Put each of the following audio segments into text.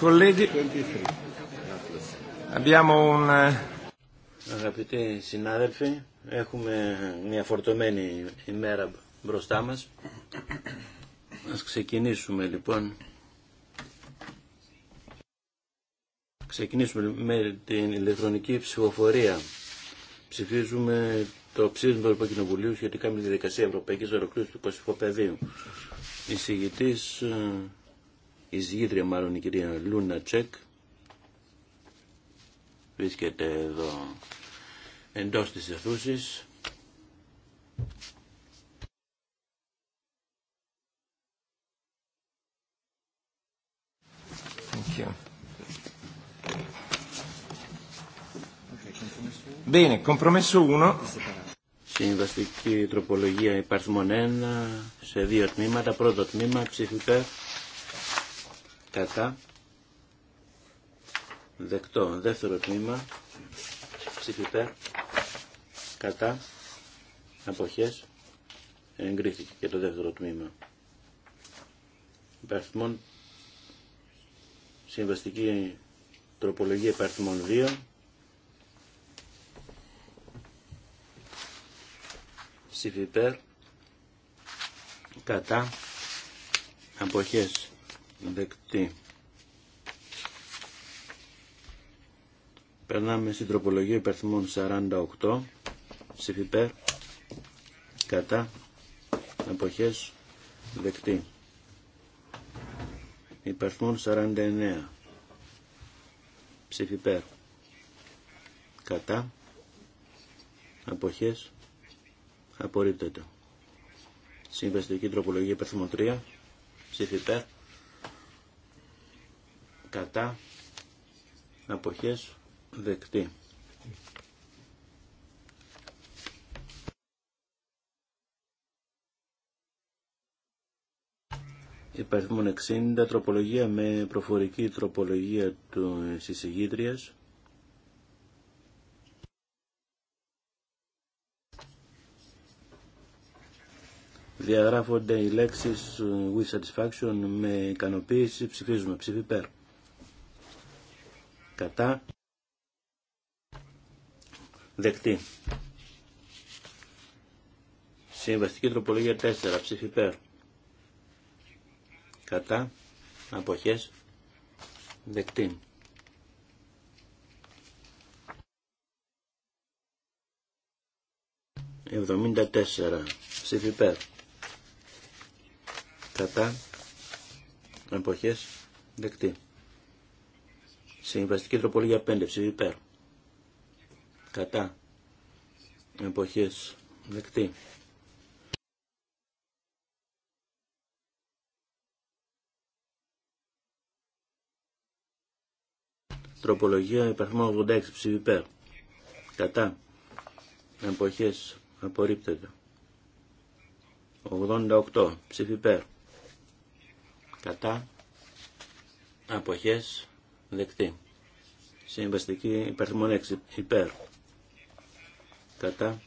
Colleghi, ε, Αγαπητοί συνάδελφοι, έχουμε μια φορτωμένη ημέρα μπροστά μας. Ας ξεκινήσουμε λοιπόν. Ξεκινήσουμε με την ηλεκτρονική ψηφοφορία. Ψηφίζουμε το ψήφισμα του Ευρωπαϊκού σχετικά με τη διαδικασία Ευρωπαϊκής Ολοκλήρωσης του Κωσυφοπεδίου. Εισηγητής ε, η συγγήτρια μάλλον η κυρία Λούνα Τσεκ βρίσκεται εδώ εντός της αιθούσης. Bene, compromesso 1. Συμβαστική τροπολογία υπαρθμών 1 σε δύο τμήματα. Πρώτο τμήμα ψηφικά κατά δεκτό δεύτερο τμήμα ψηφιπέρ κατά αποχές εγκρίθηκε και το δεύτερο τμήμα υπαριθμών συμβαστική τροπολογία υπαριθμών 2 ψηφιπέρ κατά αποχές δεκτή. Περνάμε στην τροπολογία υπερθυμών 48, ψηφιπέρ, κατά, αποχές, δεκτή. Υπερθυμών 49, ψηφιπέρ, κατά, αποχές, απορρίπτεται. Συμβαστική τροπολογία υπερθυμών 3, ψηφιπέρ, κατά αποχές δεκτή. Υπαριθμόν 60 τροπολογία με προφορική τροπολογία του εισηγήτριας. Διαγράφονται οι λέξεις with satisfaction με ικανοποίηση ψηφίζουμε ψηφί πέρα κατά δεκτή. Συμβαστική τροπολογία 4 ψήφι υπέρ κατά αποχές δεκτή. Εβδομήντα τέσσερα ψήφι κατά αποχές δεκτή. Συμβαστική τροπολογία 5 ψήφι υπέρ. Κατά. Εποχές. Δεκτή. Τροπολογία υπερθμό 86 ψήφι υπέρ. Κατά. Εποχές. Απορρίπτεται. 88 ψήφι υπέρ. Κατά. εποχές... Δεκτή. Συμβαστική υπερθυμών 6. Υπέρ. Κατά.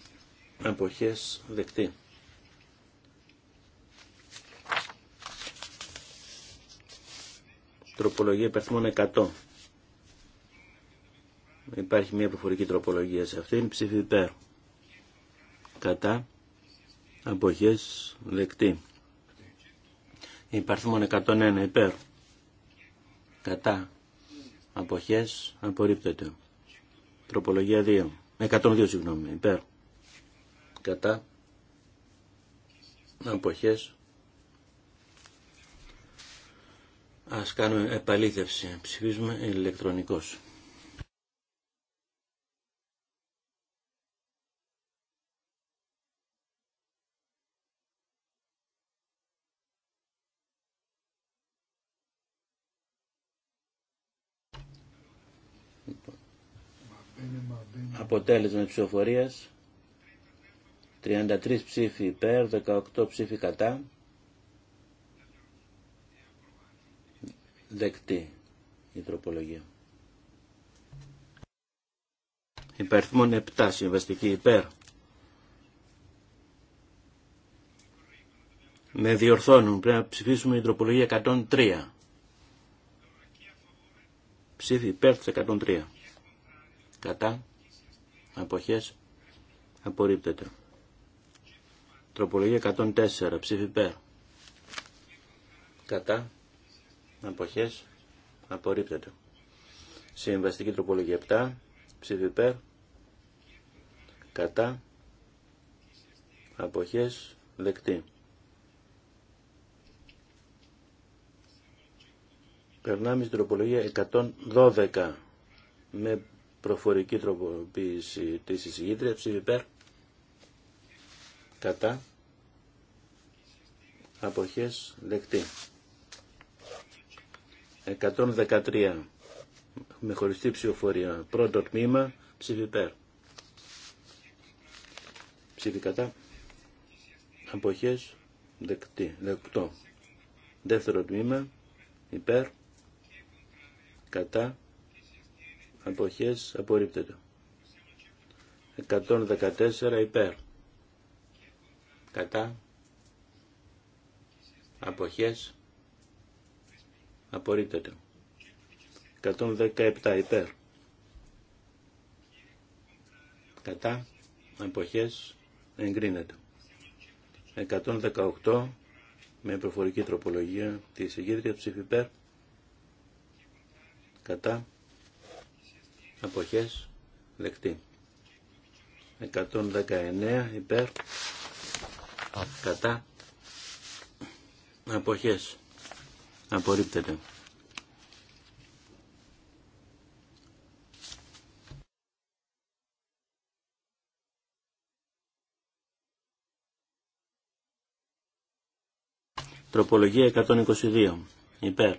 Αποχές. Δεκτή. Τροπολογία υπερθυμών 100. Υπάρχει μια προφορική τροπολογία σε αυτήν. Ψήφι υπέρ. Κατά. Αποχές. Δεκτή. Υπάρχει 101 υπέρ. Κατά αποχές απορρίπτεται. Τροπολογία 2. 102 συγγνώμη. Υπέρ. Κατά. Αποχές. Ας κάνουμε επαλήθευση. Ψηφίζουμε ηλεκτρονικός. Αποτέλεσμα ψηφοφορίας 33 ψήφοι υπέρ, 18 ψήφοι κατά. Δεκτή η τροπολογία. Υπερθμόν 7 συμβαστική υπέρ. Με διορθώνουν. Πρέπει να ψηφίσουμε η τροπολογία 103. Ψήφι υπέρ της 103. Κατά αποχές απορρίπτεται. Τροπολογία 104 ψήφι ΠΕΡ. κατά αποχές απορρίπτεται. Συμβαστική τροπολογία 7 ψήφι ΠΕΡ. κατά αποχές δεκτή. Περνάμε στην τροπολογία 112 με προφορική τροποποίηση της εισηγήτριας. ψήφι υπέρ κατά αποχές δεκτή 113 με χωριστή ψηφοφορία πρώτο τμήμα ψήφι υπέρ ψήφι κατά αποχές δεκτή, δεκτό δεύτερο τμήμα υπέρ κατά αποχές απορρίπτεται. 114 υπέρ. Κατά. Αποχές. Απορρίπτεται. 117 υπέρ. Κατά. Αποχές. Εγκρίνεται. 118 με προφορική τροπολογία της εγκύρια ψήφι υπέρ. Κατά αποχές δεκτή 119 υπέρ κατά αποχές απορρίπτεται Τροπολογία 122. Υπέρ.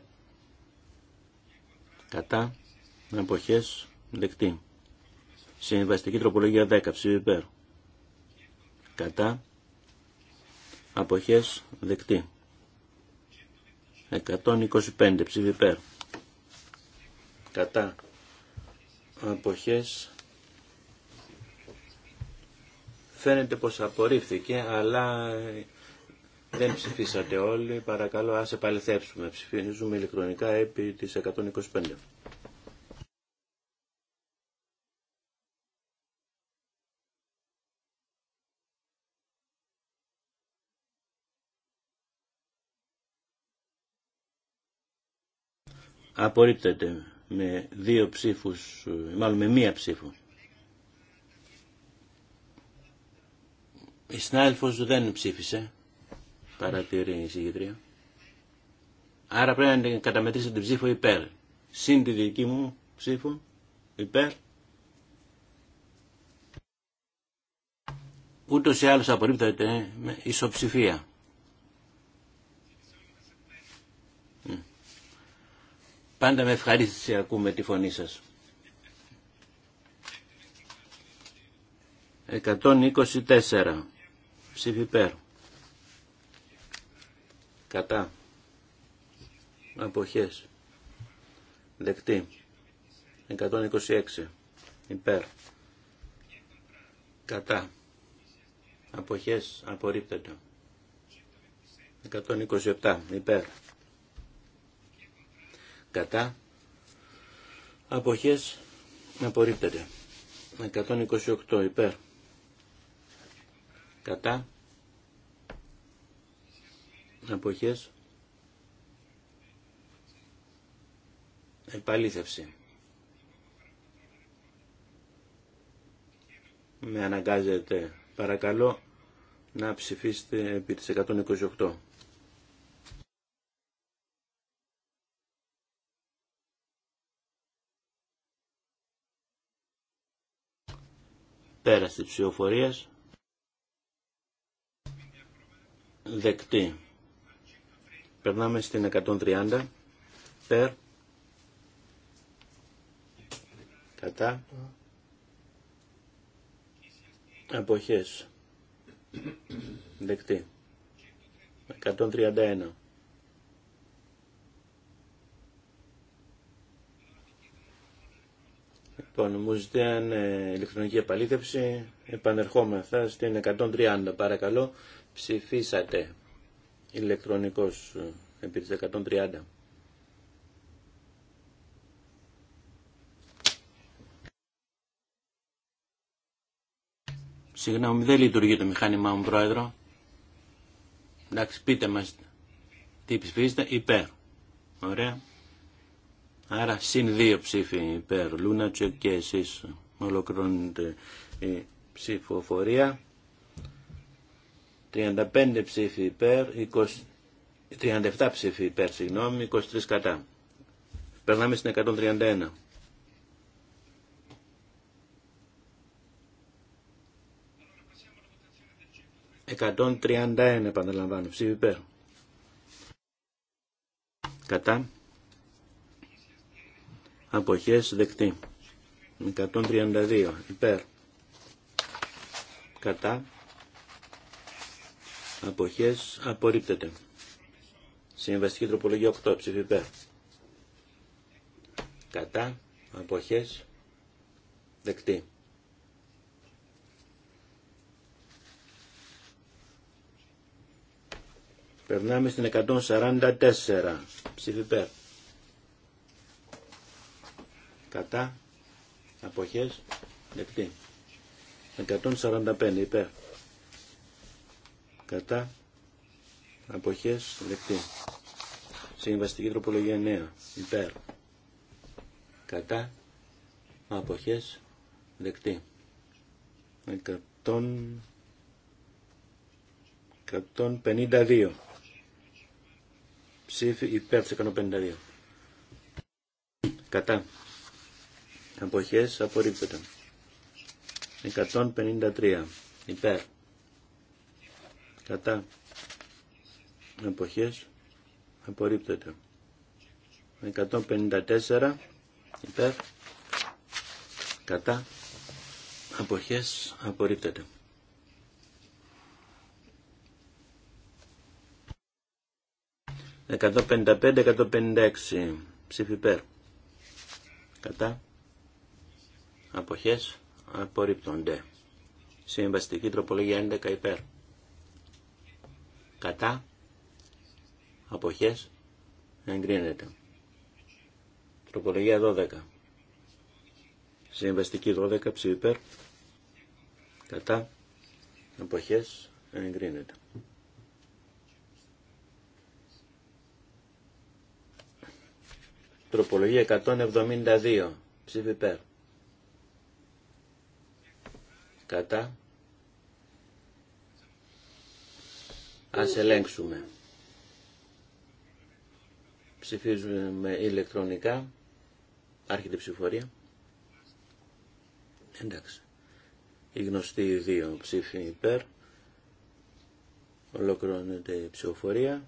Κατά. Αποχές. Δεκτή. Συμβαστική τροπολογία 10. Ψήφι υπέρ. Κατά. Αποχές. Δεκτή. 125. Ψήφι υπέρ. Κατά. Αποχές. Φαίνεται πως απορρίφθηκε, αλλά ε, δεν ψηφίσατε όλοι. Παρακαλώ, ας επαληθεύσουμε. Ψηφίζουμε ηλεκτρονικά επί της 125. απορρίπτεται με δύο ψήφους, μάλλον με μία ψήφο. Η συνάδελφος δεν ψήφισε, παρατηρεί η συγκεντρία. Άρα πρέπει να καταμετρήσετε την ψήφο υπέρ. Συν τη δική μου ψήφο υπέρ. Ούτως ή άλλως απορρίπτεται με ισοψηφία. Πάντα με ευχαρίστηση ακούμε τη φωνή σας. 124. Ψήφι υπέρ. Κατά. Αποχές. Δεκτή. 126. Υπέρ. Κατά. Αποχές απορρίπτεται. 127. Υπέρ κατά αποχές απορρίπτεται 128 υπέρ κατά αποχές επαλήθευση με αναγκάζεται παρακαλώ να ψηφίσετε επί της 128 Πέρας της ψηφοφορίας. Δεκτή. Περνάμε στην 130. Περ. Κατά. Αποχές. Δεκτή. 131. Λοιπόν, μου ζητάνε ηλεκτρονική επαλήθευση. Επανερχόμεθα στην 130. Παρακαλώ, ψηφίσατε ηλεκτρονικός επί της 130. Συγγνώμη, δεν λειτουργεί το μηχάνημά μου, Πρόεδρο. Εντάξει, πείτε μας τι ψηφίσετε, υπέρ. Ωραία. Άρα συν δύο ψήφοι υπέρ Λούνατσεκ και εσείς ολοκληρώνετε η ψηφοφορία. 35 ψήφοι υπέρ, 20, 37 ψήφοι υπέρ, συγγνώμη, 23 κατά. Περνάμε στην 131. Εκατόν τριάντα ένα επαναλαμβάνω. Ψήφι υπέρ. Κατά αποχές δεκτή 132 υπέρ κατά αποχές απορρίπτεται συμβαστική τροπολογία 8 ψήφι υπέρ κατά αποχές δεκτή Περνάμε στην 144 ψήφι υπέρ κατά αποχές δεκτή 145 υπέρ κατά αποχές δεκτή συμβαστική τροπολογία 9 υπέρ κατά αποχές δεκτή 100 152 ψήφι υπέρ 152 κατά αποχές απορρίπτεται. 153 υπέρ κατά αποχές απορρίπτεται. 154 υπέρ κατά αποχές απορρίπτεται. 155. 156. Ψήφι υπέρ. Κατά αποχές απορρίπτονται. Συμβαστική τροπολογία 11 υπέρ. Κατά αποχές εγκρίνεται. Τροπολογία 12. Συμβαστική 12 ψη υπέρ. Κατά αποχές εγκρίνεται. Τροπολογία 172 ψήφι κατά. Ας ελέγξουμε. Ψηφίζουμε ηλεκτρονικά. Άρχεται η ψηφορία. Εντάξει. Οι γνωστοί δύο ψήφοι υπέρ. Ολοκληρώνεται η ψηφοφορία.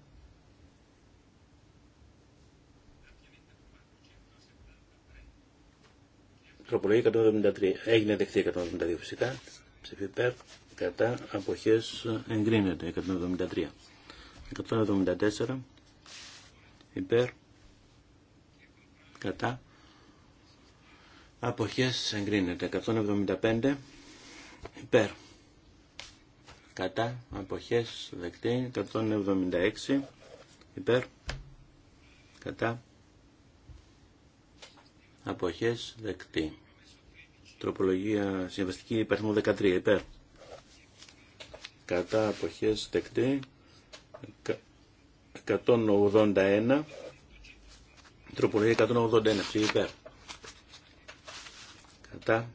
Τροπολογία 173. Έγινε δεκτή 172 φυσικά. Ψήφι υπέρ. Κατά αποχές εγκρίνεται 173. 174 υπέρ. Κατά αποχές εγκρίνεται 175 υπέρ. Κατά αποχέ, δεκτή 176 υπέρ. Κατά αποχές δεκτή. Τροπολογία συμβαστική υπαριθμό 13 υπέρ. Κατά αποχές δεκτή. 181. Τροπολογία 181 ψήφι υπέρ. Κατά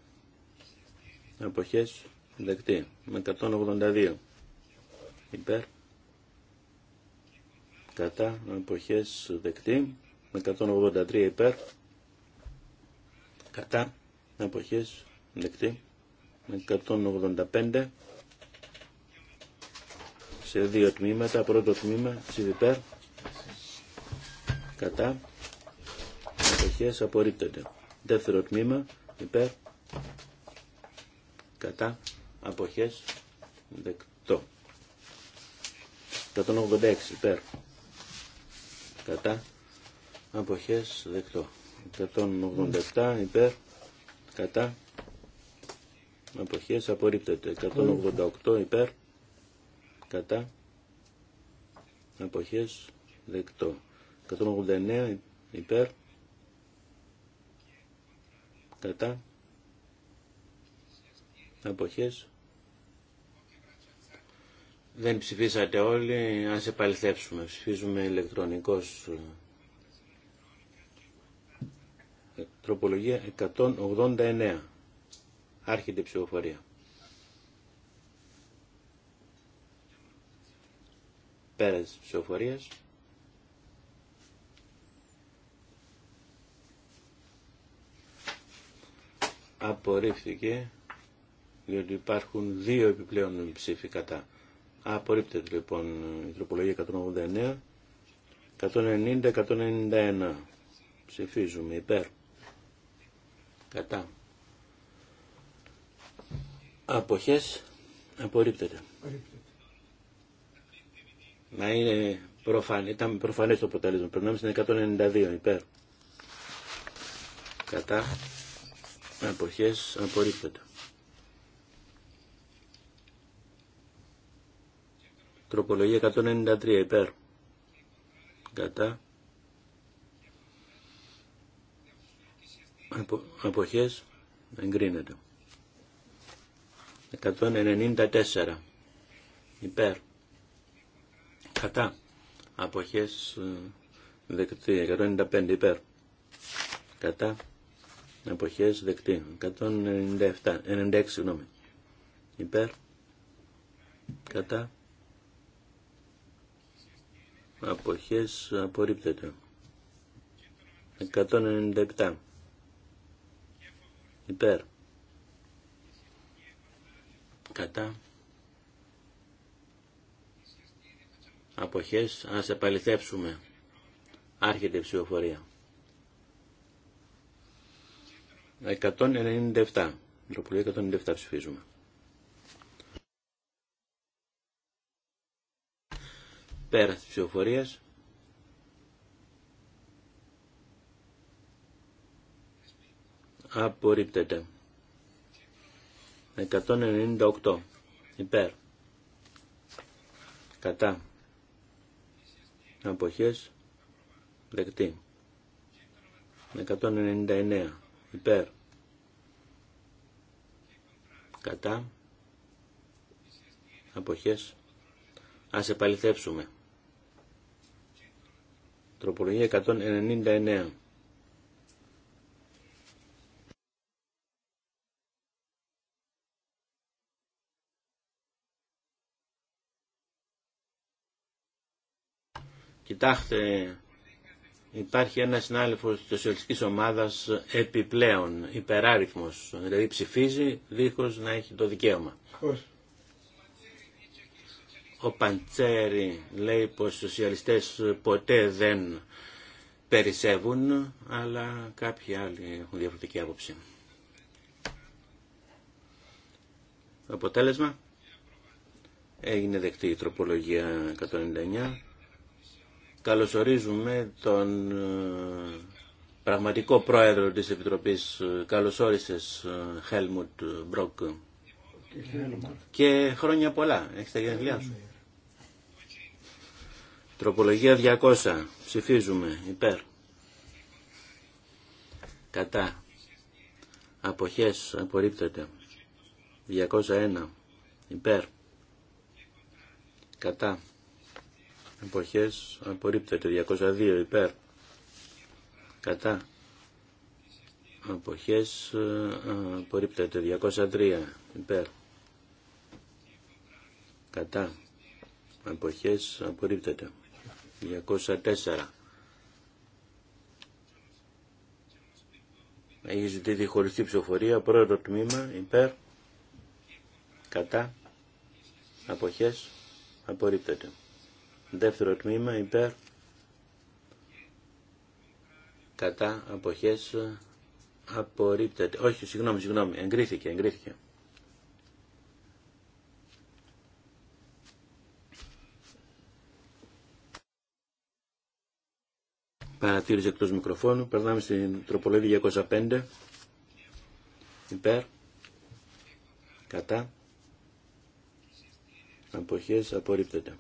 αποχές δεκτή. Με 182 υπέρ. Κατά αποχές δεκτή. Με 183 υπέρ κατά αποχές δεκτή 185 σε δύο τμήματα πρώτο τμήμα υπέρ κατά αποχές απορρίπτεται δεύτερο τμήμα υπέρ κατά αποχές δεκτό 186 υπέρ κατά αποχές δεκτό 187 υπέρ κατά αποχές απορρίπτεται 188 υπέρ κατά αποχές δεκτό 189 υπέρ κατά αποχές δεν ψηφίσατε όλοι, ας επαληθεύσουμε. Ψηφίζουμε ηλεκτρονικός ε, Τροπολογία 189. Άρχεται ψηφοφορία. Πέρα ψηφοφορίας. Απορρίφθηκε διότι υπάρχουν δύο επιπλέον ψήφοι κατά. Απορρίπτεται λοιπόν η τροπολογία 189, 190, 191. Ψηφίζουμε υπέρ κατά αποχές απορρίπτεται. Να είναι προφανή, ήταν προφανές το αποτέλεσμα. Περνάμε στην 192 υπέρ. Κατά αποχές απορρίπτεται. Τροπολογία 193 υπέρ. Κατά εποχές εγκρίνεται. 194 ε, υπέρ κατά αποχές δεκτή 195 υπέρ κατά αποχές δεκτή 197 96 συγγνώμη υπέρ κατά αποχές απορρίπτεται 197 υπέρ κατά αποχές ας επαληθεύσουμε άρχεται η ψηφοφορία 197 Μητροπολία 197 ψηφίζουμε πέρα της ψηφοφορίας απορρίπτεται. 198 υπέρ κατά αποχές δεκτή 199 υπέρ κατά αποχές ας επαληθεύσουμε τροπολογία 199 Κοιτάξτε, υπάρχει ένα συνάδελφο τη σοσιαλιστικής ομάδας επιπλέον, υπεράριθμος, δηλαδή ψηφίζει δίχω να έχει το δικαίωμα. Ο Παντσέρη λέει πως οι σοσιαλιστές ποτέ δεν περισσεύουν, αλλά κάποιοι άλλοι έχουν διαφορετική άποψη. Αποτέλεσμα, έγινε δεκτή η τροπολογία 199 Καλωσορίζουμε τον ε, πραγματικό πρόεδρο της Επιτροπής. Ε, Καλώς Χέλμουντ ε, Χέλμουτ Μπρόκ. Και χρόνια πολλά. Έχετε τα σου. Τροπολογία 200. Ψηφίζουμε. Υπέρ. Κατά. Αποχές. Απορρίπτεται. 201. Υπέρ. Κατά εποχές απορρίπτεται 202 ε, υπέρ κατά εποχές απορρίπτεται 203 υπέρ κατά εποχές απορρίπτεται 204 Έχει ζητήθει χωριστή ψηφοφορία, πρώτο τμήμα, υπέρ, κατά, αποχές, απορρίπτεται. Δεύτερο τμήμα υπέρ κατά αποχές απορρίπτεται. Όχι, συγγνώμη, συγγνώμη, εγκρίθηκε, εγκρίθηκε. Παρατήρηση εκτός μικροφώνου. Περνάμε στην τροπολογία 205. Υπέρ. Κατά. Αποχές απορρίπτεται.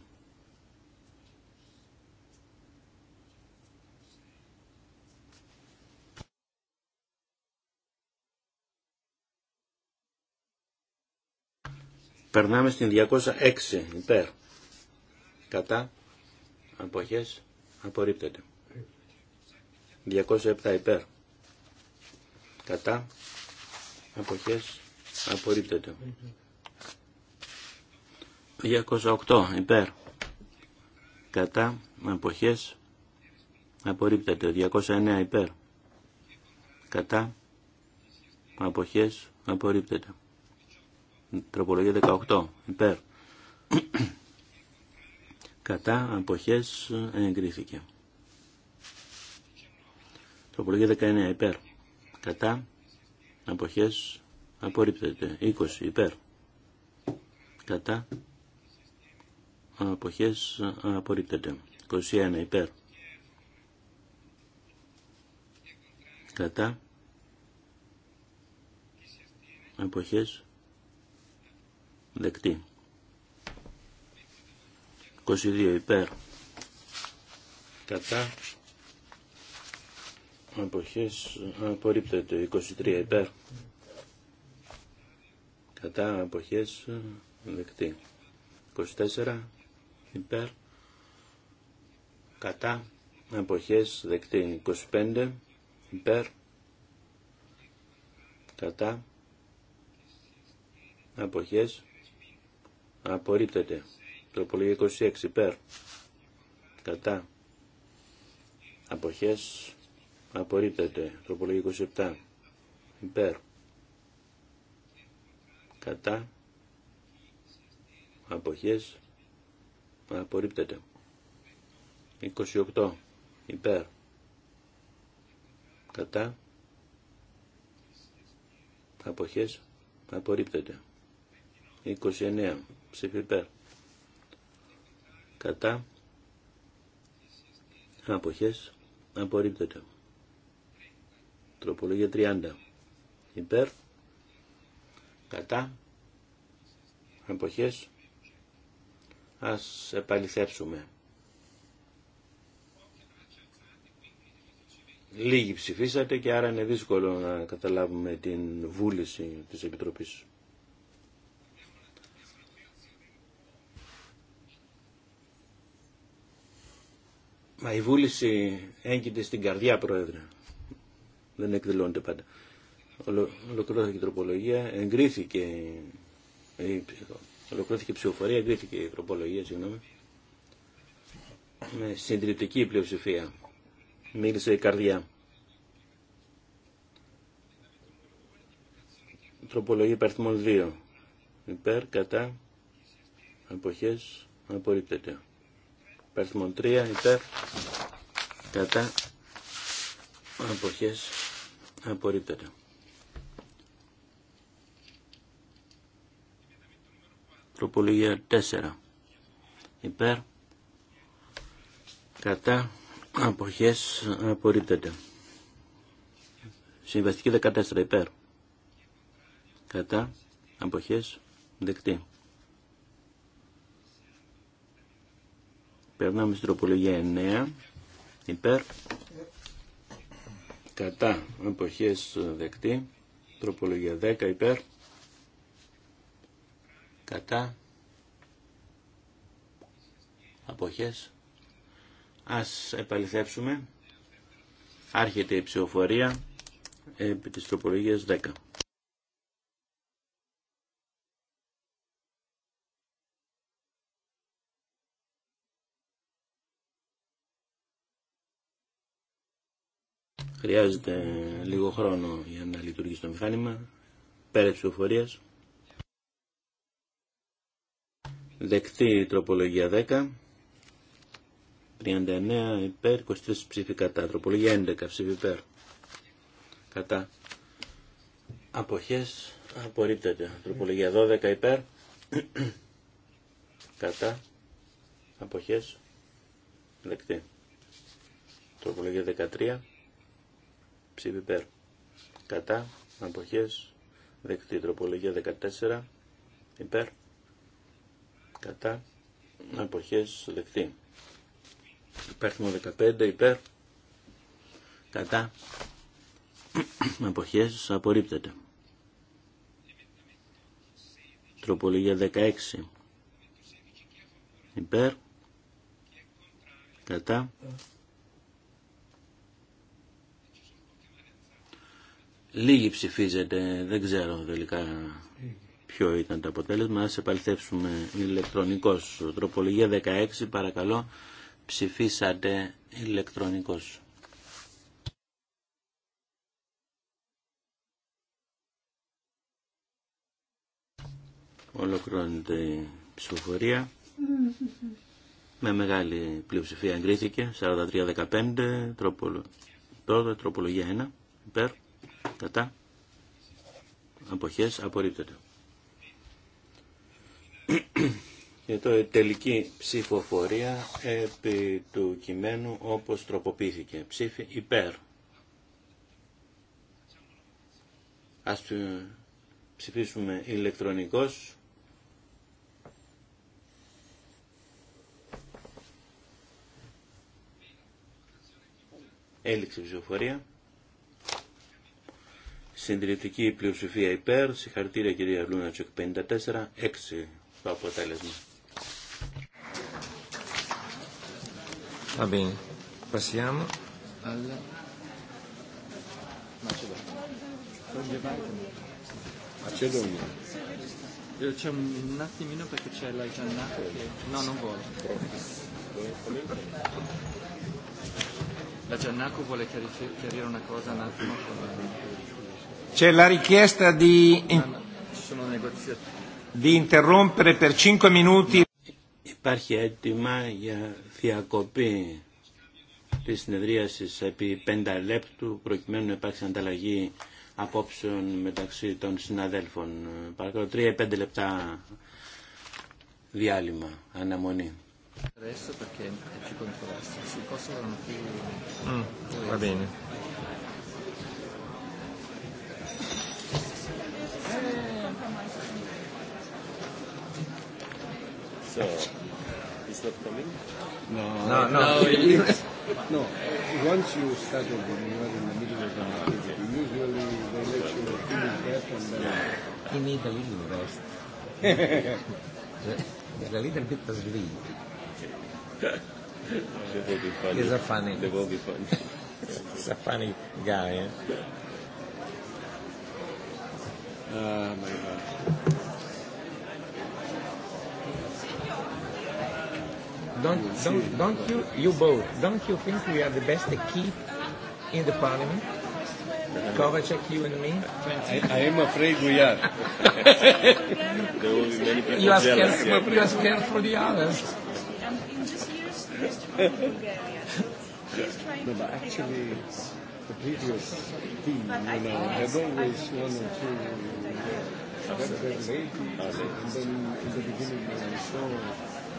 Περνάμε στην 206 υπέρ. Κατά αποχές απορρίπτεται. 207 υπέρ. Κατά αποχές απορρίπτεται. 208 υπέρ. Κατά αποχές απορρίπτεται. 209 υπέρ. Κατά αποχές απορρίπτεται. Τροπολογία 18. Υπέρ. Κατά αποχές εγκρίθηκε. Τροπολογία 19. Υπέρ. Κατά αποχές απορρίπτεται. 20. Υπέρ. Κατά αποχές απορρίπτεται. 21. Υπέρ. Κατά αποχές Δεκτή. 22 υπέρ. Κατά. Αποχές απορρίπτεται. 23 υπέρ. Κατά αποχές δεκτή. 24 υπέρ. Κατά αποχές δεκτή. 25 υπέρ. Κατά αποχές απορρίπτεται. Τροπολογία 26 υπέρ κατά αποχές απορρίπτεται. Τροπολογία 27 υπέρ κατά αποχές απορρίπτεται. 28 υπέρ κατά αποχές απορρίπτεται. 29 ψήφι υπέρ. Κατά. Αποχές. Απορρίπτεται. Τροπολογία 30. Υπέρ. Κατά. Αποχές. Ας επαληθεύσουμε. Λίγοι ψηφίσατε και άρα είναι δύσκολο να καταλάβουμε την βούληση της Επιτροπής. Μα η βούληση έγκυται στην καρδιά, Πρόεδρε. Δεν εκδηλώνεται πάντα. Ολοκληρώθηκε η τροπολογία, εγκρίθηκε η, ολοκληρώθηκε η ψηφοφορία, εγκρίθηκε η τροπολογία, συγγνώμη. Με συντριπτική πλειοψηφία. Μίλησε η καρδιά. Τροπολογία υπερθμών 2. Υπέρ, κατά, εποχές, απορρίπτεται. Περθμόν 3 υπέρ κατά αποχές απορρίπτεται. Τροπολογία 4 υπέρ κατά αποχές απορρίπτεται. Συμβαστική 14 υπέρ κατά αποχές δεκτή. Περνάμε στην τροπολογία 9. Υπέρ. Κατά. Εποχές ε, δεκτή. Τροπολογία 10. Υπέρ. Κατά. Αποχές. Ας επαληθεύσουμε. Άρχεται η ψηφοφορία επί της τροπολογίας 10. Χρειάζεται λίγο χρόνο για να λειτουργήσει το μηχάνημα. Πέρα της ψηφοφορίας. Δεκτή η τροπολογία 10. 39 υπέρ, 23 ψήφι κατά. Τροπολογία 11 ψήφι υπέρ. Κατά. Αποχές απορρίπτεται. Τροπολογία 12 υπέρ. κατά. Αποχές. Δεκτή. Τροπολογία 13 ψήφι Κατά αποχές δεκτή τροπολογία 14 υπέρ. Κατά αποχές δεκτή. Υπέρθυμο 15 υπέρ. Κατά αποχές απορρίπτεται. Τροπολογία 16 υπέρ. Κατά Λίγοι ψηφίζετε, δεν ξέρω τελικά ποιο ήταν το αποτέλεσμα. Ας επαληθεύσουμε ηλεκτρονικός. Τροπολογία 16, παρακαλώ, ψηφίσατε ηλεκτρονικός. Ολοκληρώνεται η ψηφοφορία. Με μεγάλη πλειοψηφία εγκρίθηκε, 43-15, τροπολο... τροπολογία 1, υπέρ Κατά. Αποχές απορρίπτεται. Και το τελική ψηφοφορία επί του κειμένου όπως τροποποιήθηκε. Ψήφι υπέρ. Ας ψηφίσουμε ηλεκτρονικός. Έληξη ψηφοφορία. Συντηρητική πλειοψηφία υπέρ. Συγχαρητήρια κυρία Λούνατσοκ 54. 6 το αποτέλεσμα. Va bene, passiamo la vuole chiarire una cosa un attimo. C'è la richiesta di, di interrompere per 5 minuti. Υπάρχει αίτημα για διακοπή της συνεδρίασης επί 5 λεπτού προκειμένου να υπάρξει ανταλλαγή απόψεων μεταξύ των συναδέλφων. Παρακαλώ 3-5 λεπτά διάλειμμα, αναμονή. Mm, va bene. So, it's not coming? No, no, no. No, once you start you are in the middle of an activity. Usually they let you finish that and then... You need a little rest. a little bit of sleep. He's a funny. They will be funny. He's a funny guy. Eh? Oh my God. don't, don't, don't you, you both, don't you think we are the best keep in the parliament? Kovaček, you and me? I, am afraid we are. you are Scared, you are scared for the others. No, but actually, the previous team, you know, had always one or two. and then in the beginning, I saw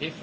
If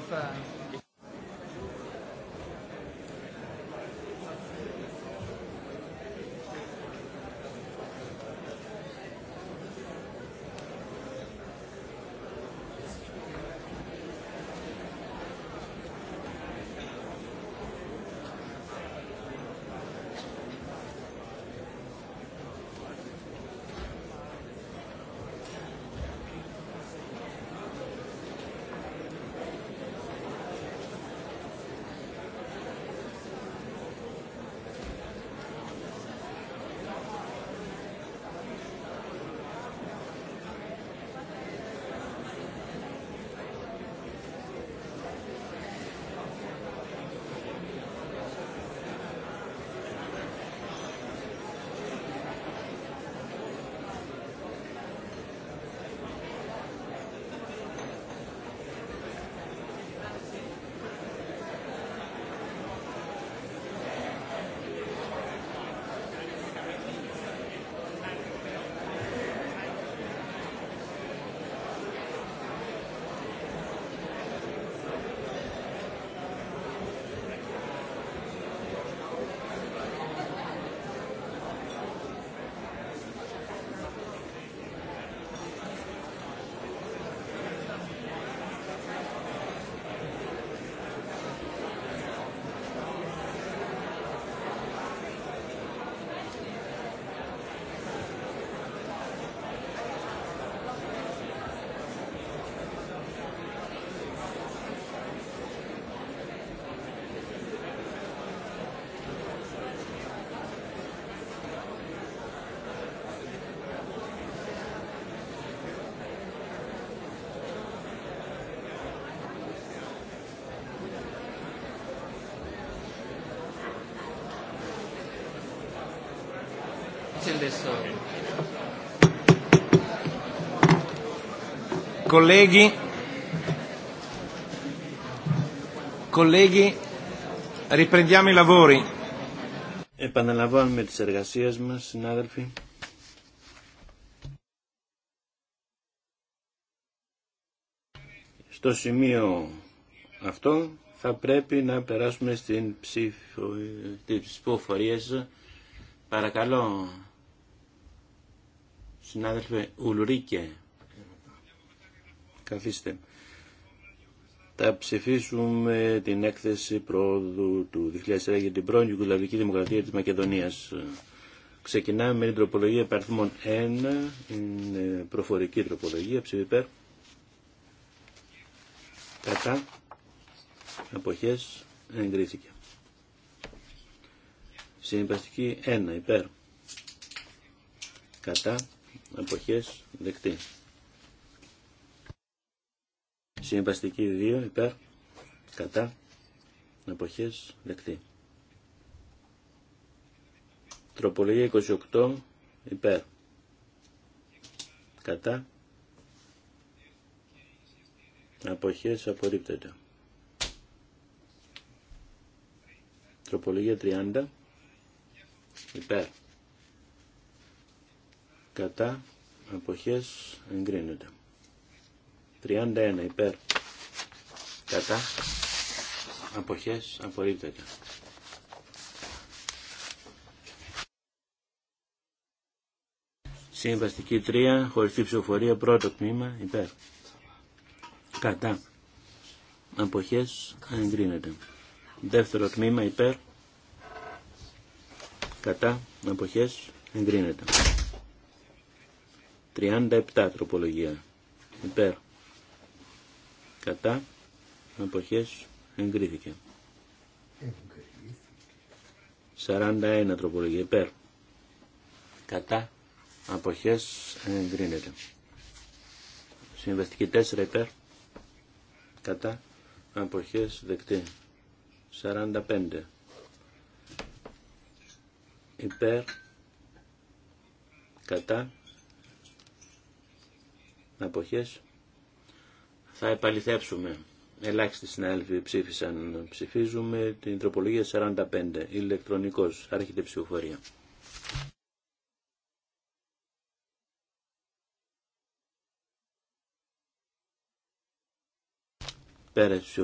adesso. Colleghi, colleghi, riprendiamo i lavori. Επαναλαμβάνουμε τις εργασίες μας, συνάδελφοι. Στο σημείο αυτό θα πρέπει να περάσουμε στην ψηφοφορία. Παρακαλώ Συνάδελφε Ουλουρίκε, καθίστε. Θα ψηφίσουμε την έκθεση πρόοδου του 2004 για την πρώην Ιουγκουλαβική Δημοκρατία της Μακεδονίας. Ξεκινάμε με την τροπολογία παρθμών 1, είναι προφορική τροπολογία, ψηφίπερ Κατά, αποχές, εγκρίθηκε. Συμβαστική 1, υπέρ. Κατά, αποχές δεκτή. Συμβαστική 2 υπέρ κατά αποχές δεκτή. Τροπολογία 28 υπέρ κατά αποχές απορρίπτεται. Τροπολογία 30 υπέρ κατά αποχές εγκρίνεται 31 υπέρ κατά αποχές απορρίπτεται Συμβαστική 3 χωριστή ψηφοφορία πρώτο τμήμα υπέρ κατά αποχές εγκρίνεται δεύτερο τμήμα υπέρ κατά αποχές εγκρίνεται 37 τροπολογία. Υπέρ. Κατά. Αποχές εγκρίθηκε. 41 τροπολογία. Υπέρ. Κατά. Αποχές εγκρίνεται. Συμβαστική 4 υπέρ. Κατά. Αποχές δεκτή. 45. Υπέρ. Κατά αποχές θα επαληθεύσουμε. Ελάχιστοι συνάδελφοι ψήφισαν. Ψηφίζουμε την τροπολογία 45, ηλεκτρονικός, άρχεται ψηφοφορία. Πέρα της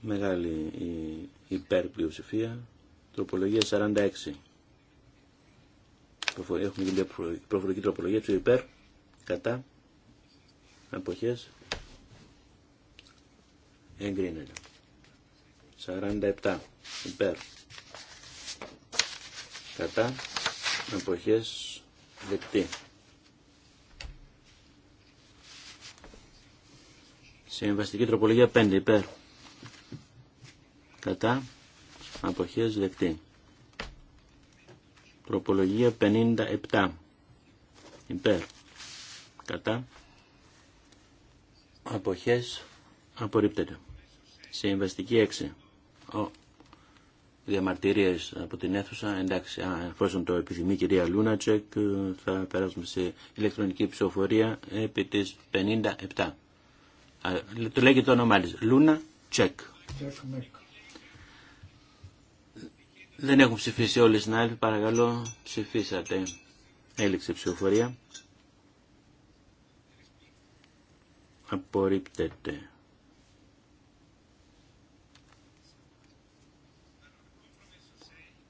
μεγάλη η υπερπλειοψηφία, τροπολογία 46. Έχουμε την προφορική τροπολογία του υπέρ, κατά, εποχές εγκρίνεται. 47 υπέρ, κατά, εποχές, δεκτή. Συμβαστική τροπολογία 5 υπέρ, κατά, εποχές δεκτή. Τροπολογία 57. Υπέρ. Κατά. Αποχές. Απορρίπτεται. Συμβαστική 6. Ο. Διαμαρτυρίες από την αίθουσα. Εντάξει, α, εφόσον το επιθυμεί η κυρία Λούνατσεκ, ε, θα περάσουμε σε ηλεκτρονική ψηφοφορία επί της 57. το λέγει το όνομά της. Λούνα Τσεκ. Δεν έχουν ψηφίσει όλοι οι συνάδελφοι, παρακαλώ ψηφίσατε. Έληξε ψηφοφορία. Απορρίπτεται.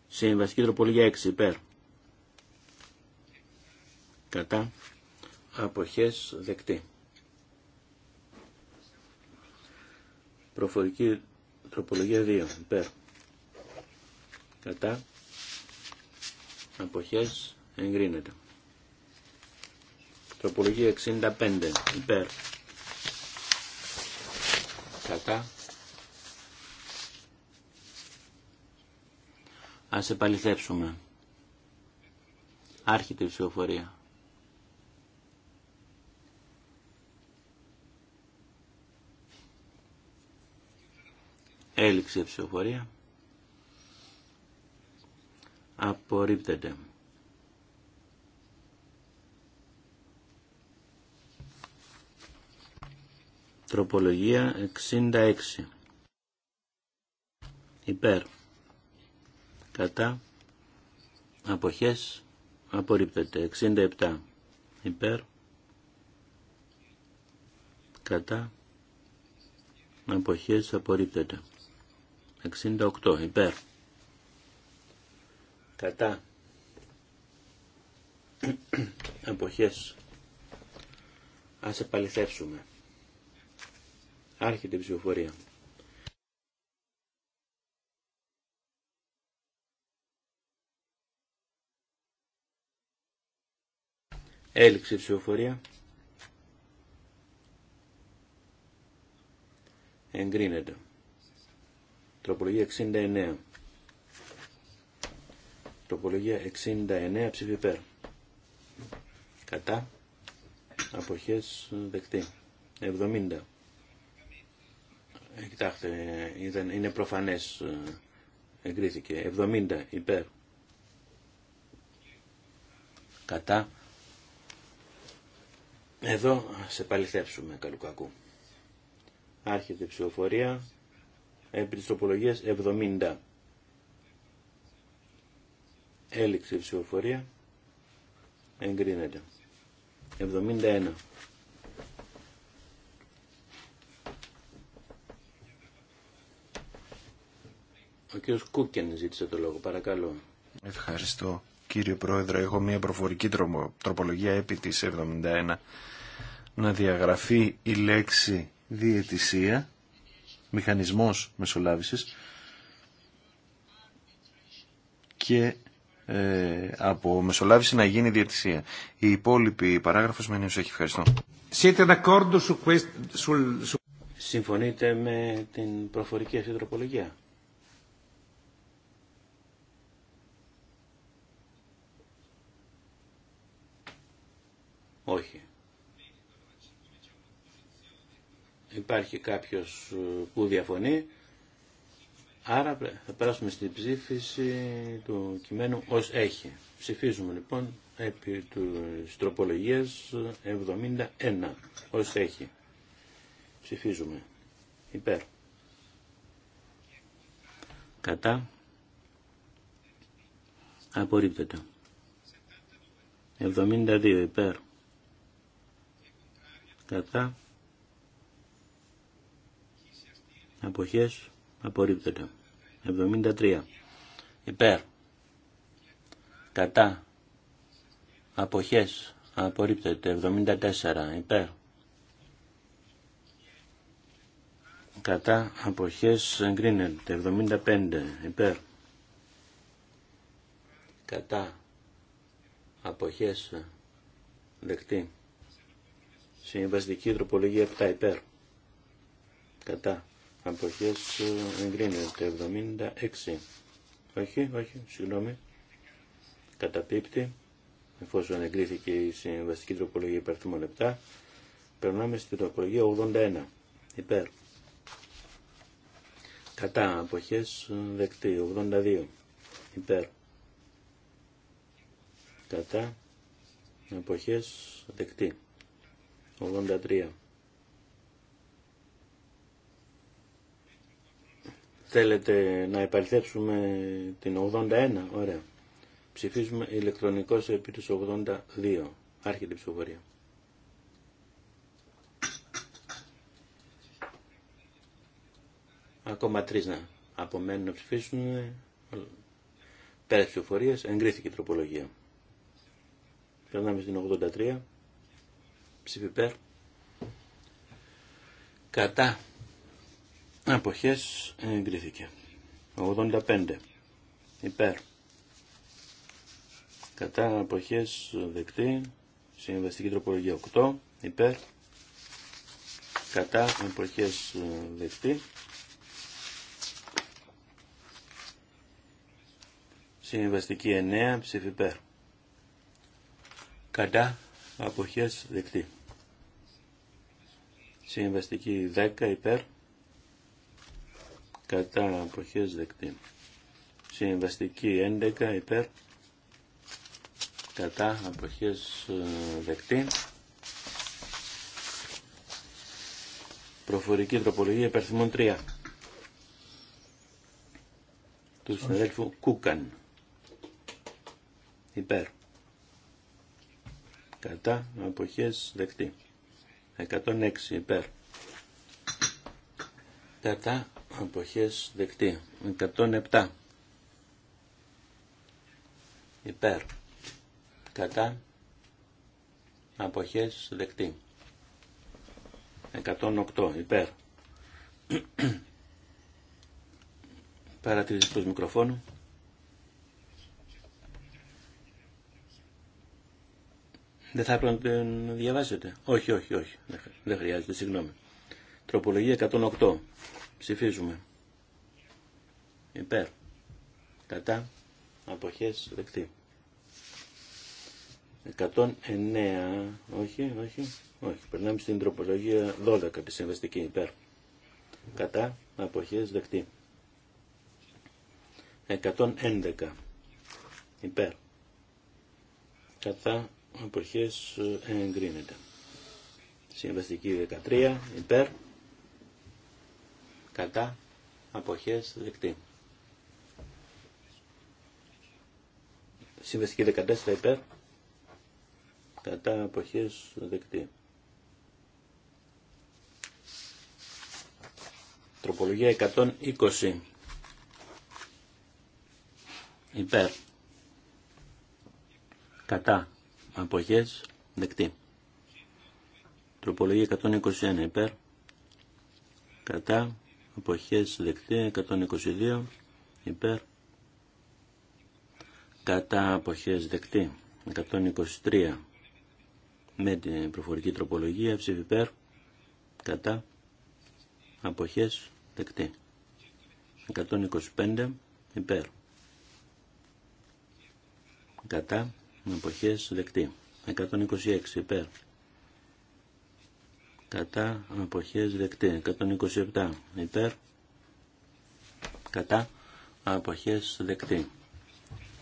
Συμβαστική τροπολογία 6 υπέρ. Κατά. Αποχές δεκτή. Προφορική τροπολογία 2 υπέρ κατά αποχές εγκρίνεται. Τροπολογία 65 υπέρ κατά Ας επαληθεύσουμε. Άρχεται η ψηφοφορία. Έληξε ψηφοφορία απορρίπτεται. Τροπολογία 66 Υπέρ Κατά Αποχές Απορρίπτεται 67 Υπέρ Κατά Αποχές Απορρίπτεται 68 Υπέρ κατά εποχές ας επαληθεύσουμε άρχεται η ψηφοφορία έληξε η ψηφοφορία εγκρίνεται τροπολογία 69 Τροπολογία 69 ψήφι υπέρ. Κατά. Αποχές δεκτή. 70. Ε, κοιτάξτε, ήταν, είναι προφανές ε, εγκρίθηκε. 70 υπέρ. Κατά. Εδώ σε επαληθεύσουμε καλού κακού. Άρχεται η ψηφοφορία επί της τροπολογίας 70. Έληξε ψηφοφορία. Εγκρίνεται. 71. Ο κύριος Κούκεν ζήτησε το λόγο. Παρακαλώ. Ευχαριστώ. Κύριε Πρόεδρε, έχω μια προφορική τροπολογία επί της 71 να διαγραφεί η λέξη διαιτησία, μηχανισμός μεσολάβησης και ε, από μεσολάβηση να γίνει διατησία. Η υπόλοιπη παράγραφος με έχει. Ευχαριστώ. Συμφωνείτε με την προφορική αυτή τροπολογία. Όχι. Υπάρχει κάποιος ε, που διαφωνεί. Άρα θα περάσουμε στην ψήφιση του κειμένου ως έχει. Ψηφίζουμε λοιπόν επί του τροπολογίας 71 ως έχει. Ψηφίζουμε υπέρ. Κατά. Απορρίπτεται. 72 υπέρ. Κατά. Αποχές απορρίπτεται. 73 υπέρ κατά αποχές απορρίπτεται. 74 υπέρ κατά αποχές εγκρίνεται. 75 υπέρ κατά αποχές δεκτή. Συμβαστική τροπολογία 7 υπέρ. Κατά αποχές ε, εγκρίνεται 76 όχι, όχι, συγγνώμη καταπίπτει εφόσον εγκρίθηκε η συμβαστική τροπολογία υπερθυμών 7 περνάμε στην τροπολογία 81 ε, υπέρ κατά αποχές δεκτή 82 υπέρ κατά αποχές δεκτή 83 Θέλετε να επαληθεύσουμε την 81, ωραία. Ψηφίζουμε ηλεκτρονικό επί του 82, άρχεται ψηφοφορία. Ακόμα τρεις να απομένουν να ψηφίσουν. Πέρα ψηφοφορία. εγκρίθηκε η τροπολογία. Περνάμε στην 83. Ψήφι Κατά Αποχές εγκρίθηκε. 85. Υπέρ. Κατά αποχές δεκτή. Συμβαστική τροπολογία 8. Υπέρ. Κατά αποχές δεκτή. Συμβαστική 9. Ψήφι υπέρ. Κατά αποχές δεκτή. Συμβαστική 10. Υπέρ κατά αποχές δεκτή. Συμβαστική 11 υπέρ κατά αποχές ε, δεκτή. Προφορική τροπολογία υπερθυμών 3 του συναδέλφου Κούκαν υπέρ κατά αποχές δεκτή. 106 υπέρ κατά αποχές δεκτή 107 υπέρ κατά αποχές δεκτή 108 υπέρ παρατηρήσεις του μικροφόνου Δεν θα έπρεπε να την διαβάσετε. Όχι, όχι, όχι. Δεν χρειάζεται, συγγνώμη. Τροπολογία 108. Ψηφίζουμε. Υπέρ. Κατά. Αποχές δεκτή. 109. Όχι, όχι, όχι. Περνάμε στην τροπολογία 12 τη συμβαστική υπέρ. Κατά. Αποχές δεκτή. 111. Υπέρ. Κατά. Αποχές εγκρίνεται. Συμβαστική 13. Υπέρ κατά αποχές δεκτή. Συμβεστική 14 υπέρ κατά αποχές δεκτή. Τροπολογία 120 υπέρ κατά αποχές δεκτή. Τροπολογία 121 υπέρ κατά αποχές δεκτή 122 υπέρ κατά αποχές δεκτή 123 με την προφορική τροπολογία ψήφι υπέρ κατά αποχές δεκτή 125 υπέρ κατά αποχές δεκτή 126 υπέρ κατά αποχές δεκτή 127 υπέρ κατά αποχές δεκτή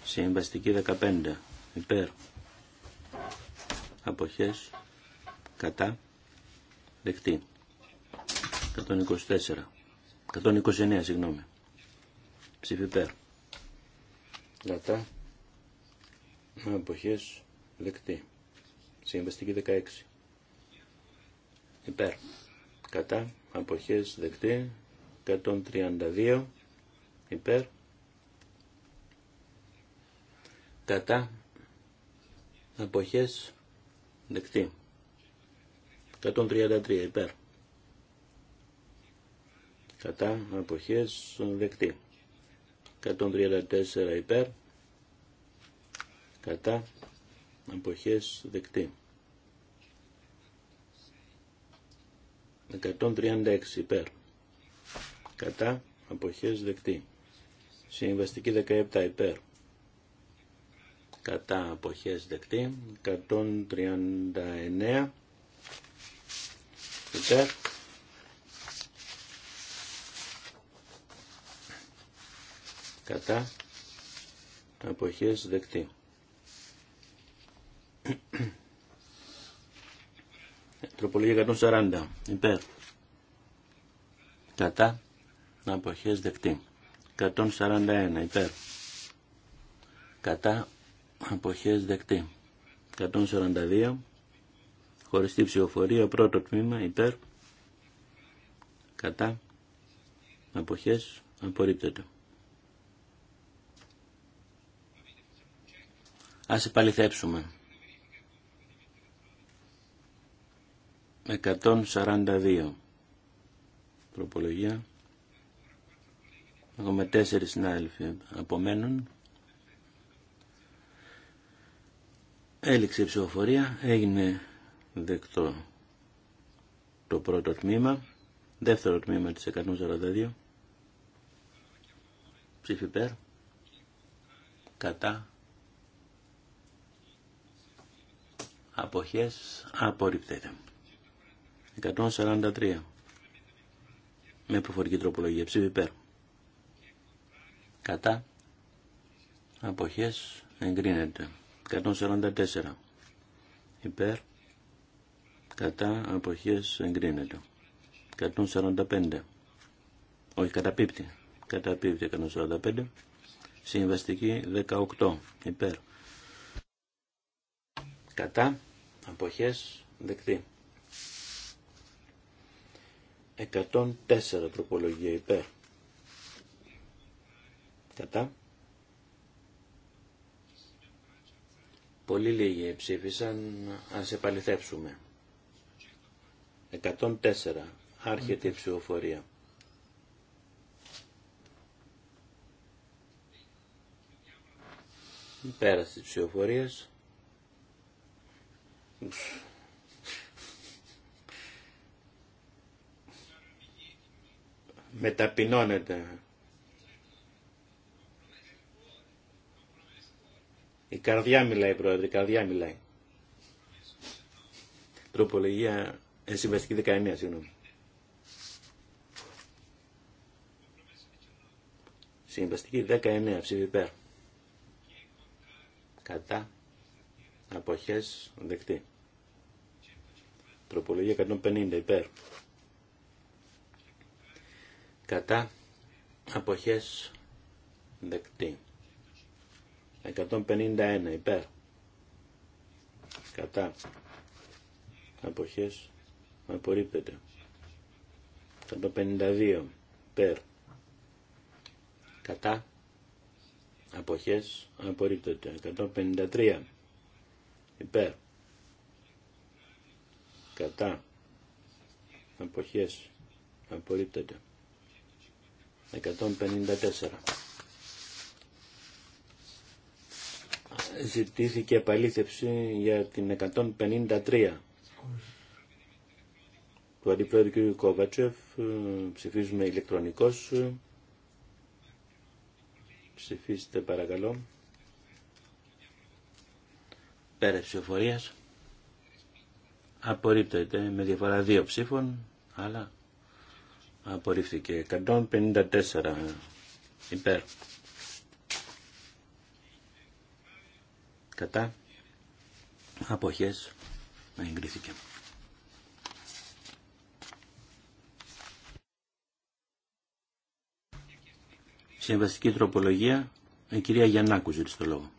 συμβαστική 15 υπέρ αποχές κατά δεκτή 124 129 συγγνώμη ψήφι υπέρ κατά αποχές δεκτή συμβαστική 16 υπέρ κατά αποχές δεκτή 132 υπέρ κατά αποχές δεκτή 133 υπέρ κατά αποχές δεκτή 134 υπέρ κατά αποχές δεκτή 136 υπέρ. Κατά αποχές δεκτή. Συμβαστική 17 υπέρ. Κατά αποχές δεκτή. 139 υπέρ. Κατά αποχές δεκτή. Τροπολογία 140. Υπέρ. Κατά. Αποχές δεκτή. 141. Υπέρ. Κατά. Αποχές δεκτή. 142. Χωριστή ψηφοφορία. Πρώτο τμήμα. Υπέρ. Κατά. Αποχές απορρίπτεται. Ας επαληθεύσουμε. 142. Τροπολογία. Έχουμε τέσσερις συνάδελφοι απομένουν. Έληξε η ψηφοφορία, έγινε δεκτό το πρώτο τμήμα, δεύτερο τμήμα της 142, ψήφι περ, κατά, αποχές, απορριπτέται. 143 με προφορική τροπολογία ψήφι υπέρ κατά αποχές εγκρίνεται 144 υπέρ κατά αποχές εγκρίνεται 145 όχι καταπίπτει καταπίπτει 145 συμβαστική 18 υπέρ κατά αποχές δεκτή 104 τροπολογία υπέρ. Κατά. Πολύ λίγοι ψήφισαν, ας επαληθεύσουμε. 104. Άρχεται η ψηφοφορία. Πέραστη της ψηφοφορίες. μεταπεινώνεται. Η καρδιά μιλάει, πρόεδρε, η καρδιά μιλάει. Τροπολογία, ε, συμβαστική 19, συγγνώμη. Συμβαστική 19, ψήφι υπέρ. Κατά. Αποχές, δεκτή. Τροπολογία 150, υπέρ κατά αποχές δεκτή 151 υπέρ κατά αποχές απορρίπτεται 152 υπέρ κατά αποχές απορρίπτεται 153 υπέρ κατά αποχές απορρίπτεται 154. Ζητήθηκε επαλήθευση για την 153 του Αντιπρόεδρου κ. Κόβατσεφ. Ε, ψηφίζουμε ηλεκτρονικός. Ψηφίστε παρακαλώ. Πέρα ψηφοφορίας. Απορρίπτεται με διαφορά δύο ψήφων, αλλά απορρίφθηκε 154 υπέρ κατά αποχές να εγκρίθηκε. Συμβαστική τροπολογία, η κυρία Γιαννάκου ζήτησε το λόγο.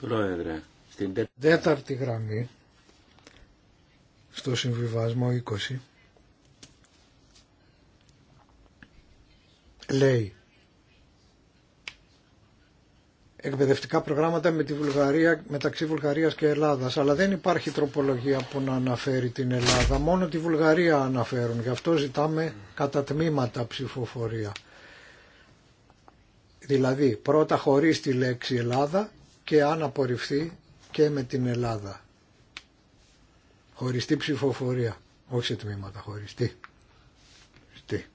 Πρόεδρε, στην τέταρτη γραμμή, στο συμβιβασμό 20, λέει εκπαιδευτικά προγράμματα με τη Βουλγαρία, μεταξύ Βουλγαρίας και Ελλάδας. Αλλά δεν υπάρχει τροπολογία που να αναφέρει την Ελλάδα. Μόνο τη Βουλγαρία αναφέρουν. Γι' αυτό ζητάμε κατά τμήματα ψηφοφορία. Δηλαδή πρώτα χωρίς τη λέξη Ελλάδα και αν απορριφθεί και με την Ελλάδα. Χωριστή ψηφοφορία. Όχι σε τμήματα, χωριστή. Χωριστή.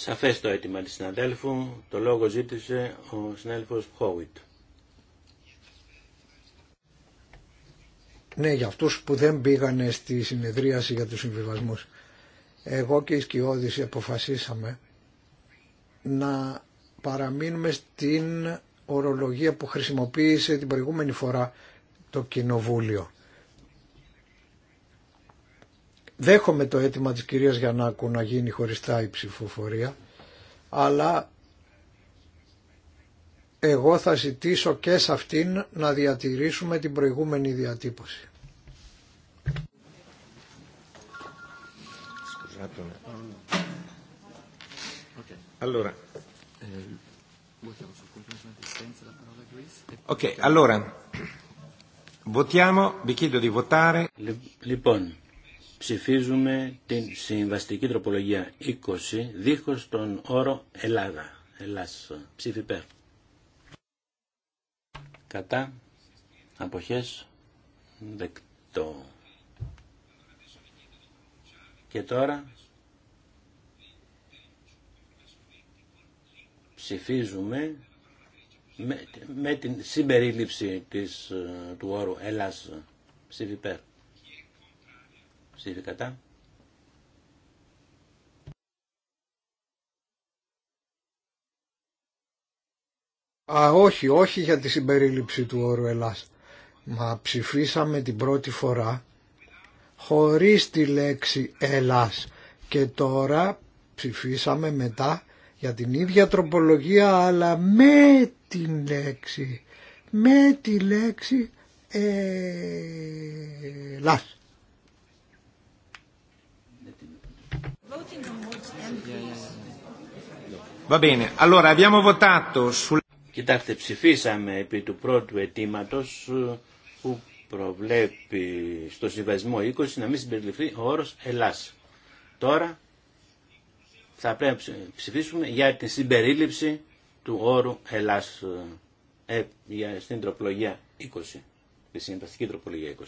σαφές το αίτημα της συναδέλφου, το λόγο ζήτησε ο συνέλφος Χόουιτ. Ναι, για αυτούς που δεν πήγανε στη συνεδρίαση για τους συμβιβασμούς. Εγώ και η Σκιώδης αποφασίσαμε να παραμείνουμε στην ορολογία που χρησιμοποίησε την προηγούμενη φορά το Κοινοβούλιο. Δέχομαι το αίτημα της κυρίας Γιαννάκου να γίνει χωριστά η ψηφοφορία, αλλά εγώ θα ζητήσω και σε αυτήν να διατηρήσουμε την προηγούμενη διατύπωση. Allora. Ok, allora votiamo, vi chiedo di votare. Λοιπόν, ψηφίζουμε την συμβαστική τροπολογία 20 δίχως τον όρο Ελλάδα. Ελλάς. Ψήφι Κατά. Αποχές. Δεκτό. Και τώρα ψηφίζουμε με, την συμπερίληψη της, ε, του όρου Ελλάς. Ψήφι ψήφι κατά. Α, όχι, όχι για τη συμπερίληψη του όρου Ελλάς. Μα ψηφίσαμε την πρώτη φορά χωρίς τη λέξη Ελλάς και τώρα ψηφίσαμε μετά για την ίδια τροπολογία αλλά με την λέξη, με τη λέξη Ελλάς. Va bene, allora abbiamo votato sul... Κοιτάξτε, ψηφίσαμε επί του πρώτου αιτήματο ε, που προβλέπει στο συμβασμό 20 να μην συμπεριληφθεί ο όρος Ελλάς. Τώρα θα πρέπει να ψηφίσουμε για τη συμπερίληψη του όρου Ελλάς ε, στην τροπολογία 20, τη συμβαστική τροπολογία 20.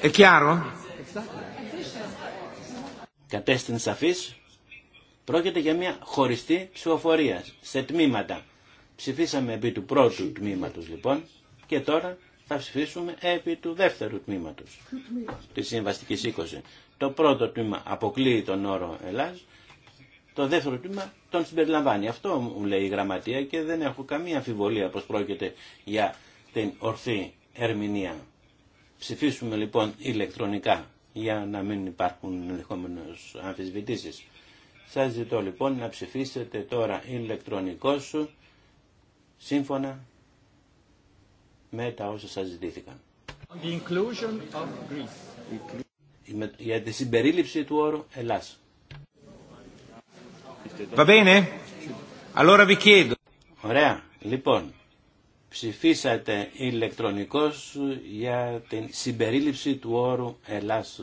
Ε, Κατέστην σαφής, πρόκειται για μια χωριστή ψηφοφορία σε τμήματα. Ψηφίσαμε επί του πρώτου τμήματος λοιπόν και τώρα θα ψηφίσουμε επί του δεύτερου τμήματος της Συμβαστικής 20. Το πρώτο τμήμα αποκλείει τον όρο Ελλάς, το δεύτερο τμήμα τον συμπεριλαμβάνει. Αυτό μου λέει η γραμματεία και δεν έχω καμία αμφιβολία πως πρόκειται για την ορθή ερμηνεία. Ψηφίσουμε λοιπόν ηλεκτρονικά για να μην υπάρχουν ενδεχόμενε αμφισβητήσεις. Σας ζητώ λοιπόν να ψηφίσετε τώρα σου σύμφωνα με τα όσα σας ζητήθηκαν. Για τη συμπερίληψη του όρου Ελλάς. Va bene? Allora vi Ωραία. Λοιπόν, ψηφίσατε ηλεκτρονικώς για την συμπερίληψη του όρου Ελλάς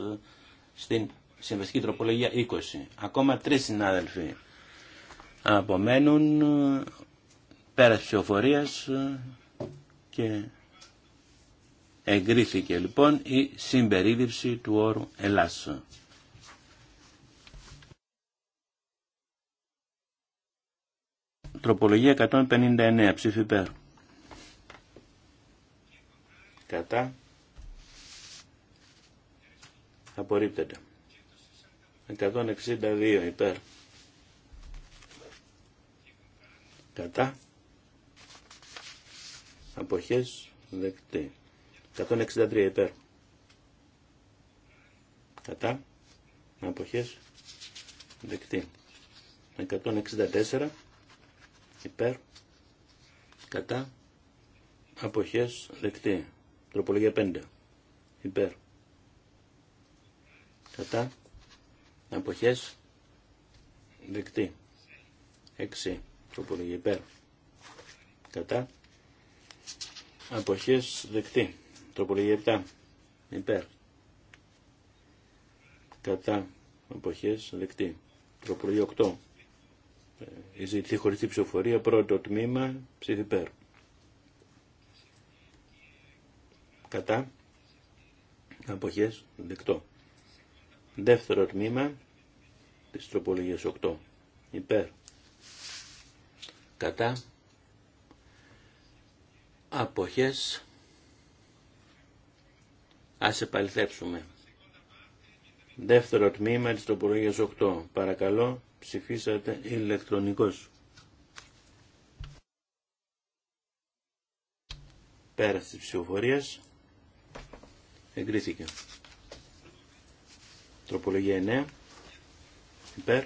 στην συμβαστική τροπολογία 20. Ακόμα τρεις συνάδελφοι απομένουν πέρα ψηφοφορίας και εγκρίθηκε λοιπόν η συμπερίληψη του όρου Ελλάς. Τροπολογία 159 ψήφι πέρα κατά απορρίπτεται 162 υπέρ κατά αποχές δεκτή 163 υπέρ κατά αποχές δεκτή 164 υπέρ κατά αποχές δεκτή Τροπολογία 5. Υπέρ. Κατά. Αποχές. Δεκτή. 6. Τροπολογία υπέρ. Κατά. Αποχές δεκτή. Τροπολογία 7. Υπέρ. Κατά. Αποχές δεκτή. Τροπολογία 8. Η ζητή χωριστή ψηφοφορία. Πρώτο τμήμα. Ψήφι υπέρ. κατά αποχές δεκτό. Δεύτερο τμήμα της τροπολογίας 8 υπέρ κατά αποχές ας επαληθέψουμε. Δεύτερο τμήμα της τροπολογίας 8. Παρακαλώ ψηφίσατε ηλεκτρονικός. Πέρασε της ψηφοφορίας εγκρίθηκε. Τροπολογία 9 υπέρ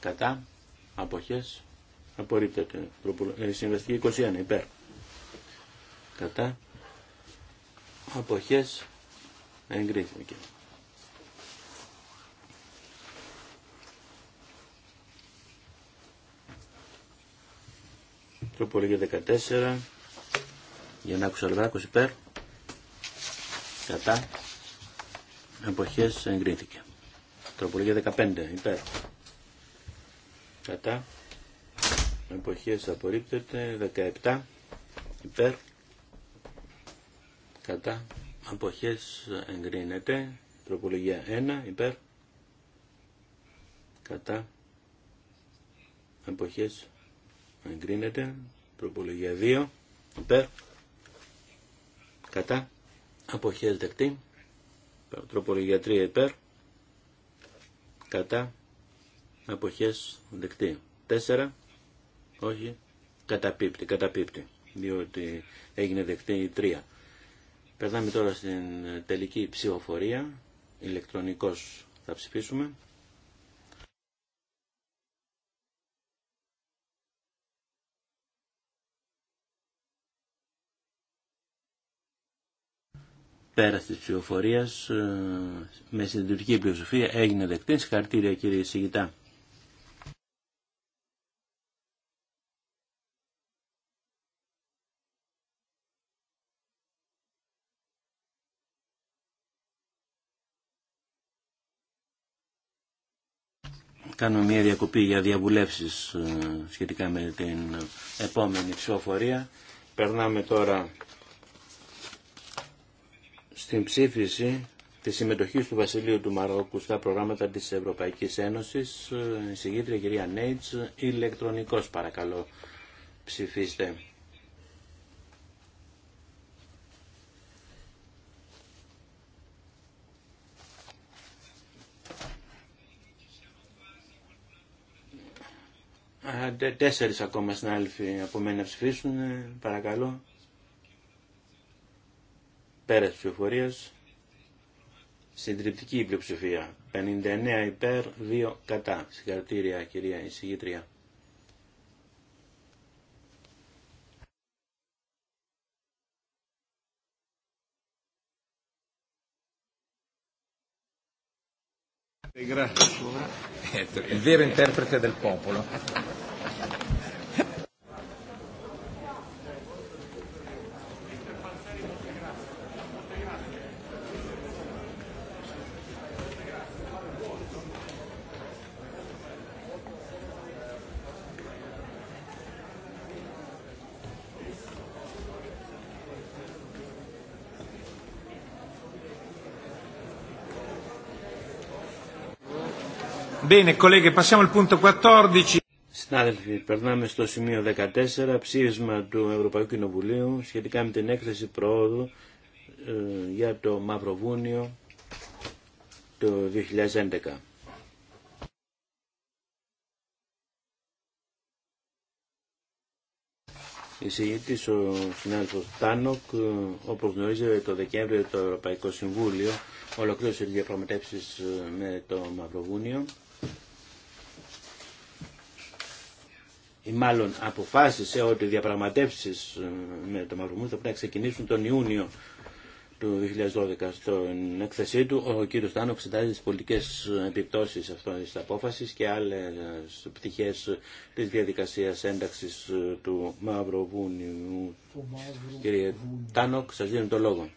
κατά αποχές απορρίπτεται. Ε, συμβαστική 21 υπέρ κατά αποχές εγκρίθηκε. Τροπολογία 14 για να ακούσω υπέρ Κατά. Εποχές εγκρίθηκε. Τροπολογία 15. Υπέρ. Κατά. Εποχές απορρίπτεται. 17. Υπέρ. Κατά. εποχές εγκρίνεται. Τροπολογία 1. Υπέρ. Κατά. Εποχές εγκρίνεται. Τροπολογία 2. Υπέρ. Κατά αποχές δεκτή, τροπολογία 3 υπέρ, κατά, αποχές δεκτή. τέσσερα, όχι, καταπίπτει, καταπίπτει, διότι έγινε δεκτή η 3. Περνάμε τώρα στην τελική ψηφοφορία, ηλεκτρονικός θα ψηφίσουμε. πέρα τη ψηφοφορία ε, με συντηρητική πλειοψηφία έγινε δεκτή. Συγχαρητήρια κύριε Σιγητά. Κάνουμε μια διακοπή για διαβουλεύσεις ε, σχετικά με την επόμενη ψηφοφορία. Περνάμε τώρα στην ψήφιση τη συμμετοχή του Βασιλείου του Μαρόκου στα προγράμματα της Ευρωπαϊκής Ένωσης, ε, η συγγήτρια κυρία Νέιτς, ηλεκτρονικός παρακαλώ ψηφίστε. Τέσσερις ακόμα συνάδελφοι από μένα ψηφίσουν, ε, παρακαλώ. Πέρας ψηφοφορίας. Συντριπτική πλειοψηφία. 59 υπέρ, 2 κατά. Συγχαρητήρια κυρία εισηγήτρια. Il vero interprete del popolo. Bene, Συνάδελφοι, περνάμε στο σημείο 14, ψήφισμα του Ευρωπαϊκού Κοινοβουλίου σχετικά με την έκθεση προόδου ε, για το Μαυροβούνιο το 2011. Εισηγητή ο συνάδελφος Τάνοκ, ε, όπως γνωρίζετε το Δεκέμβριο το Ευρωπαϊκό Συμβούλιο ολοκλήρωσε τις διαπραγματεύσεις ε, με το Μαυροβούνιο ή μάλλον αποφάσισε ότι οι διαπραγματεύσεις ε, με το Μαυρομού θα πρέπει να ξεκινήσουν τον Ιούνιο του 2012. Στην έκθεσή του, ο κ. Στάνο εξετάζει τι πολιτικέ επιπτώσει αυτή τη απόφαση και άλλε πτυχέ τη διαδικασία ένταξη ε, του Μαυροβούνιου. Κύριε Τάνοξ, σα δίνω το λόγο.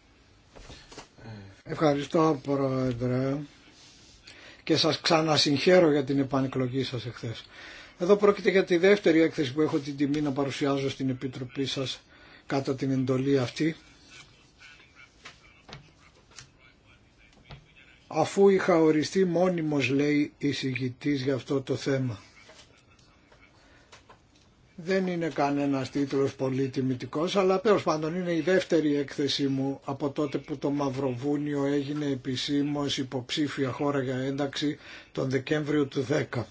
Ευχαριστώ, Πρόεδρε, και σας ξανασυγχαίρω για την επανεκλογή σας εχθές. Εδώ πρόκειται για τη δεύτερη έκθεση που έχω την τιμή να παρουσιάζω στην Επιτροπή σας κατά την εντολή αυτή. Αφού είχα οριστεί μόνιμος, λέει, εισηγητής για αυτό το θέμα. Δεν είναι κανένας τίτλος πολύ τιμητικός, αλλά τέλο πάντων είναι η δεύτερη έκθεση μου από τότε που το Μαυροβούνιο έγινε επισήμως υποψήφια χώρα για ένταξη τον Δεκέμβριο του 10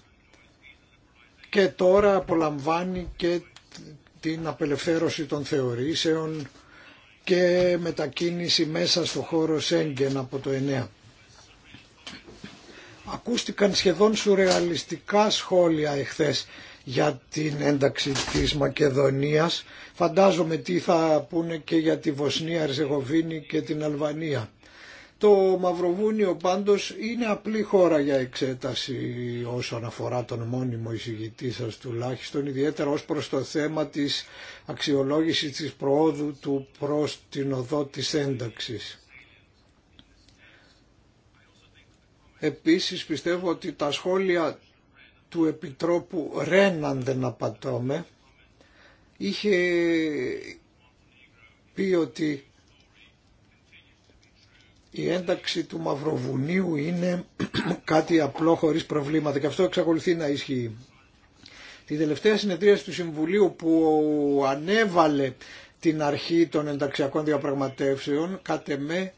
και τώρα απολαμβάνει και την απελευθέρωση των θεωρήσεων και μετακίνηση μέσα στο χώρο Σέγγεν από το 9. Ακούστηκαν σχεδόν σουρεαλιστικά σχόλια εχθές για την ένταξη της Μακεδονίας. Φαντάζομαι τι θα πούνε και για τη Βοσνία, Ερζεγοβίνη και την Αλβανία. Το Μαυροβούνιο πάντως είναι απλή χώρα για εξέταση όσον αφορά τον μόνιμο εισηγητή σας τουλάχιστον, ιδιαίτερα ως προς το θέμα της αξιολόγησης της προόδου του προς την οδό της ένταξης. Επίσης πιστεύω ότι τα σχόλια του Επιτρόπου Ρέναν δεν απατώμε, είχε πει ότι η ένταξη του Μαυροβουνίου είναι κάτι απλό χωρίς προβλήματα και αυτό εξακολουθεί να ισχύει. Τη τελευταία συνεδρίαση του Συμβουλίου που ανέβαλε την αρχή των ενταξιακών διαπραγματεύσεων, κάτε με,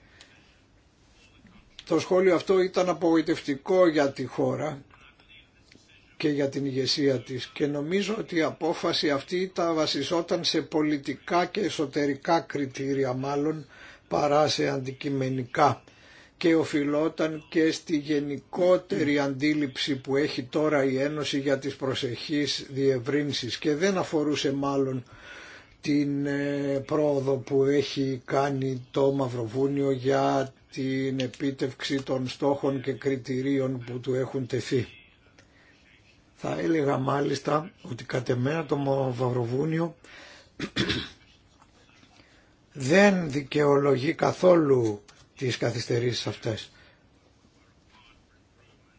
το σχόλιο αυτό ήταν απογοητευτικό για τη χώρα και για την ηγεσία της και νομίζω ότι η απόφαση αυτή τα βασιζόταν σε πολιτικά και εσωτερικά κριτήρια μάλλον παρά σε αντικειμενικά και οφειλόταν και στη γενικότερη αντίληψη που έχει τώρα η Ένωση για τις προσεχείς διευρύνσεις και δεν αφορούσε μάλλον την ε, πρόοδο που έχει κάνει το Μαυροβούνιο για την επίτευξη των στόχων και κριτηρίων που του έχουν τεθεί. Θα έλεγα μάλιστα ότι κατ' εμένα το Μαυροβούνιο δεν δικαιολογεί καθόλου τις καθυστερήσεις αυτές.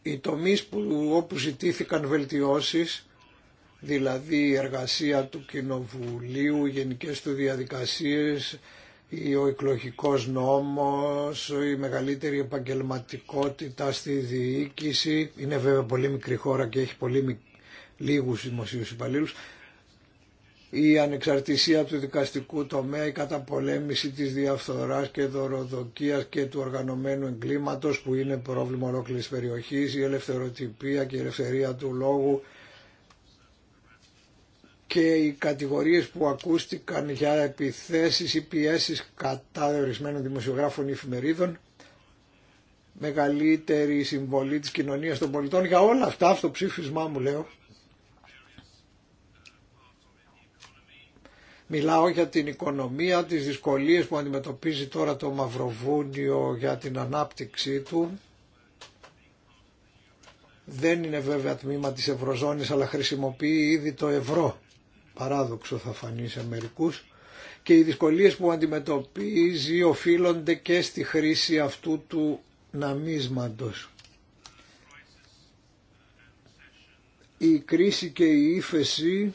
Οι τομείς που, όπου ζητήθηκαν βελτιώσεις, δηλαδή η εργασία του Κοινοβουλίου, οι γενικές του διαδικασίες, ο εκλογικός νόμος, η μεγαλύτερη επαγγελματικότητα στη διοίκηση, είναι βέβαια πολύ μικρή χώρα και έχει πολύ λίγους δημοσίου υπαλλήλους, η ανεξαρτησία του δικαστικού τομέα, η καταπολέμηση της διαφθοράς και δωροδοκίας και του οργανωμένου εγκλήματος που είναι πρόβλημα ολόκληρης περιοχής, η ελευθεροτυπία και η ελευθερία του λόγου και οι κατηγορίες που ακούστηκαν για επιθέσεις ή πιέσεις κατά ορισμένων δημοσιογράφων ή εφημερίδων μεγαλύτερη συμβολή της κοινωνίας των πολιτών για όλα αυτά στο ψήφισμά μου λέω Μιλάω για την οικονομία, τις δυσκολίες που αντιμετωπίζει τώρα το Μαυροβούνιο για την ανάπτυξή του. Δεν είναι βέβαια τμήμα της Ευρωζώνης αλλά χρησιμοποιεί ήδη το ευρώ. Παράδοξο θα φανεί σε μερικούς. Και οι δυσκολίες που αντιμετωπίζει οφείλονται και στη χρήση αυτού του ναμίσματος. Η κρίση και η ύφεση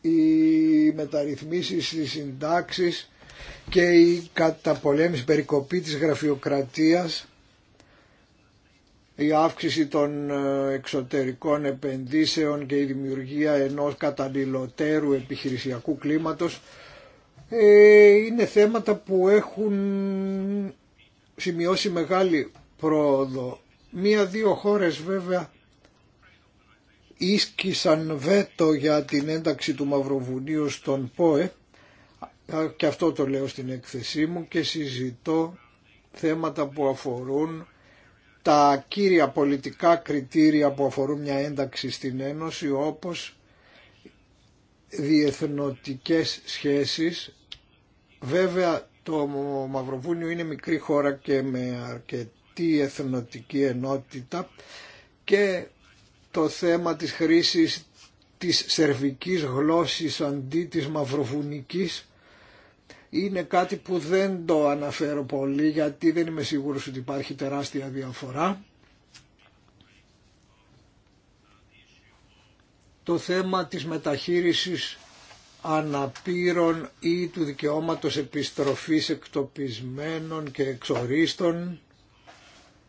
οι μεταρρυθμίσεις στι συντάξεις και η καταπολέμηση περικοπή της γραφειοκρατίας η αύξηση των ε, εξωτερικών επενδύσεων και η δημιουργία ενός καταλληλωτέρου επιχειρησιακού κλίματος ε, είναι θέματα που έχουν σημειώσει μεγάλη πρόοδο. Μία-δύο χώρες βέβαια ίσκησαν βέτο για την ένταξη του Μαυροβουνίου στον ΠΟΕ και αυτό το λέω στην έκθεσή μου και συζητώ θέματα που αφορούν τα κύρια πολιτικά κριτήρια που αφορούν μια ένταξη στην Ένωση όπως διεθνωτικές σχέσεις. Βέβαια το Μαυροβούνιο είναι μικρή χώρα και με αρκετή εθνοτική ενότητα και το θέμα της χρήσης της σερβικής γλώσσης αντί της μαυροβουνικής είναι κάτι που δεν το αναφέρω πολύ γιατί δεν είμαι σίγουρος ότι υπάρχει τεράστια διαφορά. Το θέμα της μεταχείρισης αναπήρων ή του δικαιώματος επιστροφής εκτοπισμένων και εξορίστων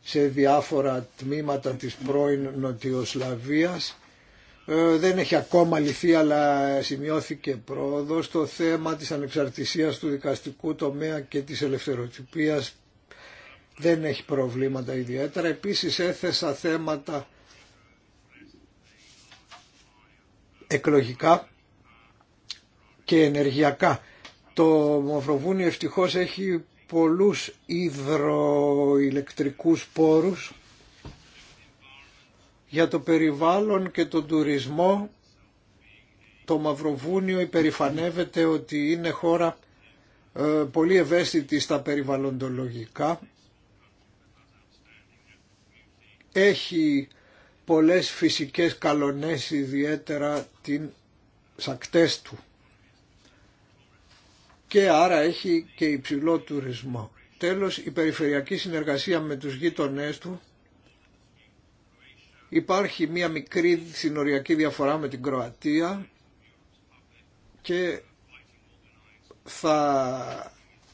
σε διάφορα τμήματα της πρώην Νοτιοσλαβίας. Ε, δεν έχει ακόμα λυθεί αλλά σημειώθηκε πρόοδο Το θέμα της ανεξαρτησίας του δικαστικού τομέα και της ελευθεροτυπίας δεν έχει προβλήματα ιδιαίτερα. Επίσης έθεσα θέματα εκλογικά και ενεργειακά. Το Μαυροβούνιο ευτυχώς έχει πολλούς υδροηλεκτρικούς πόρους για το περιβάλλον και τον τουρισμό το Μαυροβούνιο υπερηφανεύεται ότι είναι χώρα ε, πολύ ευαίσθητη στα περιβαλλοντολογικά. Έχει πολλές φυσικές καλονές ιδιαίτερα την σακτές του και άρα έχει και υψηλό τουρισμό. Τέλος, η περιφερειακή συνεργασία με τους γείτονές του υπάρχει μία μικρή συνοριακή διαφορά με την Κροατία και θα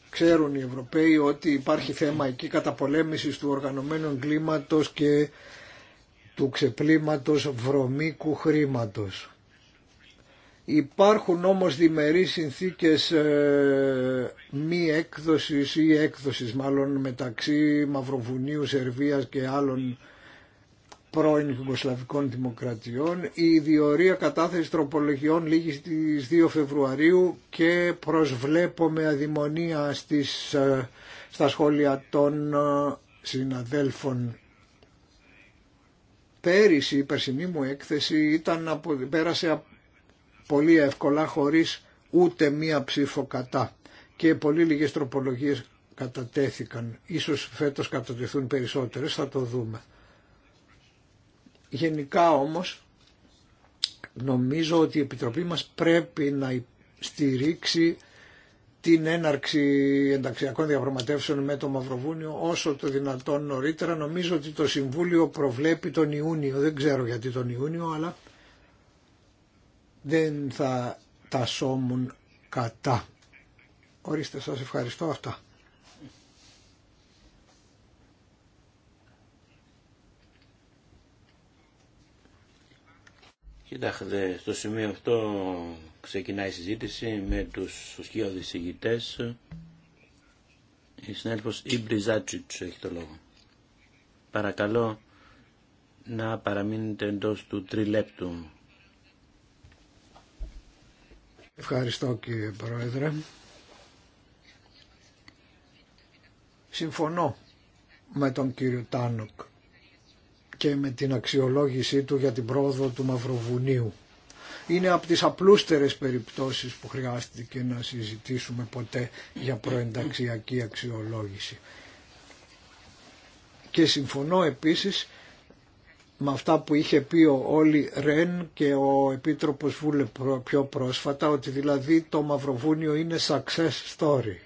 ξέρουν οι Ευρωπαίοι ότι υπάρχει θέμα εκεί καταπολέμησης του οργανωμένου εγκλήματος και του ξεπλήματος βρωμίκου χρήματος. Υπάρχουν όμως διμερείς συνθήκες ε, μη έκδοσης ή έκδοσης μάλλον μεταξύ Μαυροβουνίου, Σερβίας και άλλων πρώην Ιουγκοσλαβικών Δημοκρατιών. Η διορία κατάθεση τροπολογιών λήγει στις 2 Φεβρουαρίου και προσβλέπω με αδημονία στις, ε, στα σχόλια των ε, συναδέλφων πέρυσι η περσινή μου έκθεση ήταν από, πέρασε πολύ εύκολα χωρίς ούτε μία ψήφο κατά και πολύ λίγες τροπολογίες κατατέθηκαν. Ίσως φέτος κατατεθούν περισσότερες, θα το δούμε. Γενικά όμως νομίζω ότι η Επιτροπή μας πρέπει να στηρίξει την έναρξη ενταξιακών διαπραγματεύσεων με το Μαυροβούνιο όσο το δυνατόν νωρίτερα. Νομίζω ότι το Συμβούλιο προβλέπει τον Ιούνιο, δεν ξέρω γιατί τον Ιούνιο, αλλά δεν θα τα σώμουν κατά. Ορίστε σας ευχαριστώ αυτά. Κοιτάξτε, στο σημείο αυτό ξεκινάει η συζήτηση με τους σκιώδεις ηγητές. Η συνέλφος Ιμπριζάτσιτς έχει το λόγο. Παρακαλώ να παραμείνετε εντός του τριλέπτου Ευχαριστώ κύριε Πρόεδρε. Συμφωνώ με τον κύριο Τάνοκ και με την αξιολόγησή του για την πρόοδο του Μαυροβουνίου. Είναι από τις απλούστερες περιπτώσεις που χρειάστηκε να συζητήσουμε ποτέ για προενταξιακή αξιολόγηση. Και συμφωνώ επίσης με αυτά που είχε πει ο Όλι Ρεν και ο Επίτροπος Βούλε πιο πρόσφατα, ότι δηλαδή το Μαυροβούνιο είναι success story.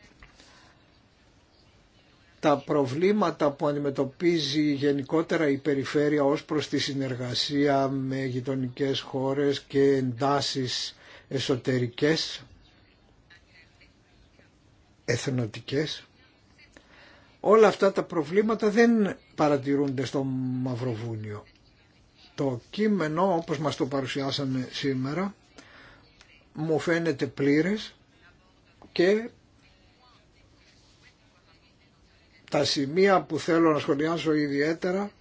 Τα προβλήματα που αντιμετωπίζει γενικότερα η περιφέρεια ως προς τη συνεργασία με γειτονικές χώρες και εντάσεις εσωτερικές, εθνοτικές, όλα αυτά τα προβλήματα δεν παρατηρούνται στο Μαυροβούνιο. Το κείμενο όπως μας το παρουσιάσανε σήμερα μου φαίνεται πλήρες και τα σημεία που θέλω να σχολιάσω ιδιαίτερα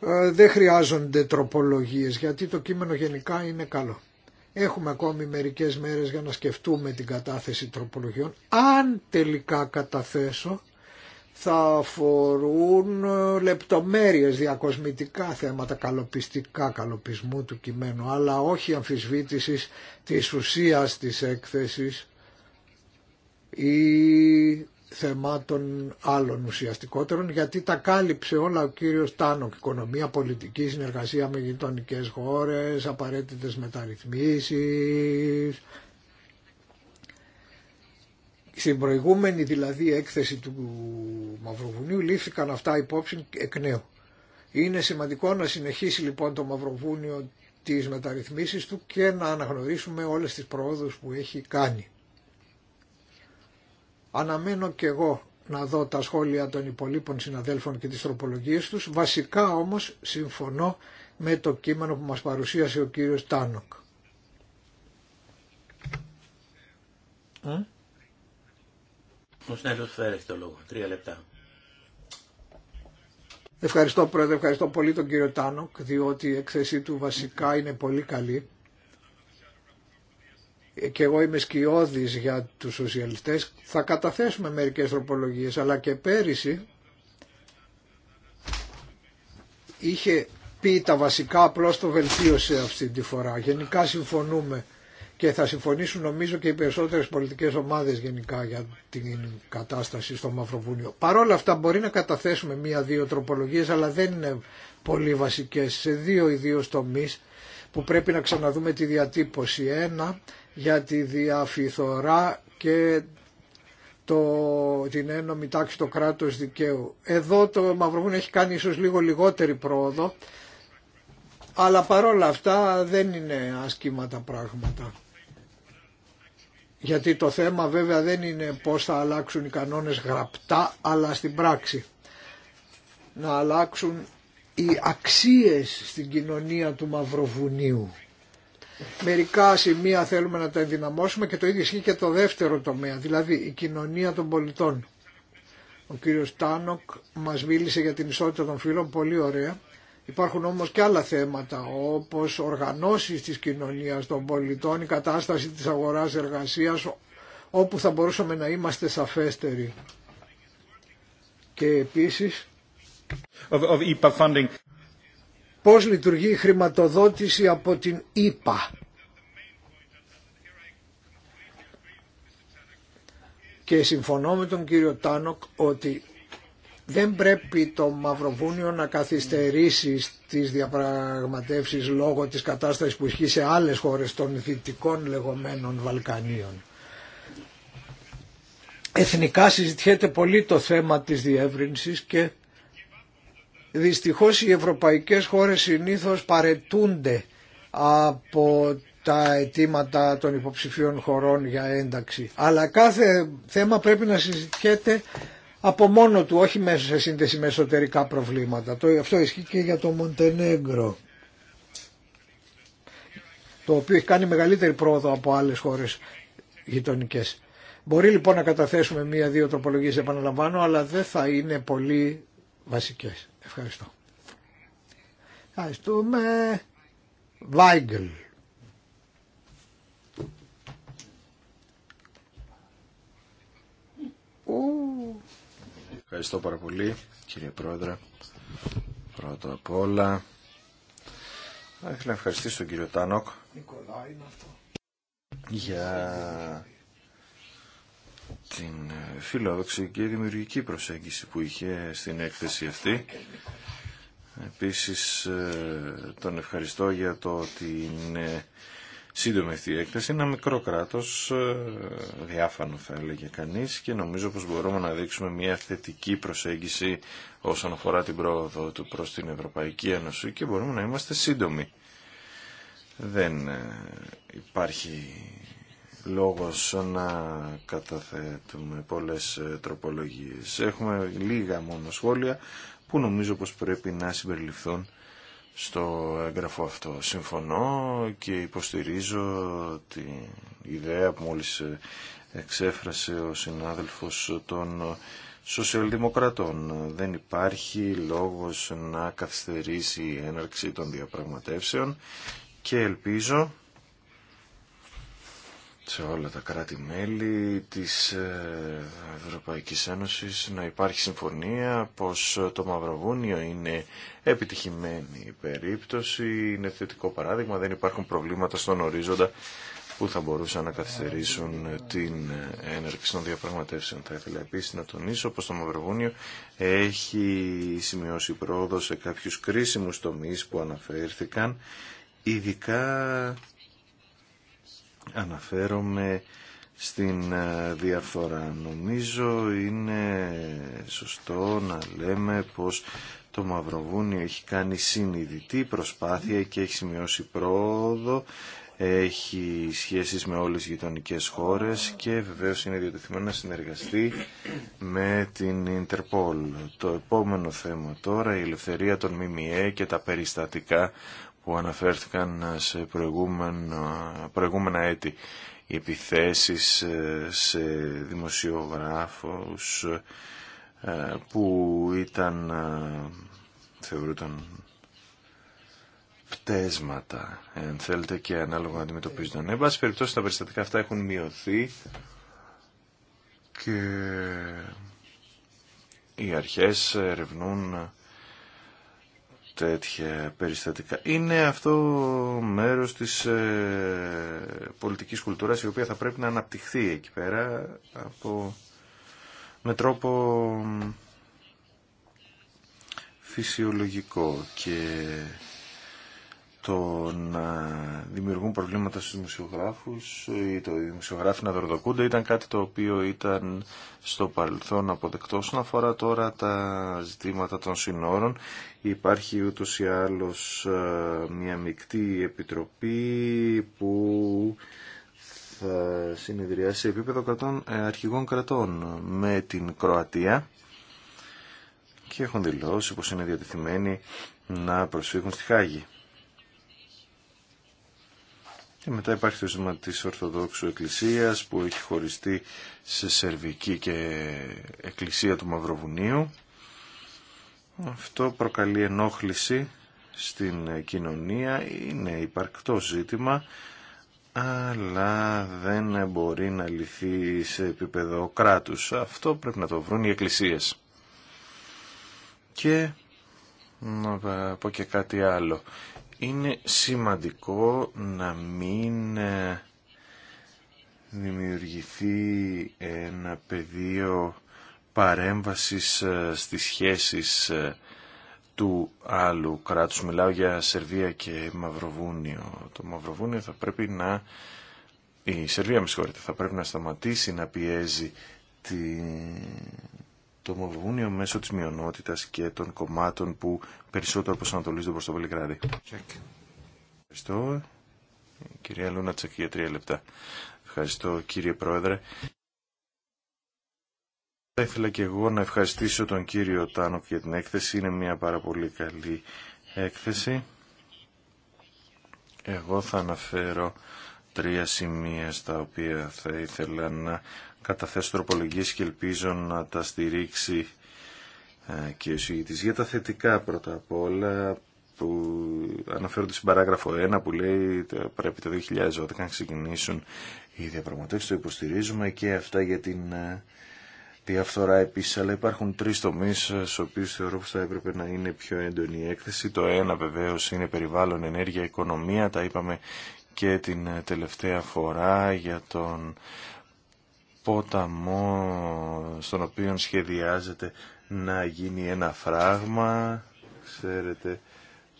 ε, δεν χρειάζονται τροπολογίες γιατί το κείμενο γενικά είναι καλό. Έχουμε ακόμη μερικές μέρες για να σκεφτούμε την κατάθεση τροπολογιών. Αν τελικά καταθέσω θα αφορούν ε, λεπτομέρειες διακοσμητικά θέματα καλοπιστικά καλοπισμού του κειμένου αλλά όχι αμφισβήτηση της ουσίας της έκθεσης ή θεμάτων άλλων ουσιαστικότερων γιατί τα κάλυψε όλα ο κύριος Τάνοκ οικονομία, πολιτική, συνεργασία με γειτονικέ χώρες απαραίτητες μεταρρυθμίσεις στην προηγούμενη δηλαδή έκθεση του Μαυροβουνίου λήφθηκαν αυτά υπόψη εκ νέου. Είναι σημαντικό να συνεχίσει λοιπόν το Μαυροβούνιο τις μεταρρυθμίσεις του και να αναγνωρίσουμε όλες τις προόδους που έχει κάνει. Αναμένω και εγώ να δω τα σχόλια των υπολείπων συναδέλφων και τις τροπολογίες τους. Βασικά όμως συμφωνώ με το κείμενο που μας παρουσίασε ο κύριος Τάνοκ. Ε? Ο Σνέλος το λόγο. Τρία λεπτά. Ευχαριστώ πρόεδρε, ευχαριστώ πολύ τον κύριο Τάνοκ, διότι η έκθεσή του βασικά είναι πολύ καλή. Και εγώ είμαι σκιώδης για τους σοσιαλιστές. Θα καταθέσουμε μερικές τροπολογίες, αλλά και πέρυσι είχε πει τα βασικά, απλώς το βελτίωσε αυτή τη φορά. Γενικά συμφωνούμε και θα συμφωνήσουν νομίζω και οι περισσότερες πολιτικές ομάδες γενικά για την κατάσταση στο Μαυροβούνιο. Παρόλα αυτά μπορεί να καταθέσουμε μία-δύο τροπολογίες αλλά δεν είναι πολύ βασικές σε δύο ή δύο τομείς που πρέπει να ξαναδούμε τη διατύπωση. Ένα για τη διαφυθορά και το, την ένωμη τάξη το κράτος δικαίου. Εδώ το Μαυροβούνιο έχει κάνει ίσως λίγο λιγότερη πρόοδο αλλά παρόλα αυτά δεν είναι ασκήματα πράγματα γιατί το θέμα βέβαια δεν είναι πώς θα αλλάξουν οι κανόνες γραπτά, αλλά στην πράξη. Να αλλάξουν οι αξίες στην κοινωνία του Μαυροβουνίου. Μερικά σημεία θέλουμε να τα ενδυναμώσουμε και το ίδιο ισχύει και το δεύτερο τομέα, δηλαδή η κοινωνία των πολιτών. Ο κύριος Τάνοκ μας μίλησε για την ισότητα των φύλων πολύ ωραία Υπάρχουν όμως και άλλα θέματα όπως οργανώσεις της κοινωνίας των πολιτών, η κατάσταση της αγοράς εργασίας όπου θα μπορούσαμε να είμαστε σαφέστεροι. Και επίσης of, e πώς λειτουργεί η χρηματοδότηση από την ΕΠΑ. E και συμφωνώ με τον κύριο Τάνοκ ότι δεν πρέπει το Μαυροβούνιο να καθυστερήσει στις διαπραγματεύσεις λόγω της κατάστασης που ισχύει σε άλλες χώρες των δυτικών λεγόμενων Βαλκανίων. Εθνικά συζητιέται πολύ το θέμα της διεύρυνσης και δυστυχώς οι ευρωπαϊκές χώρες συνήθως παρετούνται από τα αιτήματα των υποψηφίων χωρών για ένταξη. Αλλά κάθε θέμα πρέπει να συζητιέται από μόνο του, όχι μέσα σε σύνδεση με εσωτερικά προβλήματα. Το, αυτό ισχύει και για το Μοντενέγκρο, το οποίο έχει κάνει μεγαλύτερη πρόοδο από άλλες χώρες γειτονικέ. Μπορεί λοιπόν να καταθέσουμε μία-δύο τροπολογίες, επαναλαμβάνω, αλλά δεν θα είναι πολύ βασικές. Ευχαριστώ. Ευχαριστούμε. Βάιγκλ. Ευχαριστώ πάρα πολύ κύριε Πρόεδρε. Πρώτα απ' όλα θα ήθελα να ευχαριστήσω τον κύριο Τάνοκ για την φιλόδοξη και δημιουργική προσέγγιση που είχε στην έκθεση αυτή. Επίσης ε, τον ευχαριστώ για το ότι είναι σύντομη αυτή η έκθεση. Είναι ένα μικρό κράτος, ε, διάφανο θα έλεγε κανείς και νομίζω πως μπορούμε να δείξουμε μια θετική προσέγγιση όσον αφορά την πρόοδο του προς την Ευρωπαϊκή Ένωση και μπορούμε να είμαστε σύντομοι. Δεν ε, υπάρχει λόγος να καταθέτουμε πολλές ε, τροπολογίες. Έχουμε λίγα μόνο σχόλια που νομίζω πως πρέπει να συμπεριληφθούν στο έγγραφο αυτό. Συμφωνώ και υποστηρίζω την ιδέα που μόλις εξέφρασε ο συνάδελφος των σοσιαλδημοκρατών. Δεν υπάρχει λόγος να καθυστερήσει η έναρξη των διαπραγματεύσεων και ελπίζω σε όλα τα κράτη-μέλη της ε, Ευρωπαϊκής Ένωσης να υπάρχει συμφωνία πως το Μαυροβούνιο είναι επιτυχημένη περίπτωση, είναι θετικό παράδειγμα, δεν υπάρχουν προβλήματα στον ορίζοντα που θα μπορούσαν να καθυστερήσουν την έναρξη των διαπραγματεύσεων. Θα ήθελα επίση να τονίσω πως το Μαυροβούνιο έχει σημειώσει πρόοδο σε κάποιους κρίσιμους τομείς που αναφέρθηκαν, ειδικά αναφέρομαι στην ε, διαφθορά. Νομίζω είναι σωστό να λέμε πως το Μαυροβούνιο έχει κάνει συνειδητή προσπάθεια και έχει σημειώσει πρόοδο, έχει σχέσεις με όλες τις γειτονικές χώρες και βεβαίως είναι διατεθειμένο να συνεργαστεί με την Ιντερπόλ. Το επόμενο θέμα τώρα, η ελευθερία των ΜΜΕ και τα περιστατικά που αναφέρθηκαν σε προηγούμενα, έτη. επιθέσεις ε, σε δημοσιογράφους ε, που ήταν ε, θεωρούνταν πτέσματα, αν θέλετε, και ανάλογα αντιμετωπίζονταν. Εν πάση περιπτώσει τα περιστατικά αυτά έχουν μειωθεί και οι αρχές ερευνούν τέτοια περιστατικά. Είναι αυτό μέρος της ε, πολιτικής κουλτούρας η οποία θα πρέπει να αναπτυχθεί εκεί πέρα από, με τρόπο φυσιολογικό και το να δημιουργούν προβλήματα στους δημοσιογράφους ή το οι δημοσιογράφοι να δορδοκούνται ήταν κάτι το οποίο ήταν στο παρελθόν αποδεκτό όσον αφορά τώρα τα ζητήματα των συνόρων υπάρχει ούτως ή άλλως ε, μια μεικτή επιτροπή που θα συνεδριάσει επίπεδο κρατών, ε, αρχηγών κρατών με την Κροατία και έχουν δηλώσει πως είναι διατεθειμένοι να προσφύγουν στη Χάγη. Και μετά υπάρχει το ζήτημα της Ορθοδόξου Εκκλησίας που έχει χωριστεί σε Σερβική και Εκκλησία του Μαυροβουνίου. Αυτό προκαλεί ενόχληση στην κοινωνία, είναι υπαρκτό ζήτημα, αλλά δεν μπορεί να λυθεί σε επίπεδο κράτους. Αυτό πρέπει να το βρουν οι εκκλησίες. Και να πω και κάτι άλλο είναι σημαντικό να μην ε, δημιουργηθεί ένα πεδίο παρέμβασης ε, στις σχέσεις ε, του άλλου κράτους. Μιλάω για Σερβία και Μαυροβούνιο. Το Μαυροβούνιο θα πρέπει να... Η Σερβία, με συγχωρείτε, θα πρέπει να σταματήσει να πιέζει τη το μοβούνιο μέσω της μειονότητας και των κομμάτων που περισσότερο προσανατολίζονται προς το Βελιγράδι. Ευχαριστώ. Κυρία Λούνα Τσακ για τρία λεπτά. Ευχαριστώ κύριε Πρόεδρε. Θα ήθελα και εγώ να ευχαριστήσω τον κύριο Τάνοκ για την έκθεση. Είναι μια πάρα πολύ καλή έκθεση. Εγώ θα αναφέρω τρία σημεία στα οποία θα ήθελα να Καταθέσει τροπολογίες και ελπίζω να τα στηρίξει ε, και ο συγητής. Για τα θετικά πρώτα απ' όλα που αναφέρονται στην παράγραφο 1 που λέει πρέπει το 2012 να ξεκινήσουν οι διαπραγματεύσεις, το υποστηρίζουμε και αυτά για την ε, διαφθορά επίσης, αλλά υπάρχουν τρεις τομείς ε, στους οποίους θεωρώ πως θα έπρεπε να είναι πιο έντονη η έκθεση. Το ένα βεβαίως είναι περιβάλλον, ενέργεια, οικονομία, τα είπαμε και την τελευταία φορά για τον ποταμό στον οποίο σχεδιάζεται να γίνει ένα φράγμα. Ξέρετε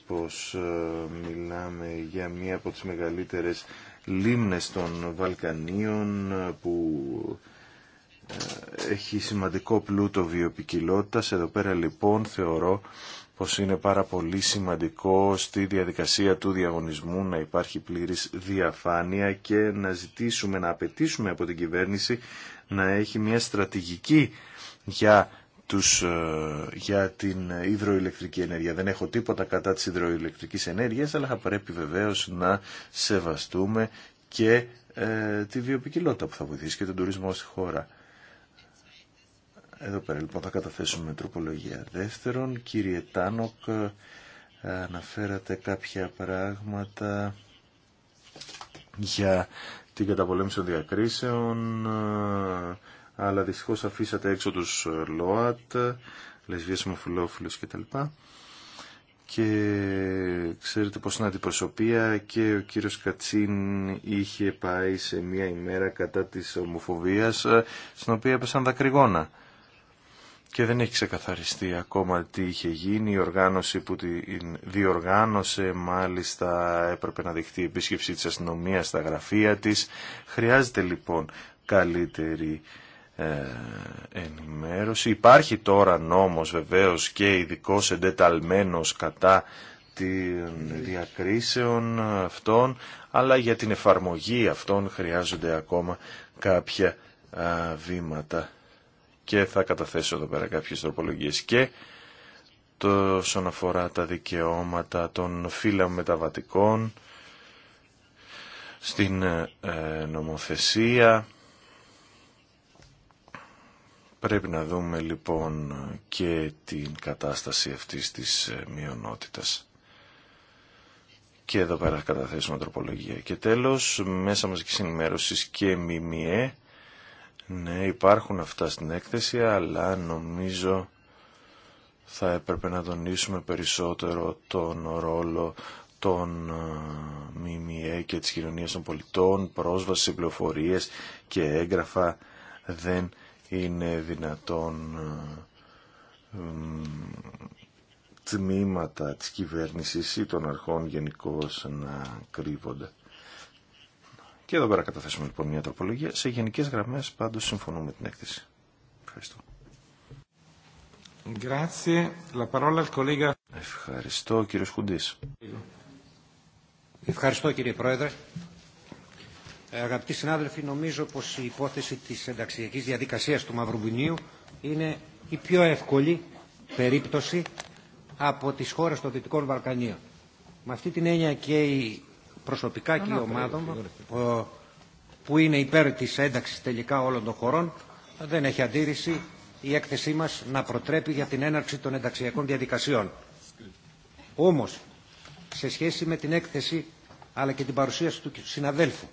πως ε, μιλάμε για μία από τις μεγαλύτερες λίμνες των Βαλκανίων ε, που ε, έχει σημαντικό πλούτο βιοπικιλότητας. Εδώ πέρα λοιπόν θεωρώ πως είναι πάρα πολύ σημαντικό στη διαδικασία του διαγωνισμού να υπάρχει πλήρης διαφάνεια και να ζητήσουμε, να απαιτήσουμε από την κυβέρνηση να έχει μια στρατηγική για, τους, ε, για την υδροηλεκτρική ενέργεια. Δεν έχω τίποτα κατά της υδροηλεκτρικής ενέργειας, αλλά θα πρέπει βεβαίως να σεβαστούμε και ε, τη βιοπικιλότητα που θα βοηθήσει και τον τουρισμό στη χώρα. Εδώ πέρα λοιπόν θα καταθέσουμε τροπολογία. Δεύτερον, κύριε Τάνοκ, ε, αναφέρατε κάποια πράγματα για την καταπολέμηση των διακρίσεων, ε, αλλά δυστυχώς αφήσατε έξω τους ε, ΛΟΑΤ, λεσβίες, ομοφιλόφιλους κτλ. Και ξέρετε πως είναι αντιπροσωπεία και ο κύριος Κατσίν είχε πάει σε μια ημέρα κατά της ομοφοβίας, στην οποία έπεσαν δακρυγόνα και δεν έχει ξεκαθαριστεί ακόμα τι είχε γίνει. Η οργάνωση που την διοργάνωσε μάλιστα έπρεπε να δεχτεί η επίσκεψη της αστυνομίας στα γραφεία της. Χρειάζεται λοιπόν καλύτερη ε, ενημέρωση. Υπάρχει τώρα νόμος βεβαίως και ειδικό εντεταλμένος κατά των διακρίσεων αυτών, αλλά για την εφαρμογή αυτών χρειάζονται ακόμα κάποια βήματα και θα καταθέσω εδώ πέρα κάποιες τροπολογίες και το όσον αφορά τα δικαιώματα των φύλων μεταβατικών στην ε, νομοθεσία. Πρέπει να δούμε λοιπόν και την κατάσταση αυτής της ε, μειονότητας. Και εδώ πέρα καταθέσουμε τροπολογία. Και τέλος, μέσα μας και και ΜΜΕ ναι, υπάρχουν αυτά στην έκθεση, αλλά νομίζω θα έπρεπε να τονίσουμε περισσότερο τον ρόλο των ε, ΜΜΕ και της κοινωνίας των πολιτών, πρόσβαση σε πληροφορίες και έγγραφα δεν είναι δυνατόν ε, τμήματα της κυβέρνησης ή των αρχών γενικώ να κρύβονται. Και εδώ πέρα καταθέσουμε λοιπόν μια τροπολογία. Σε γενικέ γραμμέ, πάντω, συμφωνούμε με την έκθεση. Ευχαριστώ. Ευχαριστώ Ευχαριστώ κύριε Πρόεδρε. Ε, αγαπητοί συνάδελφοι, νομίζω πως η υπόθεση της ενταξιακής διαδικασίας του Μαυροβουνίου είναι η πιο εύκολη περίπτωση από τις χώρες των Δυτικών Βαλκανίων. Με αυτή την έννοια και η προσωπικά και μου που είναι υπέρ της ένταξης τελικά όλων των χωρών δεν έχει αντίρρηση η έκθεσή μας να προτρέπει για την έναρξη των ενταξιακών διαδικασιών. Όμως, σε σχέση με την έκθεση αλλά και την παρουσίαση του συναδέλφου,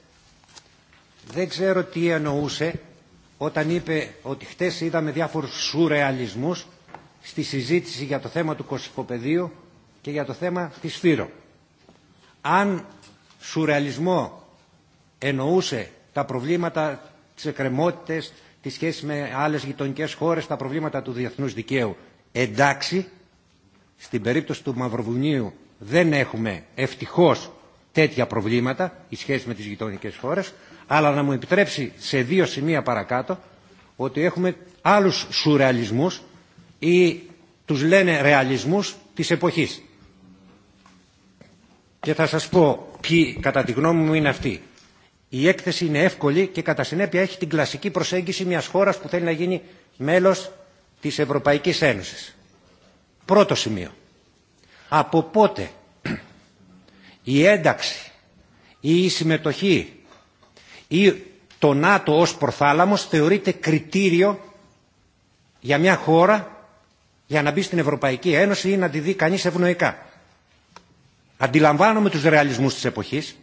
δεν ξέρω τι εννοούσε όταν είπε ότι χτες είδαμε διάφορους σουρεαλισμούς στη συζήτηση για το θέμα του κοσυφοπεδίου και για το θέμα της Φύρο. Αν σουρεαλισμό εννοούσε τα προβλήματα, τις εκκρεμότητες, τη σχέση με άλλες γειτονικές χώρες, τα προβλήματα του διεθνούς δικαίου. Εντάξει, στην περίπτωση του Μαυροβουνίου δεν έχουμε ευτυχώς τέτοια προβλήματα, η σχέση με τις γειτονικές χώρες, αλλά να μου επιτρέψει σε δύο σημεία παρακάτω ότι έχουμε άλλους σουρεαλισμούς ή τους λένε ρεαλισμούς της εποχής. Και θα σας πω ποιοι κατά τη γνώμη μου είναι αυτοί. Η έκθεση είναι εύκολη και κατά συνέπεια έχει την κλασική προσέγγιση μιας χώρας που θέλει να γίνει μέλος της Ευρωπαϊκής Ένωσης. Πρώτο σημείο. Από πότε η ένταξη ή η συμμετοχή ή το ΝΑΤΟ ως προθάλαμος θεωρείται κριτήριο για μια χώρα για να μπει στην Ευρωπαϊκή Ένωση ή να τη δει κανείς ευνοϊκά. Αντιλαμβάνομαι τους ρεαλισμούς της εποχής,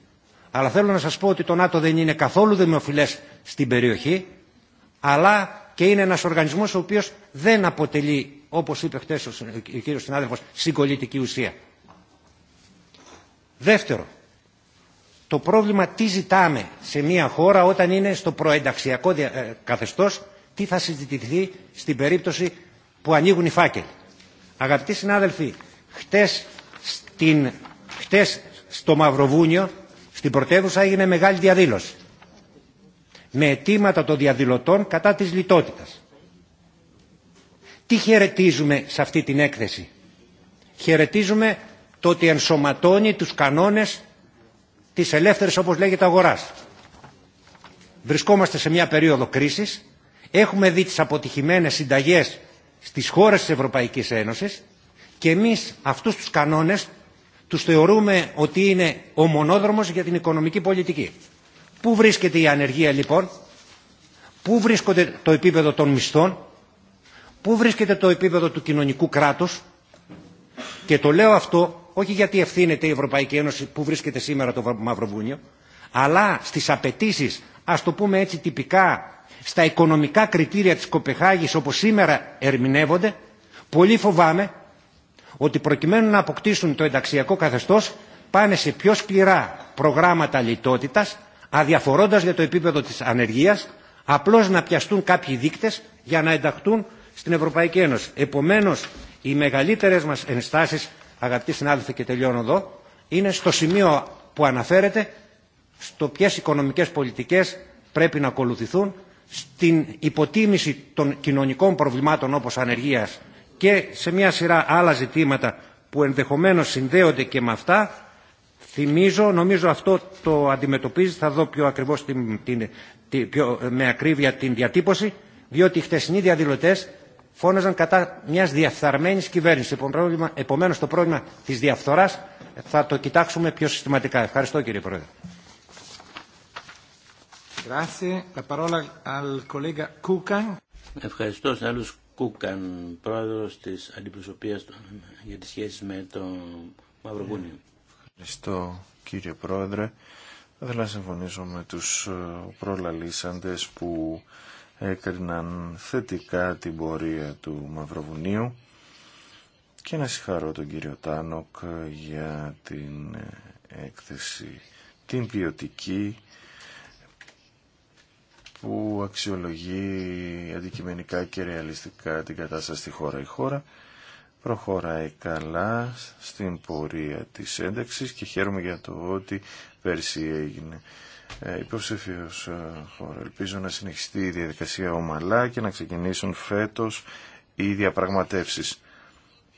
αλλά θέλω να σας πω ότι το ΝΑΤΟ δεν είναι καθόλου δημοφιλές στην περιοχή, αλλά και είναι ένας οργανισμός ο οποίος δεν αποτελεί, όπως είπε χτες ο κύριος συνάδελφος, συγκολητική ουσία. Δεύτερο, το πρόβλημα τι ζητάμε σε μια χώρα όταν είναι στο προενταξιακό ε, καθεστώς, τι θα συζητηθεί στην περίπτωση που ανοίγουν οι φάκελοι. Αγαπητοί συνάδελφοι, χτες στην Χτες στο Μαυροβούνιο, στην πρωτεύουσα, έγινε μεγάλη διαδήλωση. Με αιτήματα των διαδηλωτών κατά της λιτότητας. Τι χαιρετίζουμε σε αυτή την έκθεση. Χαιρετίζουμε το ότι ενσωματώνει τους κανόνες της ελεύθερης, όπως λέγεται, αγοράς. Βρισκόμαστε σε μια περίοδο κρίσης. Έχουμε δει τις αποτυχημένες συνταγές στις χώρες της Ευρωπαϊκής Ένωσης και εμείς αυτούς τους κανόνες τους θεωρούμε ότι είναι ο μονόδρομος για την οικονομική πολιτική. Πού βρίσκεται η ανεργία λοιπόν, πού βρίσκονται το επίπεδο των μισθών, πού βρίσκεται το επίπεδο του κοινωνικού κράτους και το λέω αυτό όχι γιατί ευθύνεται η Ευρωπαϊκή Ένωση που βρίσκεται σήμερα το Μαυροβούνιο, αλλά στις απαιτήσει, ας το πούμε έτσι τυπικά, στα οικονομικά κριτήρια της Κοπεχάγης όπως σήμερα ερμηνεύονται, πολύ φοβάμαι ότι προκειμένου να αποκτήσουν το ενταξιακό καθεστώς πάνε σε πιο σκληρά προγράμματα λιτότητας αδιαφορώντας για το επίπεδο της ανεργίας απλώς να πιαστούν κάποιοι δείκτες για να ενταχθούν στην Ευρωπαϊκή Ένωση. Επομένως, οι μεγαλύτερες μας ενστάσεις, αγαπητοί συνάδελφοι και τελειώνω εδώ, είναι στο σημείο που αναφέρεται στο ποιες οικονομικές πολιτικές πρέπει να ακολουθηθούν, στην υποτίμηση των κοινωνικών προβλημάτων όπως ανεργίας και σε μια σειρά άλλα ζητήματα που ενδεχομένως συνδέονται και με αυτά, θυμίζω, νομίζω αυτό το αντιμετωπίζει, θα δω πιο ακριβώς την, πιο, με ακρίβεια την διατύπωση, διότι οι χτεσινοί διαδηλωτέ φώναζαν κατά μια διαφθαρμένης κυβέρνηση. Λοιπόν, Επομένω, το πρόβλημα της διαφθοράς θα το κοιτάξουμε πιο συστηματικά. Ευχαριστώ, κύριε Πρόεδρε. Ευχαριστώ, άλλους Κούκαν, πρόεδρος της αντιπροσωπείας για τις σχέσεις με το Μαυροβούνιο. Ναι. Ευχαριστώ κύριε πρόεδρε. Θα συμφωνήσω με τους ε, προλαλήσαντες που έκριναν θετικά την πορεία του Μαυροβουνίου και να συγχαρώ τον κύριο Τάνοκ για την ε, έκθεση την ποιοτική που αξιολογεί αντικειμενικά και ρεαλιστικά την κατάσταση στη χώρα. Η χώρα προχωράει καλά στην πορεία της ένταξης και χαίρομαι για το ότι πέρσι έγινε ε, υποψηφίος ε, χώρα. Ελπίζω να συνεχιστεί η διαδικασία ομαλά και να ξεκινήσουν φέτος οι διαπραγματεύσεις.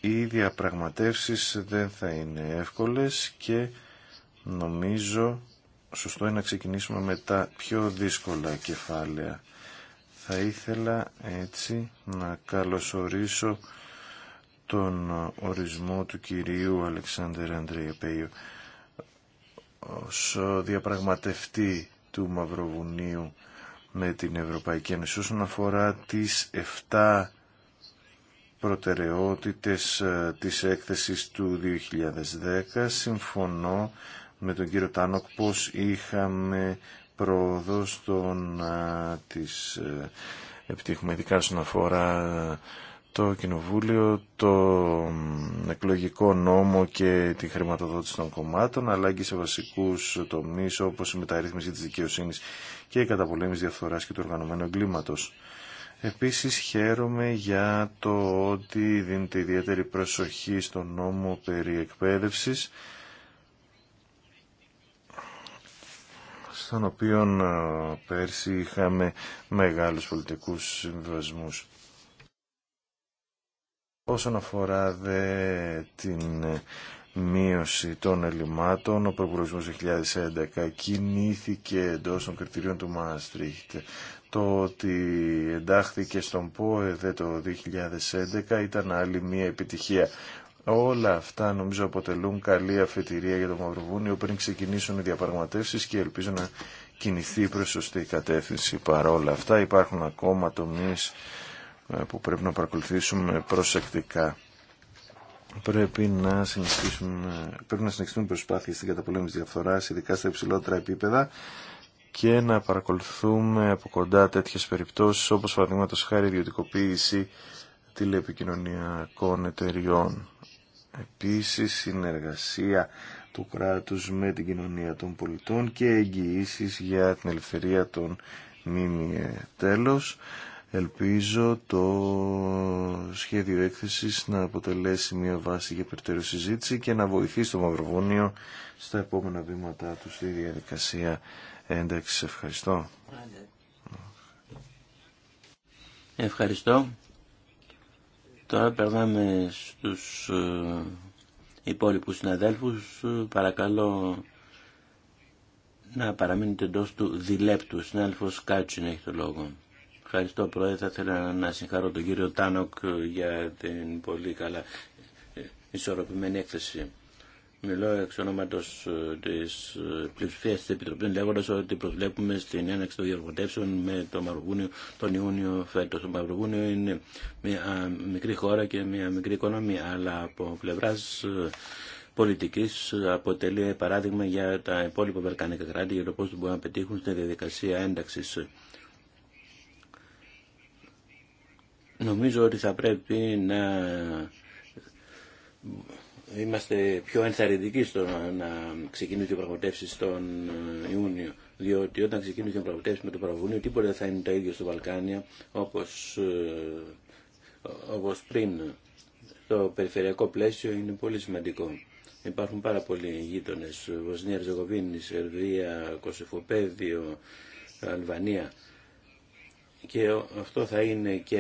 Οι διαπραγματεύσεις δεν θα είναι εύκολες και νομίζω σωστό είναι να ξεκινήσουμε με τα πιο δύσκολα κεφάλαια. Θα ήθελα έτσι να καλωσορίσω τον ορισμό του κυρίου Αλεξάνδρου Αντρέιπέιου ως διαπραγματευτή του Μαυροβουνίου με την Ευρωπαϊκή Ένωση όσον αφορά τις 7 προτεραιότητες ε, της έκθεσης του 2010 συμφωνώ με τον κύριο Τάνοκ πως είχαμε πρόοδο στο να τις ε, επιτύχουμε ειδικά στον αφορά το Κοινοβούλιο, το εκλογικό νόμο και τη χρηματοδότηση των κομμάτων, αλλά και σε βασικούς τομείς όπως η μεταρρύθμιση της δικαιοσύνης και η καταπολέμηση διαφθοράς και του οργανωμένου εγκλήματος. Επίσης χαίρομαι για το ότι δίνεται ιδιαίτερη προσοχή στον νόμο περί εκπαίδευσης των οποίων ε, πέρσι είχαμε μεγάλους πολιτικούς συμβιβασμούς. Όσον αφορά δε την ε, μείωση των ελλημάτων, ο προπολογισμός 2011 κινήθηκε εντός των κριτηρίων του Μάστριχτ. Το ότι εντάχθηκε στον ΠΟΕΔΕ το 2011 ήταν άλλη μία επιτυχία. Όλα αυτά νομίζω αποτελούν καλή αφετηρία για το Μαυροβούνιο πριν ξεκινήσουν οι διαπραγματεύσει και ελπίζω να κινηθεί προς σωστή κατεύθυνση. Παρόλα αυτά υπάρχουν ακόμα τομείς ε, που πρέπει να παρακολουθήσουμε προσεκτικά. Πρέπει να, πρέπει να συνεχιστούν προσπάθειες στην καταπολέμηση διαφθοράς, ειδικά στα υψηλότερα επίπεδα και να παρακολουθούμε από κοντά τέτοιες περιπτώσεις όπως παραδείγματο χάρη ιδιωτικοποίηση τηλεπικοινωνιακών εταιριών. Επίσης συνεργασία του κράτους με την κοινωνία των πολιτών και εγγυήσεις για την ελευθερία των ΜΜΕ. Τέλος, ελπίζω το σχέδιο έκθεσης να αποτελέσει μια βάση για περαιτέρω συζήτηση και να βοηθήσει το Μαυροβούνιο στα επόμενα βήματά του στη διαδικασία ένταξης. Ευχαριστώ. Ευχαριστώ. Τώρα περνάμε στους ε, υπόλοιπους συναδέλφους. Ε, παρακαλώ να παραμείνετε εντό του διλέπτου. Συνάδελφος Κάτσιν έχει το λόγο. Ευχαριστώ Πρόεδρε. Θα ήθελα να συγχαρώ τον κύριο Τάνοκ για την πολύ καλά ε, ισορροπημένη έκθεση. Μιλώ εξ ονόματο ε, τη ε, πλειοψηφία τη Επιτροπή λέγοντα ότι προβλέπουμε στην έναξη των γεωργοτεύσεων με το Μαυροβούνιο τον Ιούνιο φέτο Το Μαυροβούνιο είναι μια μικρή χώρα και μια μικρή οικονομία αλλά από πλευρά ε, πολιτική αποτελεί παράδειγμα για τα υπόλοιπα Βαλκανικά κράτη για το πώ μπορούν να πετύχουν στη διαδικασία ένταξη. Νομίζω ότι θα πρέπει να είμαστε πιο ενθαρρυντικοί στο να ξεκινούν οι πραγματεύσει τον ε, Ιούνιο. Διότι όταν ξεκινούν οι πραγματεύσει με το Παραβούνιο, τίποτα δεν θα είναι το ίδιο στο Βαλκάνια όπω ε, όπως πριν. Το περιφερειακό πλαίσιο είναι πολύ σημαντικό. Υπάρχουν πάρα πολλοί γείτονε. Βοσνία, Ριζεγοβίνη, Σερβία, Κωσυφοπέδιο, Αλβανία. Και αυτό θα είναι και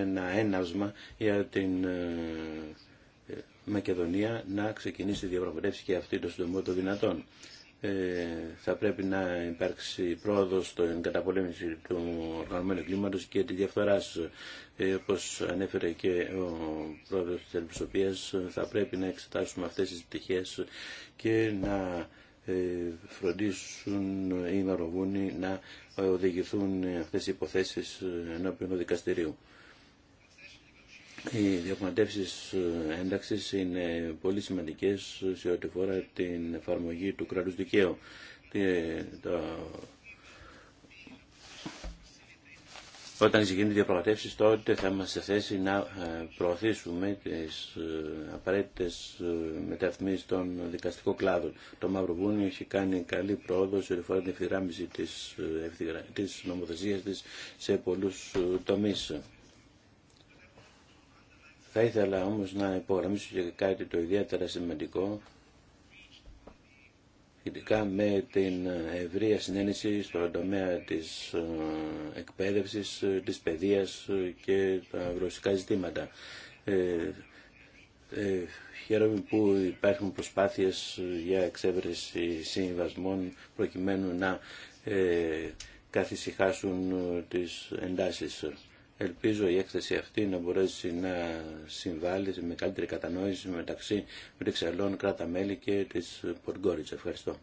ένα έναυσμα για την ε, Μακεδονία να ξεκινήσει διαπραγματεύσει και αυτή το συντομό των δυνατών. Ε, θα πρέπει να υπάρξει πρόοδο στην καταπολέμηση του οργανωμένου κλίματος και τη διαφθορά, Ε, όπως ανέφερε και ο πρόεδρος της Ελπισοπίας, θα πρέπει να εξετάσουμε αυτές τις πτυχέ και να ε, φροντίσουν οι Μαροβούνοι να οδηγηθούν αυτές οι υποθέσεις ενώπιον του δικαστηρίου. Οι διαπραγματεύσει ε, ένταξη είναι πολύ σημαντικέ σε ό,τι φορά την εφαρμογή του κράτου δικαίου. Όταν ξεκινούν οι διαπραγματεύσει, τότε θα είμαστε σε θέση να ε, προωθήσουμε τι ε, απαραίτητε μεταρρυθμίσει των δικαστικών κλάδων. Το βουνίο έχει κάνει καλή πρόοδο σε ό,τι αφορά την ευθυγράμμιση τη νομοθεσία τη σε πολλού τομεί. Θα ήθελα όμως να υπογραμμίσω και κάτι το ιδιαίτερα σημαντικό σχετικά με την ευρεία συνένεση στον τομέα της ε, εκπαίδευσης, της παιδείας και τα γλωσσικά ζητήματα. Ε, ε, χαίρομαι που υπάρχουν προσπάθειες για εξέβρεση συμβασμών προκειμένου να ε, καθησυχάσουν τις εντάσεις. Ελπίζω η έκθεση αυτή να μπορέσει να συμβάλλει με καλύτερη κατανόηση μεταξύ Βρυξελών, κράτα μέλη και της Ποργκόριτς. Ευχαριστώ.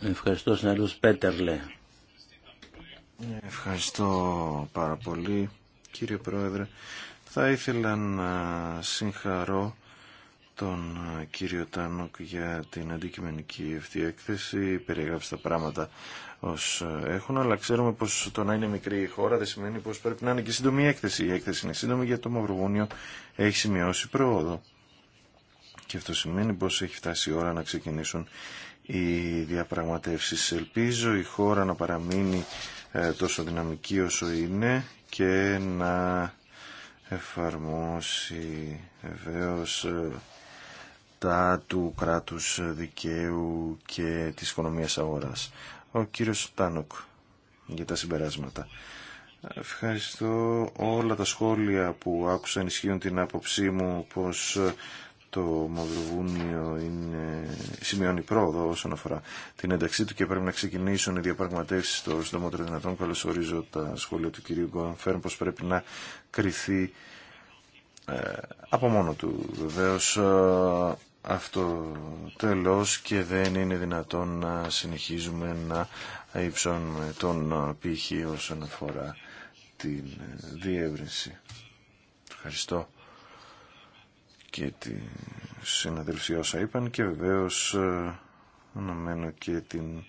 Ευχαριστώ συναλλούς Πέτερλε. Ευχαριστώ πάρα πολύ κύριε Πρόεδρε. Θα ήθελα να συγχαρώ τον ε, κύριο Τάνοκ για την αντικειμενική αυτή έκθεση. Περιέγραψε τα πράγματα ως ε, έχουν, αλλά ξέρουμε πω το να είναι μικρή η χώρα δεν σημαίνει πω πρέπει να είναι και σύντομη η έκθεση. Η έκθεση είναι σύντομη γιατί το Μαυροβούνιο έχει σημειώσει πρόοδο. Και αυτό σημαίνει πω έχει φτάσει η ώρα να ξεκινήσουν οι διαπραγματεύσει. Ελπίζω η χώρα να παραμείνει ε, τόσο δυναμική όσο είναι και να εφαρμόσει βεβαίως κατά του κράτους δικαίου και της οικονομίας αγοράς. Ο κύριος Τάνοκ για τα συμπεράσματα. Ευχαριστώ όλα τα σχόλια που άκουσαν ισχύουν την άποψή μου πως το Μαυροβούνιο είναι, σημειώνει πρόοδο όσον αφορά την ένταξή του και πρέπει να ξεκινήσουν οι διαπραγματεύσεις το συντομότερο Καλω ορίζω τα σχόλια του κυρίου Γκοαμφέρν πως πρέπει να κριθεί ε, από μόνο του βεβαίως αυτό τελώς και δεν είναι δυνατόν να συνεχίζουμε να υψώνουμε τον πύχη όσον αφορά την διεύρυνση. Ευχαριστώ και τη συναδελφή όσα είπαν και βεβαίως ε, αναμένω και την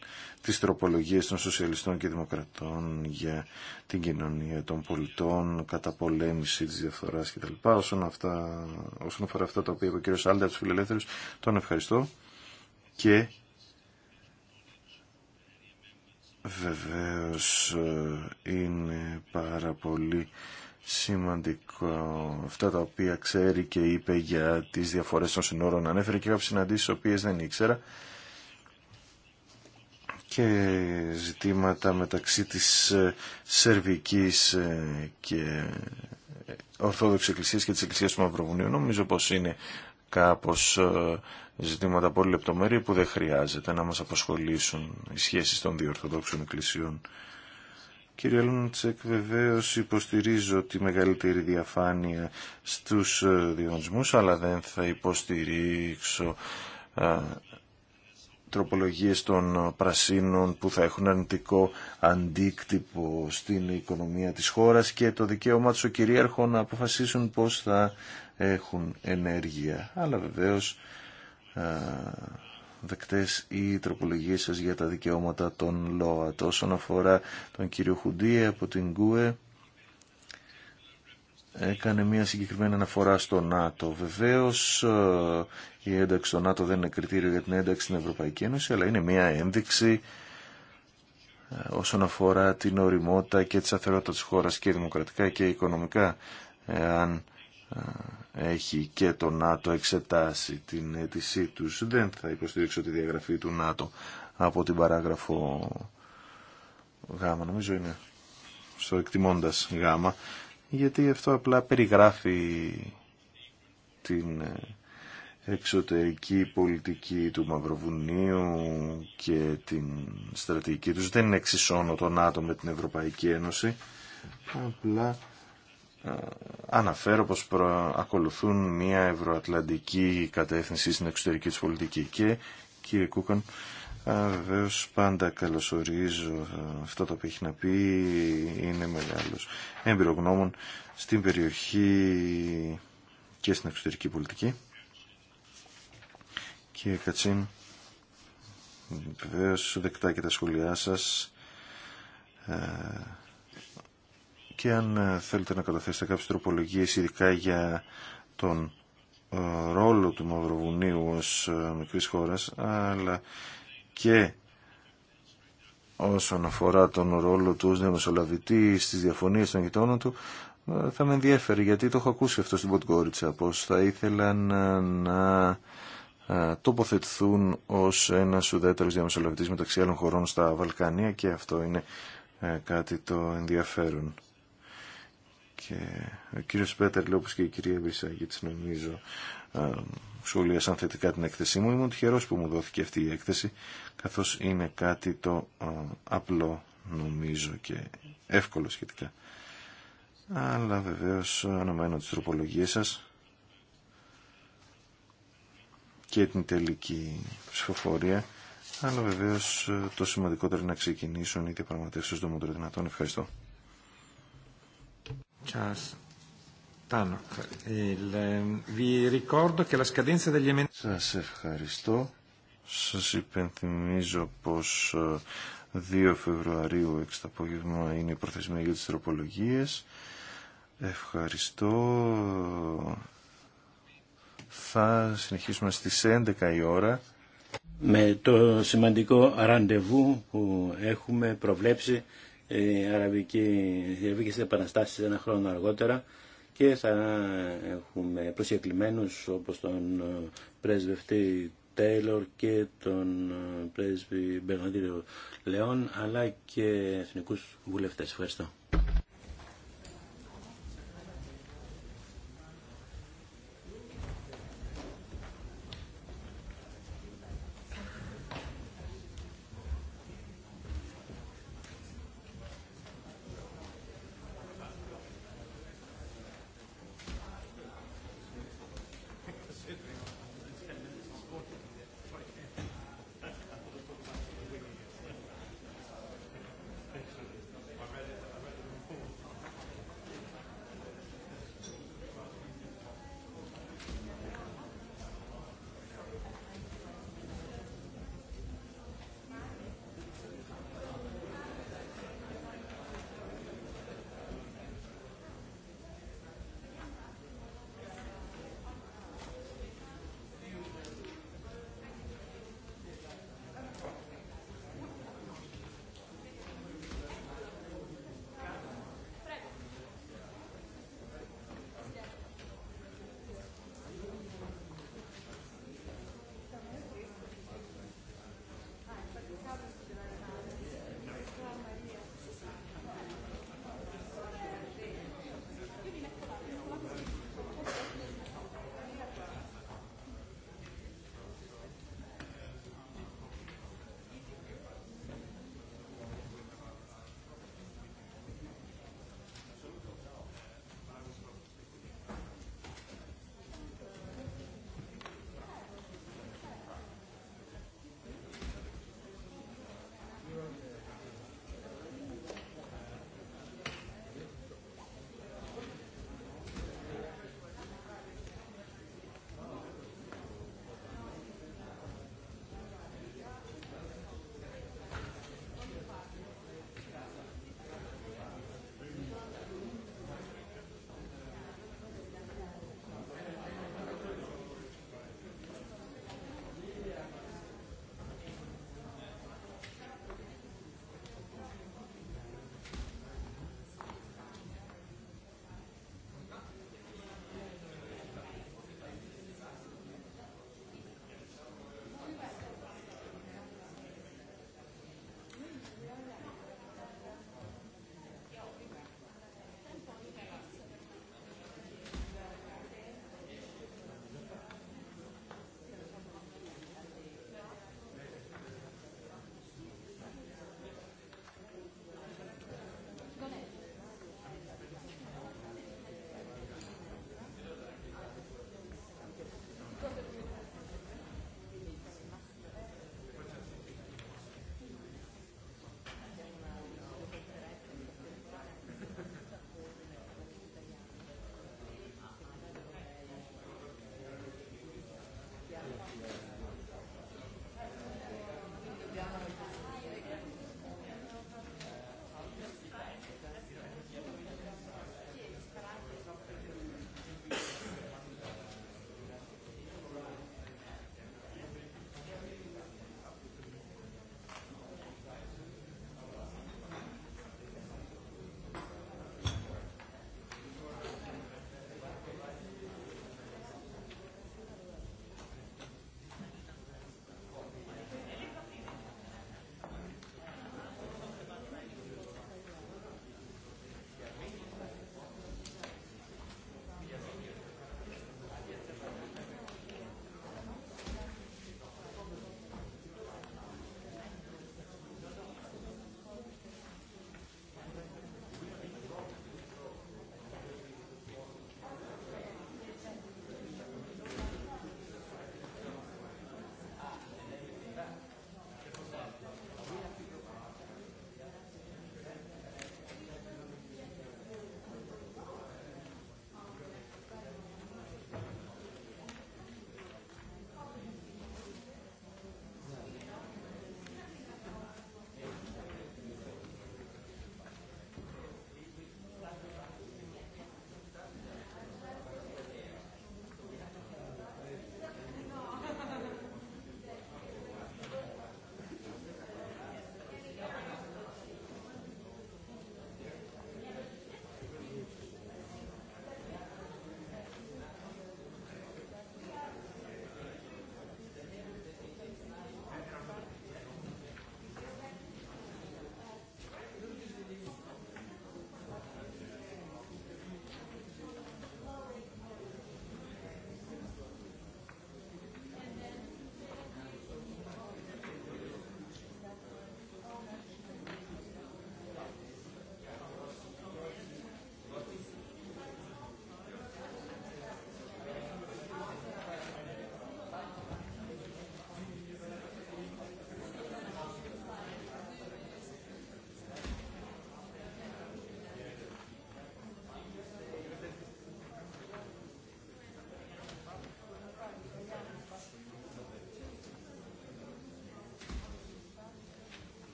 τις τροπολογίες των σοσιαλιστών και δημοκρατών για την κοινωνία των πολιτών, κατά πολέμηση της διαφθοράς κτλ. Όσον, αυτά, όσον αφορά αυτά τα οποία είπε ο κ. από τους φιλελεύθερους, τον ευχαριστώ και βεβαίως ε, είναι πάρα πολύ σημαντικό αυτά τα οποία ξέρει και είπε για τις διαφορές των συνόρων ανέφερε και κάποιες συναντήσεις οποίες δεν ήξερα και ζητήματα μεταξύ της ε, Σερβικής ε, και ε, Ορθόδοξης Εκκλησίας και της Εκκλησίας του Μαυροβουνίου. Νομίζω πως είναι κάπως ζητήματα πολύ λεπτομέρεια που δεν χρειάζεται να μας απασχολήσουν οι σχέσεις των δύο Ορθοδόξων Εκκλησιών. Κύριε Λούντσεκ, βεβαίω υποστηρίζω τη μεγαλύτερη διαφάνεια στους διαγωνισμούς, αλλά δεν θα υποστηρίξω τροπολογίες των πρασίνων που θα έχουν αρνητικό αντίκτυπο στην οικονομία της χώρας και το δικαίωμα τους ο κυρίαρχο να αποφασίσουν πώς θα έχουν ενέργεια. Αλλά βεβαίως δεκτές οι τροπολογίες σας για τα δικαιώματα των ΛΟΑΤ. Όσον αφορά τον κύριο Χουντή από την ΚΟΕ, έκανε μια συγκεκριμένη αναφορά στο ΝΑΤΟ. Βεβαίως ε, η ένταξη στο ΝΑΤΟ δεν είναι κριτήριο για την ένταξη στην Ευρωπαϊκή Ένωση, αλλά είναι μια ένδειξη ε, όσον αφορά την οριμότητα και τη σταθερότητα της χώρας και δημοκρατικά και οικονομικά, ε, αν έχει και το ΝΑΤΟ εξετάσει την αίτησή τους. Δεν θα υποστηρίξω τη διαγραφή του ΝΑΤΟ από την παράγραφο Γ, νομίζω είναι στο εκτιμώντας Γ, γιατί αυτό απλά περιγράφει την εξωτερική πολιτική του Μαυροβουνίου και την στρατηγική τους. Δεν εξισώνω τον Άτομο με την Ευρωπαϊκή Ένωση, απλά αναφέρω πως ακολουθούν μια ευρωατλαντική κατεύθυνση στην εξωτερική της πολιτική και κύριε Βεβαίω πάντα καλωσορίζω αυτό το που έχει να πει. Είναι μεγάλος γνώμων στην περιοχή και στην εξωτερική πολιτική. Κύριε Κατσίν, βεβαίω δεκτά και τα σχόλιά σας. Και αν θέλετε να καταθέσετε κάποιες τροπολογίες ειδικά για τον ε, ρόλο του Μαυροβουνίου ως ε, μικρής χώρας, αλλά και όσον αφορά τον ρόλο του ως διαμεσολαβητή στις διαφωνίες των γειτόνων του, ε, θα με ενδιαφέρει γιατί το έχω ακούσει αυτό στην Ποτγκόριτσα, πως θα ήθελαν ε, να ε, τοποθετηθούν ως ένας ουδέτερος διαμεσολαβητής μεταξύ άλλων χωρών στα Βαλκάνια και αυτό είναι κάτι το ενδιαφέρον και ο κύριος Πέτερ όπως και η κυρία Βρυσάγητς νομίζω σχολίασαν θετικά την έκθεσή μου. Ήμουν τυχερός που μου δόθηκε αυτή η έκθεση καθώς είναι κάτι το απλό νομίζω και εύκολο σχετικά. Αλλά βεβαίως αναμένω τις τροπολογίες σας και την τελική ψηφοφορία. Αλλά βεβαίως το σημαντικότερο είναι να ξεκινήσουν οι διαπραγματεύσεις των δυνατών. Ευχαριστώ. Eh, Σας ευχαριστώ. Σας υπενθυμίζω πως 2 ε, Φεβρουαρίου 6 το απόγευμα είναι η προθεσμία για τις τροπολογίες. Ευχαριστώ. Θα συνεχίσουμε στις 11 η ώρα. Με το σημαντικό ραντεβού που έχουμε προβλέψει οι αραβικές επαναστάσεις ένα χρόνο αργότερα και θα έχουμε προσκεκλημένους όπως τον ε, πρέσβευτή Τέιλορ και τον ε, πρέσβη Μπερναντήριο Λεόν αλλά και εθνικούς βουλευτές. Ευχαριστώ.